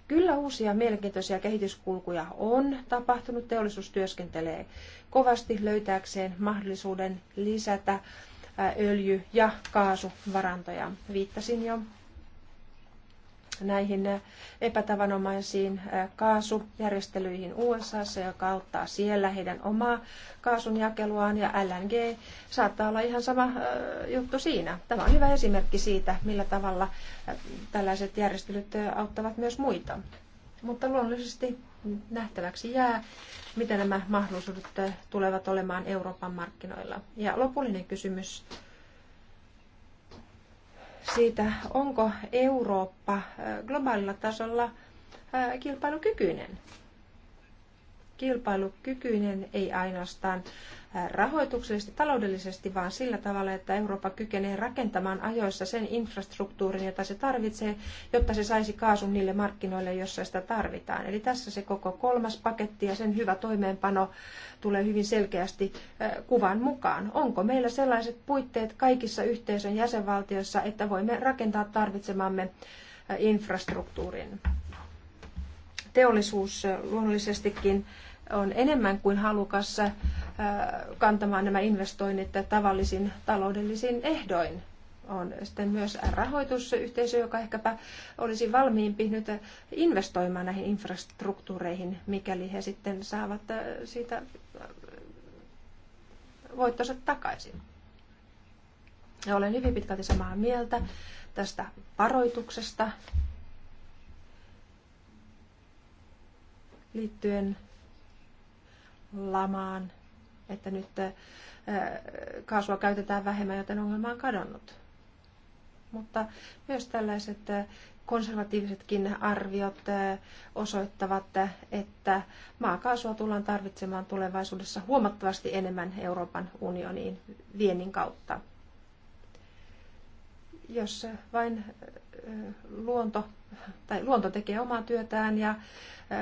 Kyllä uusia mielenkiintoisia kehityskulkuja on tapahtunut. Teollisuus työskentelee kovasti löytääkseen mahdollisuuden lisätä öljy- ja kaasuvarantoja. Viittasin jo näihin epätavanomaisiin kaasujärjestelyihin USA, joka auttaa siellä heidän omaa jakeluaan ja LNG saattaa olla ihan sama juttu siinä. Tämä on hyvä esimerkki siitä, millä tavalla tällaiset järjestelyt auttavat myös muita. Mutta luonnollisesti nähtäväksi jää, mitä nämä mahdollisuudet tulevat olemaan Euroopan markkinoilla. Ja lopullinen kysymys siitä, onko Eurooppa äh, globaalilla tasolla äh, kilpailukykyinen. Kilpailukykyinen ei ainoastaan rahoituksellisesti, taloudellisesti, vaan sillä tavalla, että Eurooppa kykenee rakentamaan ajoissa sen infrastruktuurin, jota se tarvitsee, jotta se saisi kaasun niille markkinoille, joissa sitä tarvitaan. Eli tässä se koko kolmas paketti ja sen hyvä toimeenpano tulee hyvin selkeästi kuvan mukaan. Onko meillä sellaiset puitteet kaikissa yhteisön jäsenvaltioissa, että voimme rakentaa tarvitsemamme infrastruktuurin? Teollisuus luonnollisestikin on enemmän kuin halukas äh, kantamaan nämä investoinnit tavallisin taloudellisin ehdoin. On sitten myös rahoitusyhteisö, joka ehkäpä olisi valmiimpi nyt investoimaan näihin infrastruktuureihin, mikäli he sitten saavat äh, siitä äh, voittonsa takaisin. Ja olen hyvin pitkälti samaa mieltä tästä varoituksesta liittyen lamaan, että nyt äh, kaasua käytetään vähemmän, joten ongelma on kadonnut. Mutta myös tällaiset äh, konservatiivisetkin arviot äh, osoittavat, että maakaasua tullaan tarvitsemaan tulevaisuudessa huomattavasti enemmän Euroopan unioniin viennin kautta. Jos vain luonto tai luonto tekee omaa työtään ja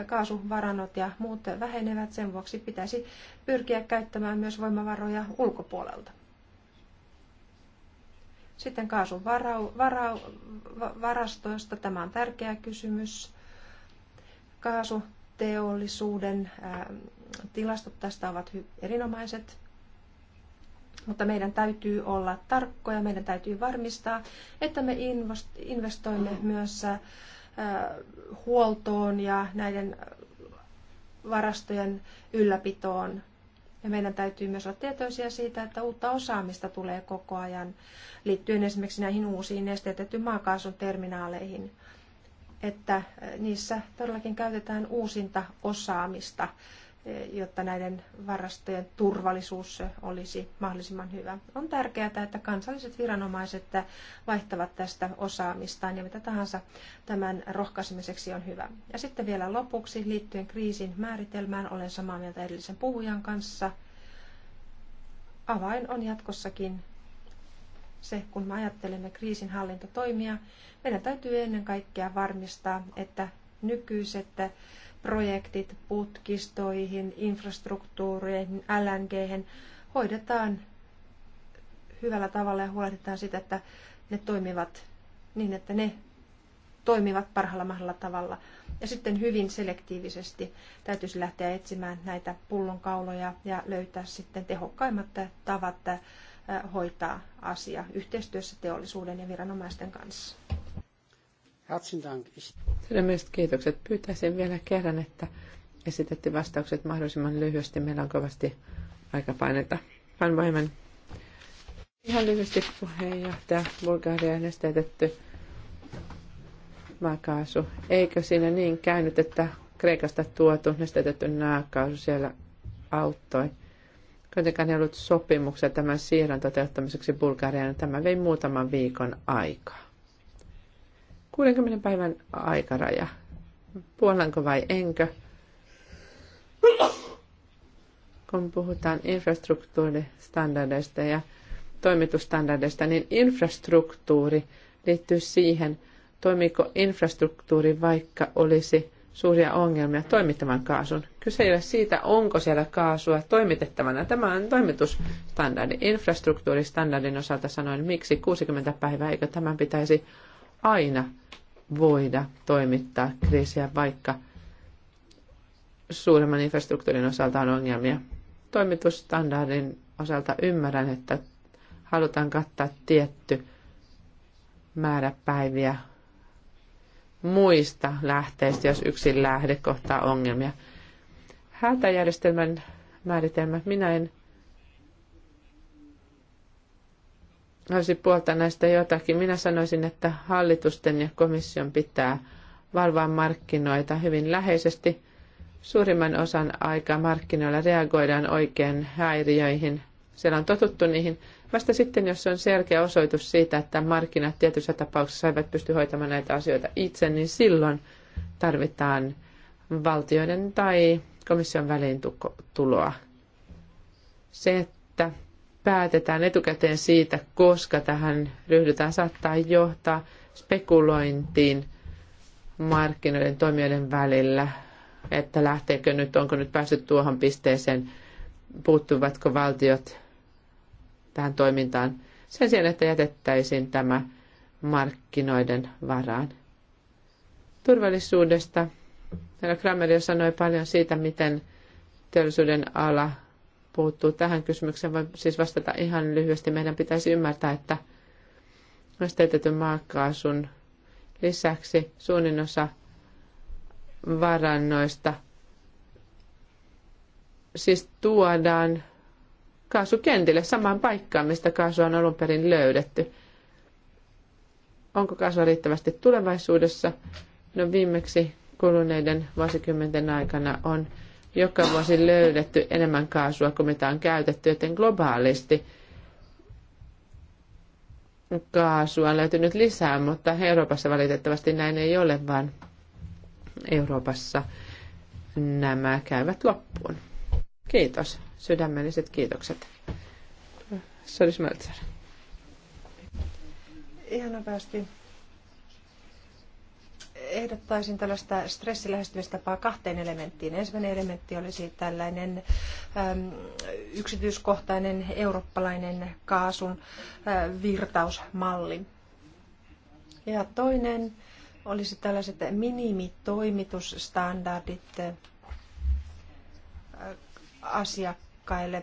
kaasuvarannot ja muut vähenevät. Sen vuoksi pitäisi pyrkiä käyttämään myös voimavaroja ulkopuolelta. Sitten kaasun varau, varau, varastoista. Tämä on tärkeä kysymys. Kaasuteollisuuden ää, tilastot tästä ovat hy- erinomaiset. Mutta meidän täytyy olla tarkkoja, meidän täytyy varmistaa, että me investoimme myös äh, huoltoon ja näiden varastojen ylläpitoon. Ja meidän täytyy myös olla tietoisia siitä, että uutta osaamista tulee koko ajan liittyen esimerkiksi näihin uusiin nesteytetyn maakaasun terminaaleihin, että äh, niissä todellakin käytetään uusinta osaamista jotta näiden varastojen turvallisuus olisi mahdollisimman hyvä. On tärkeää, että kansalliset viranomaiset vaihtavat tästä osaamistaan ja mitä tahansa tämän rohkaisemiseksi on hyvä. Ja sitten vielä lopuksi liittyen kriisin määritelmään olen samaa mieltä edellisen puhujan kanssa. Avain on jatkossakin se, kun me ajattelemme kriisinhallintatoimia, meidän täytyy ennen kaikkea varmistaa, että nykyiset projektit putkistoihin, infrastruktuureihin, LNG hoidetaan hyvällä tavalla ja huolehditaan sitä, että ne toimivat niin, että ne toimivat parhaalla mahdollisella tavalla. Ja sitten hyvin selektiivisesti täytyisi lähteä etsimään näitä pullonkauloja ja löytää sitten tehokkaimmat tavat äh, hoitaa asia yhteistyössä teollisuuden ja viranomaisten kanssa myös kiitokset. Pyytäisin vielä kerran, että esitetty vastaukset mahdollisimman lyhyesti. Meillä on kovasti aikapainetta. Van Vaimen. Ihan lyhyesti puheenjohtaja Bulgarian estetetty maakaasu. Eikö siinä niin käynyt, että Kreikasta tuotu nestetetty naakaasu siellä auttoi? Kuitenkaan ei ollut sopimuksia tämän siirron toteuttamiseksi Bulgariaan. Tämä vei muutaman viikon aikaa. 60 päivän aikaraja. Puolanko vai enkö? Kun puhutaan infrastruktuuristandardeista ja toimitustandardeista, niin infrastruktuuri liittyy siihen, toimiko infrastruktuuri, vaikka olisi suuria ongelmia toimittavan kaasun. Kyse ei ole siitä, onko siellä kaasua toimitettavana. Tämä on toimitusstandardi. Infrastruktuuristandardin osalta sanoin, miksi 60 päivää, eikö tämän pitäisi aina voida toimittaa kriisiä, vaikka suuremman infrastruktuurin osalta on ongelmia. Toimitusstandardin osalta ymmärrän, että halutaan kattaa tietty määrä päiviä muista lähteistä, jos yksin lähde kohtaa ongelmia. Hätäjärjestelmän määritelmä, minä en olisi puolta näistä jotakin. Minä sanoisin, että hallitusten ja komission pitää valvoa markkinoita hyvin läheisesti. Suurimman osan aikaa markkinoilla reagoidaan oikein häiriöihin. Siellä on totuttu niihin. Vasta sitten, jos on selkeä osoitus siitä, että markkinat tietyissä tapauksissa eivät pysty hoitamaan näitä asioita itse, niin silloin tarvitaan valtioiden tai komission väliin tuloa. Se, että päätetään etukäteen siitä, koska tähän ryhdytään, saattaa johtaa spekulointiin markkinoiden toimijoiden välillä, että lähteekö nyt, onko nyt päässyt tuohon pisteeseen, puuttuvatko valtiot tähän toimintaan sen sijaan, että jätettäisiin tämä markkinoiden varaan. Turvallisuudesta. Herra Kramer jo sanoi paljon siitä, miten teollisuuden ala puuttuu tähän kysymykseen, vaan siis vastata ihan lyhyesti. Meidän pitäisi ymmärtää, että nesteytetyn maakaasun lisäksi suunnin osa varannoista siis tuodaan kaasukentille samaan paikkaan, mistä kaasua on alun perin löydetty. Onko kaasua riittävästi tulevaisuudessa? No viimeksi kuluneiden vuosikymmenten aikana on joka vuosi löydetty enemmän kaasua kuin mitä on käytetty, joten globaalisti kaasua on löytynyt lisää, mutta Euroopassa valitettavasti näin ei ole, vaan Euroopassa nämä käyvät loppuun. Kiitos. Sydämelliset kiitokset. Sori Smeltzer. Ihana päästi ehdottaisin tällaista stressilähestymistapaa kahteen elementtiin. Ensimmäinen elementti olisi tällainen äm, yksityiskohtainen eurooppalainen kaasun äh, virtausmalli. Ja toinen olisi tällaiset minimitoimitusstandardit äh, asiakkaille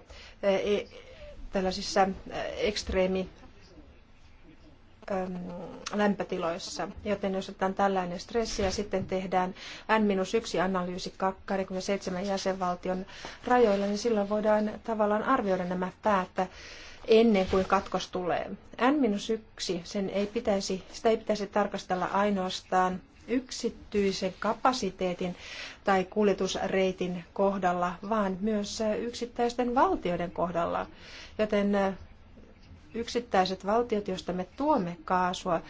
äh, e- tällaisissa äh, ekstreemi lämpötiloissa. Joten jos otetaan tällainen stressi ja sitten tehdään N-1 analyysi 27 jäsenvaltion rajoilla, niin silloin voidaan tavallaan arvioida nämä päät ennen kuin katkos tulee. N-1, sen ei pitäisi, sitä ei pitäisi tarkastella ainoastaan yksityisen kapasiteetin tai kuljetusreitin kohdalla, vaan myös yksittäisten valtioiden kohdalla. Joten yksittäiset valtiot, joista me tuomme kaasua,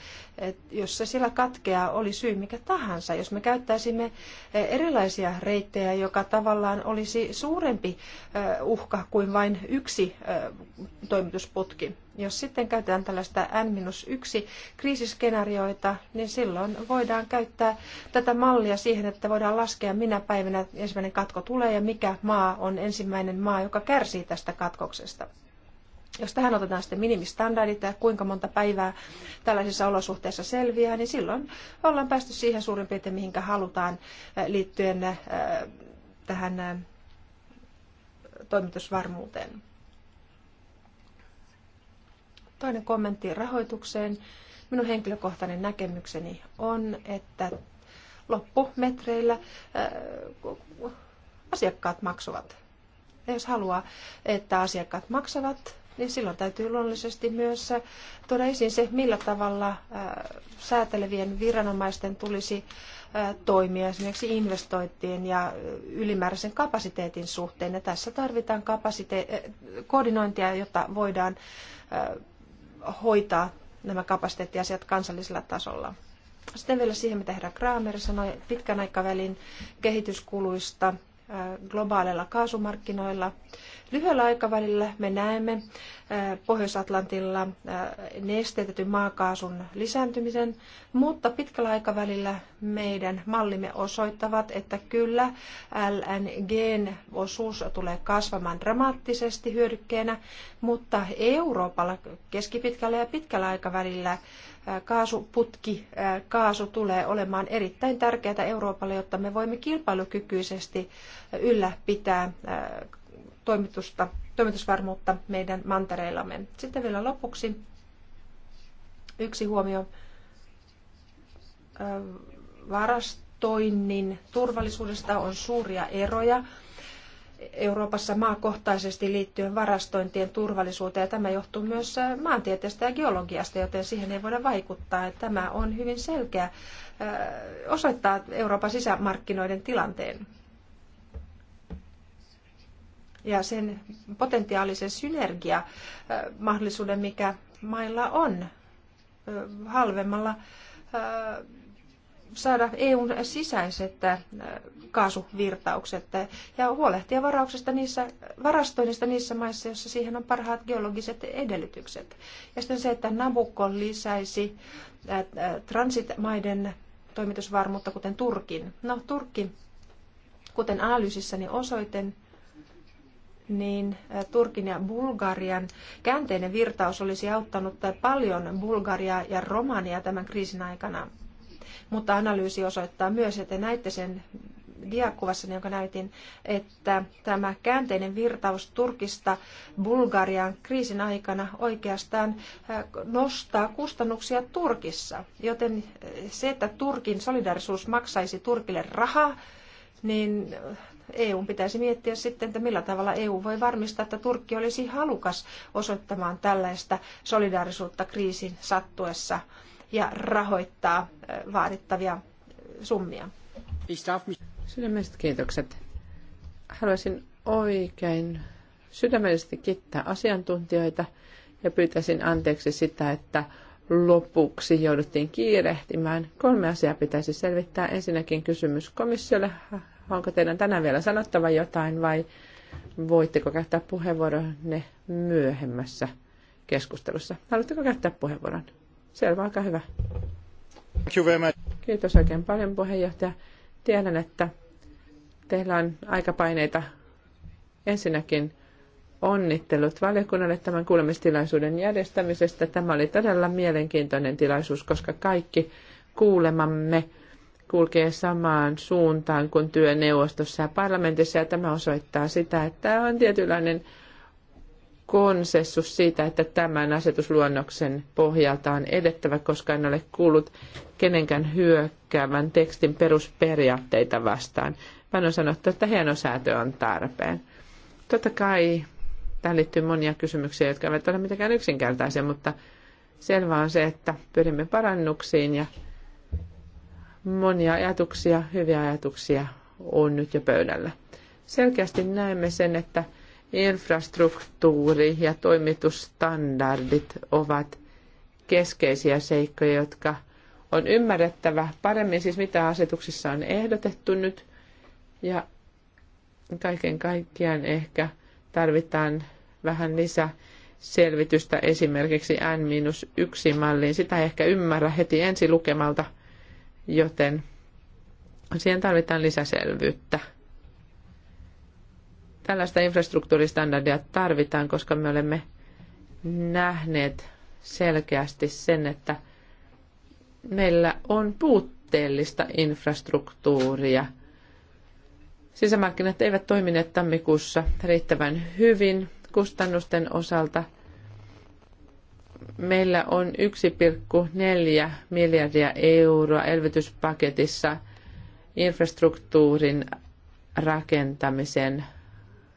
jos se siellä katkeaa, oli syy mikä tahansa. Jos me käyttäisimme e, erilaisia reittejä, joka tavallaan olisi suurempi e, uhka kuin vain yksi e, toimitusputki. Jos sitten käytetään tällaista N-1 kriisiskenaarioita, niin silloin voidaan käyttää tätä mallia siihen, että voidaan laskea minä päivänä ensimmäinen katko tulee ja mikä maa on ensimmäinen maa, joka kärsii tästä katkoksesta. Jos tähän otetaan sitten minimistandardit ja kuinka monta päivää tällaisissa olosuhteissa selviää, niin silloin ollaan päästy siihen suurin piirtein, mihinkä halutaan eh, liittyen eh, tähän eh, toimitusvarmuuteen. Toinen kommentti rahoitukseen. Minun henkilökohtainen näkemykseni on, että loppumetreillä asiakkaat maksavat. Ja jos haluaa, että asiakkaat maksavat, niin silloin täytyy luonnollisesti myös äh, tuoda esiin se, millä tavalla äh, säätelevien viranomaisten tulisi äh, toimia esimerkiksi investointien ja ylimääräisen kapasiteetin suhteen. Ja tässä tarvitaan kapasite- koordinointia, jotta voidaan hoitaa nämä kapasiteettiasiat kansallisella tasolla. Sitten vielä siihen, mitä herra Kramer sanoi pitkän aikavälin kehityskuluista – globaaleilla kaasumarkkinoilla. Lyhyellä aikavälillä me näemme Pohjois-Atlantilla nesteetetyn maakaasun lisääntymisen, mutta pitkällä aikavälillä meidän mallimme osoittavat, että kyllä lng osuus tulee kasvamaan dramaattisesti hyödykkeenä, mutta Euroopalla keskipitkällä ja pitkällä aikavälillä kaasuputki, kaasu tulee olemaan erittäin tärkeää Euroopalle, jotta me voimme kilpailukykyisesti ylläpitää toimitusta, toimitusvarmuutta meidän mantereillamme. Sitten vielä lopuksi yksi huomio varastoinnin turvallisuudesta on suuria eroja Euroopassa maakohtaisesti liittyen varastointien turvallisuuteen. Ja tämä johtuu myös äh, maantieteestä ja geologiasta, joten siihen ei voida vaikuttaa. Tämä on hyvin selkeä äh, osoittaa Euroopan sisämarkkinoiden tilanteen ja sen potentiaalisen synergiamahdollisuuden, äh, mahdollisuuden, mikä mailla on halvemmalla saada EUn sisäiset äh, kaasuvirtaukset ja huolehtia varauksesta niissä, varastoinnista niissä maissa, joissa siihen on parhaat geologiset edellytykset. Ja sitten se, että Nabucco lisäisi äh, transitmaiden toimitusvarmuutta, kuten Turkin. No, Turkki, kuten analyysissäni osoitin, niin äh, Turkin ja Bulgarian käänteinen virtaus olisi auttanut paljon Bulgariaa ja Romaniaa tämän kriisin aikana mutta analyysi osoittaa myös, että näitte sen diakuvassa, jonka näytin, että tämä käänteinen virtaus Turkista Bulgarian kriisin aikana oikeastaan nostaa kustannuksia Turkissa. Joten se, että Turkin solidarisuus maksaisi Turkille rahaa, niin EU pitäisi miettiä sitten, että millä tavalla EU voi varmistaa, että Turkki olisi halukas osoittamaan tällaista solidaarisuutta kriisin sattuessa ja rahoittaa vaadittavia summia. Sydämelliset kiitokset. Haluaisin oikein sydämellisesti kiittää asiantuntijoita ja pyytäisin anteeksi sitä, että lopuksi jouduttiin kiirehtimään. Kolme asiaa pitäisi selvittää. Ensinnäkin kysymys komissiolle. Onko teidän tänään vielä sanottava jotain vai voitteko käyttää puheenvuoronne myöhemmässä keskustelussa? Haluatteko käyttää puheenvuoron? Selvä, olkaa hyvä. Kiitos oikein paljon puheenjohtaja. Tiedän, että teillä on aikapaineita. Ensinnäkin onnittelut valiokunnalle tämän kuulemistilaisuuden järjestämisestä. Tämä oli todella mielenkiintoinen tilaisuus, koska kaikki kuulemamme kulkee samaan suuntaan kuin työneuvostossa ja parlamentissa. Ja tämä osoittaa sitä, että on tietynlainen konsensus siitä, että tämän asetusluonnoksen pohjalta on edettävä, koska en ole kuullut kenenkään hyökkäävän tekstin perusperiaatteita vastaan, vaan on sanottu, että hienosäätö on tarpeen. Totta kai tähän liittyy monia kysymyksiä, jotka eivät ole mitenkään yksinkertaisia, mutta selvää on se, että pyrimme parannuksiin ja monia ajatuksia, hyviä ajatuksia on nyt jo pöydällä. Selkeästi näemme sen, että – Infrastruktuuri ja toimitusstandardit ovat keskeisiä seikkoja, jotka on ymmärrettävä paremmin, siis mitä asetuksissa on ehdotettu nyt. Ja kaiken kaikkiaan ehkä tarvitaan vähän lisää selvitystä esimerkiksi N-1 malliin. Sitä ei ehkä ymmärrä heti ensi lukemalta, joten siihen tarvitaan lisäselvyyttä. Tällaista infrastruktuuristandardia tarvitaan, koska me olemme nähneet selkeästi sen, että meillä on puutteellista infrastruktuuria. Sisämarkkinat eivät toimineet tammikuussa riittävän hyvin kustannusten osalta. Meillä on 1,4 miljardia euroa elvytyspaketissa infrastruktuurin rakentamisen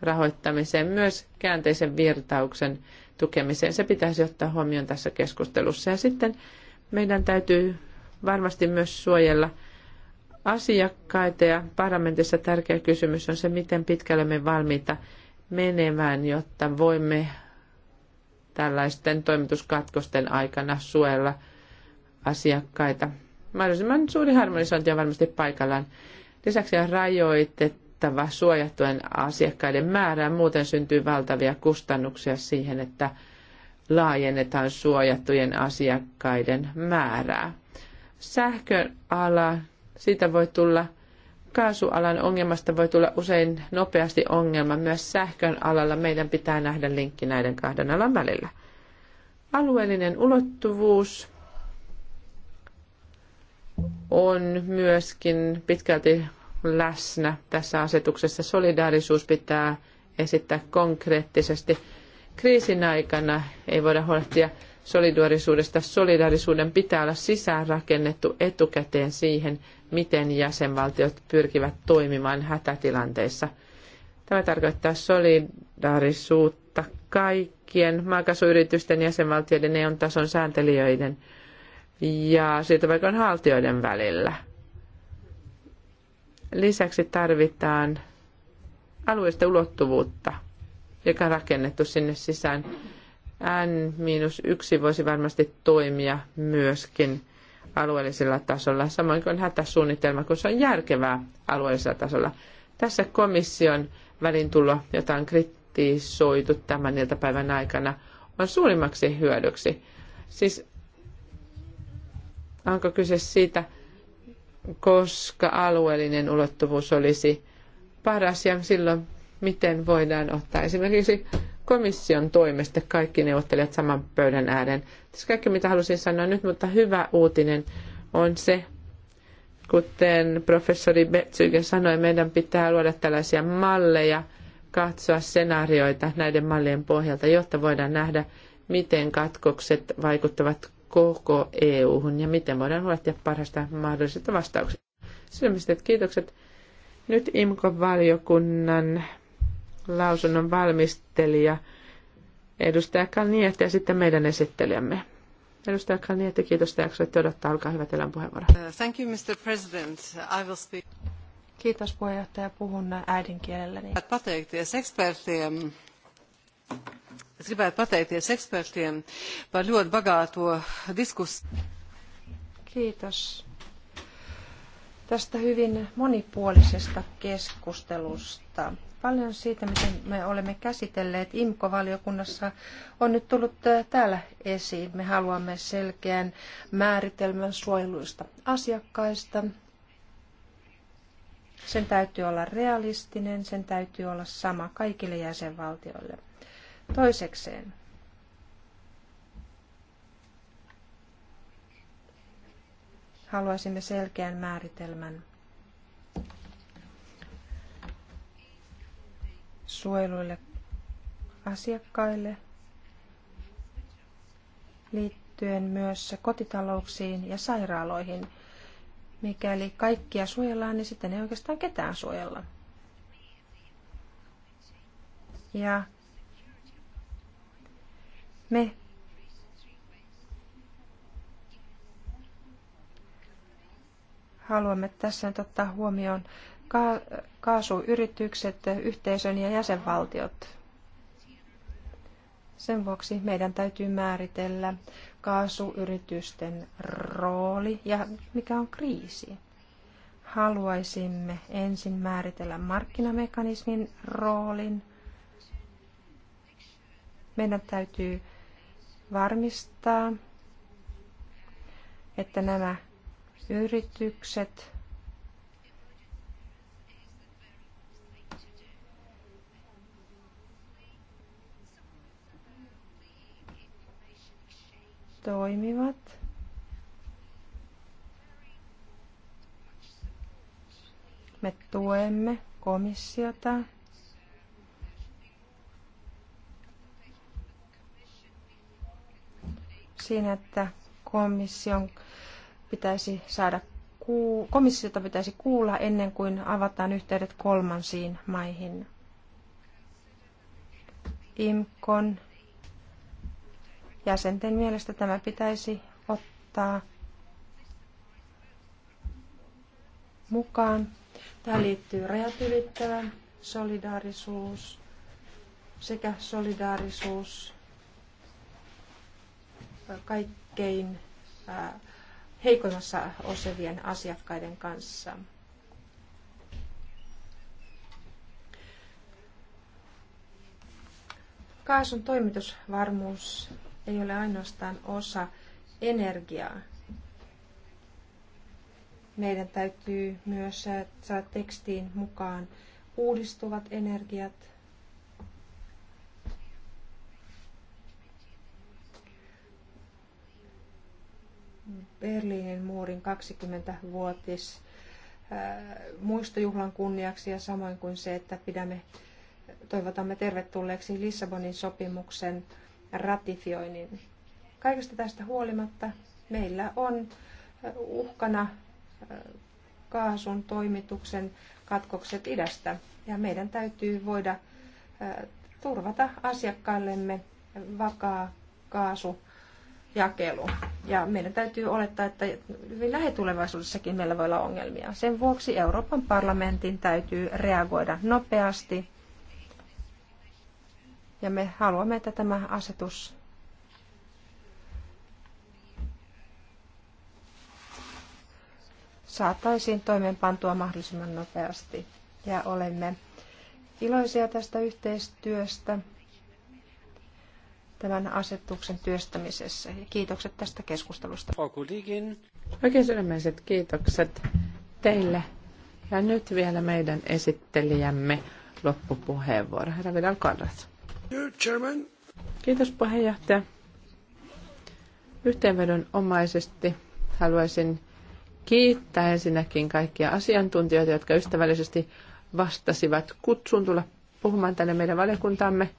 rahoittamiseen, myös käänteisen virtauksen tukemiseen. Se pitäisi ottaa huomioon tässä keskustelussa. Ja sitten meidän täytyy varmasti myös suojella asiakkaita ja parlamentissa tärkeä kysymys on se, miten pitkälle me valmiita menemään, jotta voimme tällaisten toimituskatkosten aikana suojella asiakkaita. Mahdollisimman suuri harmonisointi on varmasti paikallaan. Lisäksi on rajoitettu kattava suojattujen asiakkaiden määrä, muuten syntyy valtavia kustannuksia siihen, että laajennetaan suojattujen asiakkaiden määrää. Sähköala, siitä voi tulla, kaasualan ongelmasta voi tulla usein nopeasti ongelma myös sähkön alalla. Meidän pitää nähdä linkki näiden kahden alan välillä. Alueellinen ulottuvuus on myöskin pitkälti läsnä tässä asetuksessa. Solidaarisuus pitää esittää konkreettisesti. Kriisin aikana ei voida huolehtia solidaarisuudesta. Solidaarisuuden pitää olla sisäänrakennettu etukäteen siihen, miten jäsenvaltiot pyrkivät toimimaan hätätilanteissa. Tämä tarkoittaa solidaarisuutta kaikkien maakasuyritysten, jäsenvaltioiden, EUn tason sääntelijöiden ja siirtoverkon haltijoiden välillä – Lisäksi tarvitaan alueesta ulottuvuutta, joka on rakennettu sinne sisään. N-1 voisi varmasti toimia myöskin alueellisella tasolla, samoin kuin hätäsuunnitelma, kun se on järkevää alueellisella tasolla. Tässä komission välintulo, jota on kritisoitu tämän iltapäivän aikana, on suurimmaksi hyödyksi. Siis onko kyse siitä, koska alueellinen ulottuvuus olisi paras ja silloin miten voidaan ottaa esimerkiksi komission toimesta kaikki neuvottelijat saman pöydän ääreen. Tässä kaikki mitä halusin sanoa nyt, mutta hyvä uutinen on se, kuten professori Betsyken sanoi, meidän pitää luoda tällaisia malleja, katsoa skenaarioita näiden mallien pohjalta, jotta voidaan nähdä, miten katkokset vaikuttavat koko EU-hun ja miten voidaan huolehtia parhaista mahdollisista vastauksista. Sydämiset kiitokset. Nyt imco valiokunnan lausunnon valmistelija edustaja Kalniete ja sitten meidän esittelijämme. Edustaja Kalniete, kiitos teokset odottaa. Olkaa hyvä, teillä on puheenvuoro. Uh, thank you, Mr. President. I will speak. Kiitos puheenjohtaja, puhun äidinkielelläni. Patek, Es gribētu pateikties ekspertiem par ļoti bagāto diskusiju. Kiitos tästä hyvin monipuolisesta keskustelusta. Paljon siitä, miten me olemme käsitelleet IMKO-valiokunnassa, on nyt tullut täällä esiin. Me haluamme selkeän määritelmän suojeluista asiakkaista. Sen täytyy olla realistinen, sen täytyy olla sama kaikille jäsenvaltioille. Toisekseen. Haluaisimme selkeän määritelmän suojeluille asiakkaille liittyen myös kotitalouksiin ja sairaaloihin. Mikäli kaikkia suojellaan, niin sitten ei oikeastaan ketään suojella. Ja me haluamme tässä nyt ottaa huomioon kaasuyritykset, yhteisön ja jäsenvaltiot. Sen vuoksi meidän täytyy määritellä kaasuyritysten rooli ja mikä on kriisi. Haluaisimme ensin määritellä markkinamekanismin roolin. Meidän täytyy varmistaa, että nämä yritykset toimivat. Me tuemme komissiota siinä, että komission pitäisi saada komissiota pitäisi kuulla ennen kuin avataan yhteydet kolmansiin maihin. IMKON jäsenten mielestä tämä pitäisi ottaa mukaan. Tämä liittyy rajat ylittävään solidaarisuus sekä solidaarisuus kaikkein heikoimmassa osevien asiakkaiden kanssa. Kaasun toimitusvarmuus ei ole ainoastaan osa energiaa. Meidän täytyy myös saada tekstiin mukaan uudistuvat energiat, Berliinin muurin 20-vuotis äh, muistojuhlan kunniaksi ja samoin kuin se, että pidämme, toivotamme tervetulleeksi Lissabonin sopimuksen ratifioinnin. Kaikesta tästä huolimatta meillä on äh, uhkana äh, kaasun toimituksen katkokset idästä ja meidän täytyy voida turvata asiakkaillemme vakaa kaasu jakelu. Ja meidän täytyy olettaa, että hyvin lähitulevaisuudessakin meillä voi olla ongelmia. Sen vuoksi Euroopan parlamentin täytyy reagoida nopeasti. Ja me haluamme, että tämä asetus saataisiin toimeenpantua mahdollisimman nopeasti. Ja olemme iloisia tästä yhteistyöstä tämän asetuksen työstämisessä. Ja kiitokset tästä keskustelusta. Oikein sydämiset kiitokset teille. Ja nyt vielä meidän esittelijämme loppupuheenvuoro. Herra Vidal Kallas. Kiitos puheenjohtaja. omaisesti haluaisin kiittää ensinnäkin kaikkia asiantuntijoita, jotka ystävällisesti vastasivat kutsuun tulla puhumaan tänne meidän valiokuntaamme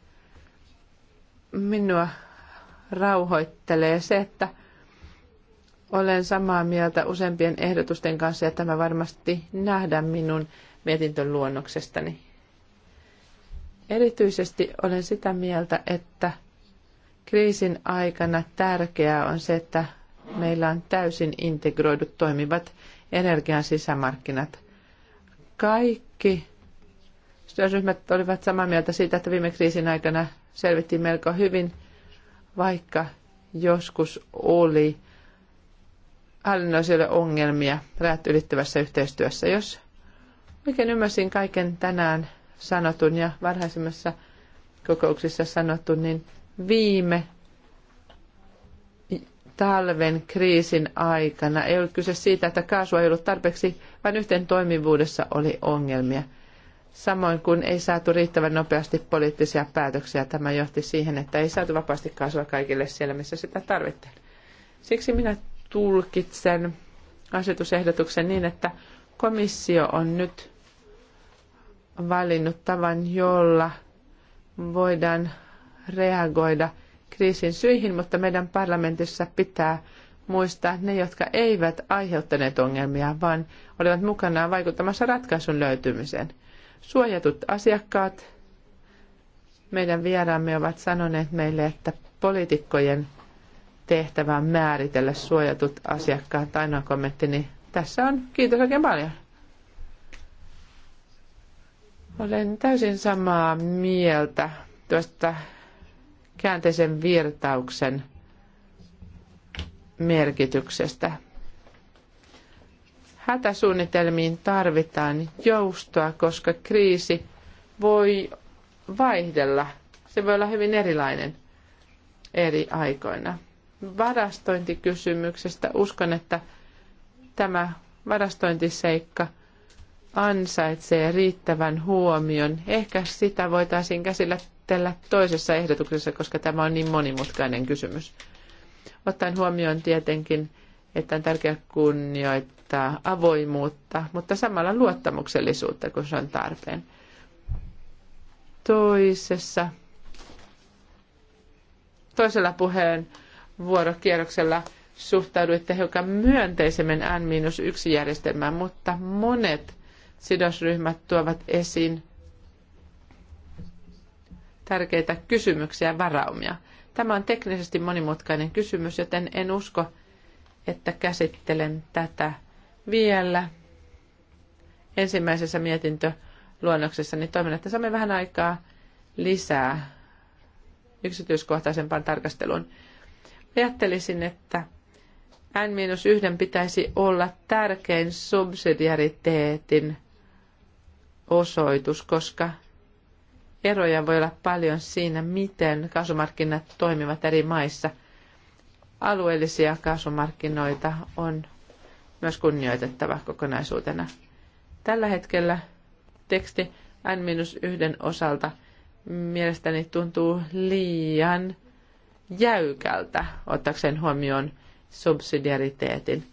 minua rauhoittelee se, että olen samaa mieltä useampien ehdotusten kanssa ja tämä varmasti nähdään minun mietintön luonnoksestani. Erityisesti olen sitä mieltä, että kriisin aikana tärkeää on se, että meillä on täysin integroidut toimivat energian sisämarkkinat. Kaikki työryhmät olivat samaa mieltä siitä, että viime kriisin aikana selvittiin melko hyvin, vaikka joskus oli hallinnollisille ongelmia rajat ylittävässä yhteistyössä. Jos oikein ymmärsin kaiken tänään sanotun ja varhaisemmassa kokouksissa sanotun, niin viime talven kriisin aikana ei ollut kyse siitä, että kaasua ei ollut tarpeeksi, vaan yhteen toimivuudessa oli ongelmia – Samoin kun ei saatu riittävän nopeasti poliittisia päätöksiä, tämä johti siihen, että ei saatu vapaasti kasvaa kaikille siellä, missä sitä tarvittiin. Siksi minä tulkitsen asetusehdotuksen niin, että komissio on nyt valinnut tavan, jolla voidaan reagoida kriisin syihin, mutta meidän parlamentissa pitää muistaa ne, jotka eivät aiheuttaneet ongelmia, vaan olivat mukana vaikuttamassa ratkaisun löytymiseen. Suojatut asiakkaat, meidän vieraamme ovat sanoneet meille, että poliitikkojen tehtävä on määritellä suojatut asiakkaat. Ainoa niin tässä on. Kiitos oikein paljon. Olen täysin samaa mieltä tuosta käänteisen virtauksen merkityksestä. Hätäsuunnitelmiin tarvitaan joustoa, koska kriisi voi vaihdella. Se voi olla hyvin erilainen eri aikoina. Varastointikysymyksestä uskon, että tämä varastointiseikka ansaitsee riittävän huomion. Ehkä sitä voitaisiin käsitellä toisessa ehdotuksessa, koska tämä on niin monimutkainen kysymys. Ottaen huomioon tietenkin, että on tärkeää kunnioittaa noudattaa avoimuutta, mutta samalla luottamuksellisuutta, kun se on tarpeen. Toisessa, toisella puheen vuorokierroksella suhtauduitte hiukan myönteisemmin N-1 järjestelmään, mutta monet sidosryhmät tuovat esiin tärkeitä kysymyksiä ja varaumia. Tämä on teknisesti monimutkainen kysymys, joten en usko, että käsittelen tätä vielä ensimmäisessä mietintöluonnoksessa, niin toivon, että saamme vähän aikaa lisää yksityiskohtaisempaan tarkasteluun. Ajattelisin, että N-1 pitäisi olla tärkein subsidiariteetin osoitus, koska eroja voi olla paljon siinä, miten kaasumarkkinat toimivat eri maissa. Alueellisia kaasumarkkinoita on myös kunnioitettava kokonaisuutena. Tällä hetkellä teksti n-1 osalta mielestäni tuntuu liian jäykältä ottaakseen huomioon subsidiariteetin.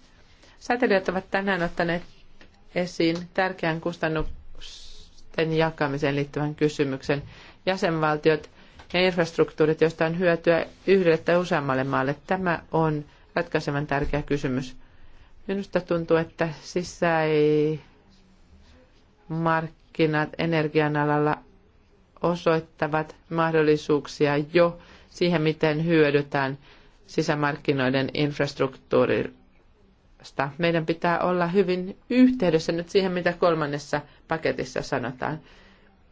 Säätelijät ovat tänään ottaneet esiin tärkeän kustannusten jakamiseen liittyvän kysymyksen. Jäsenvaltiot ja infrastruktuurit, joista on hyötyä yhdelle tai useammalle maalle, tämä on ratkaisevan tärkeä kysymys – Minusta tuntuu, että sisämarkkinat energian alalla osoittavat mahdollisuuksia jo siihen, miten hyödytään sisämarkkinoiden infrastruktuurista. Meidän pitää olla hyvin yhteydessä nyt siihen, mitä kolmannessa paketissa sanotaan.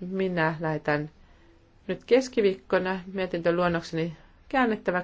Minä laitan nyt keskiviikkona mietintöluonnokseni käännettävä.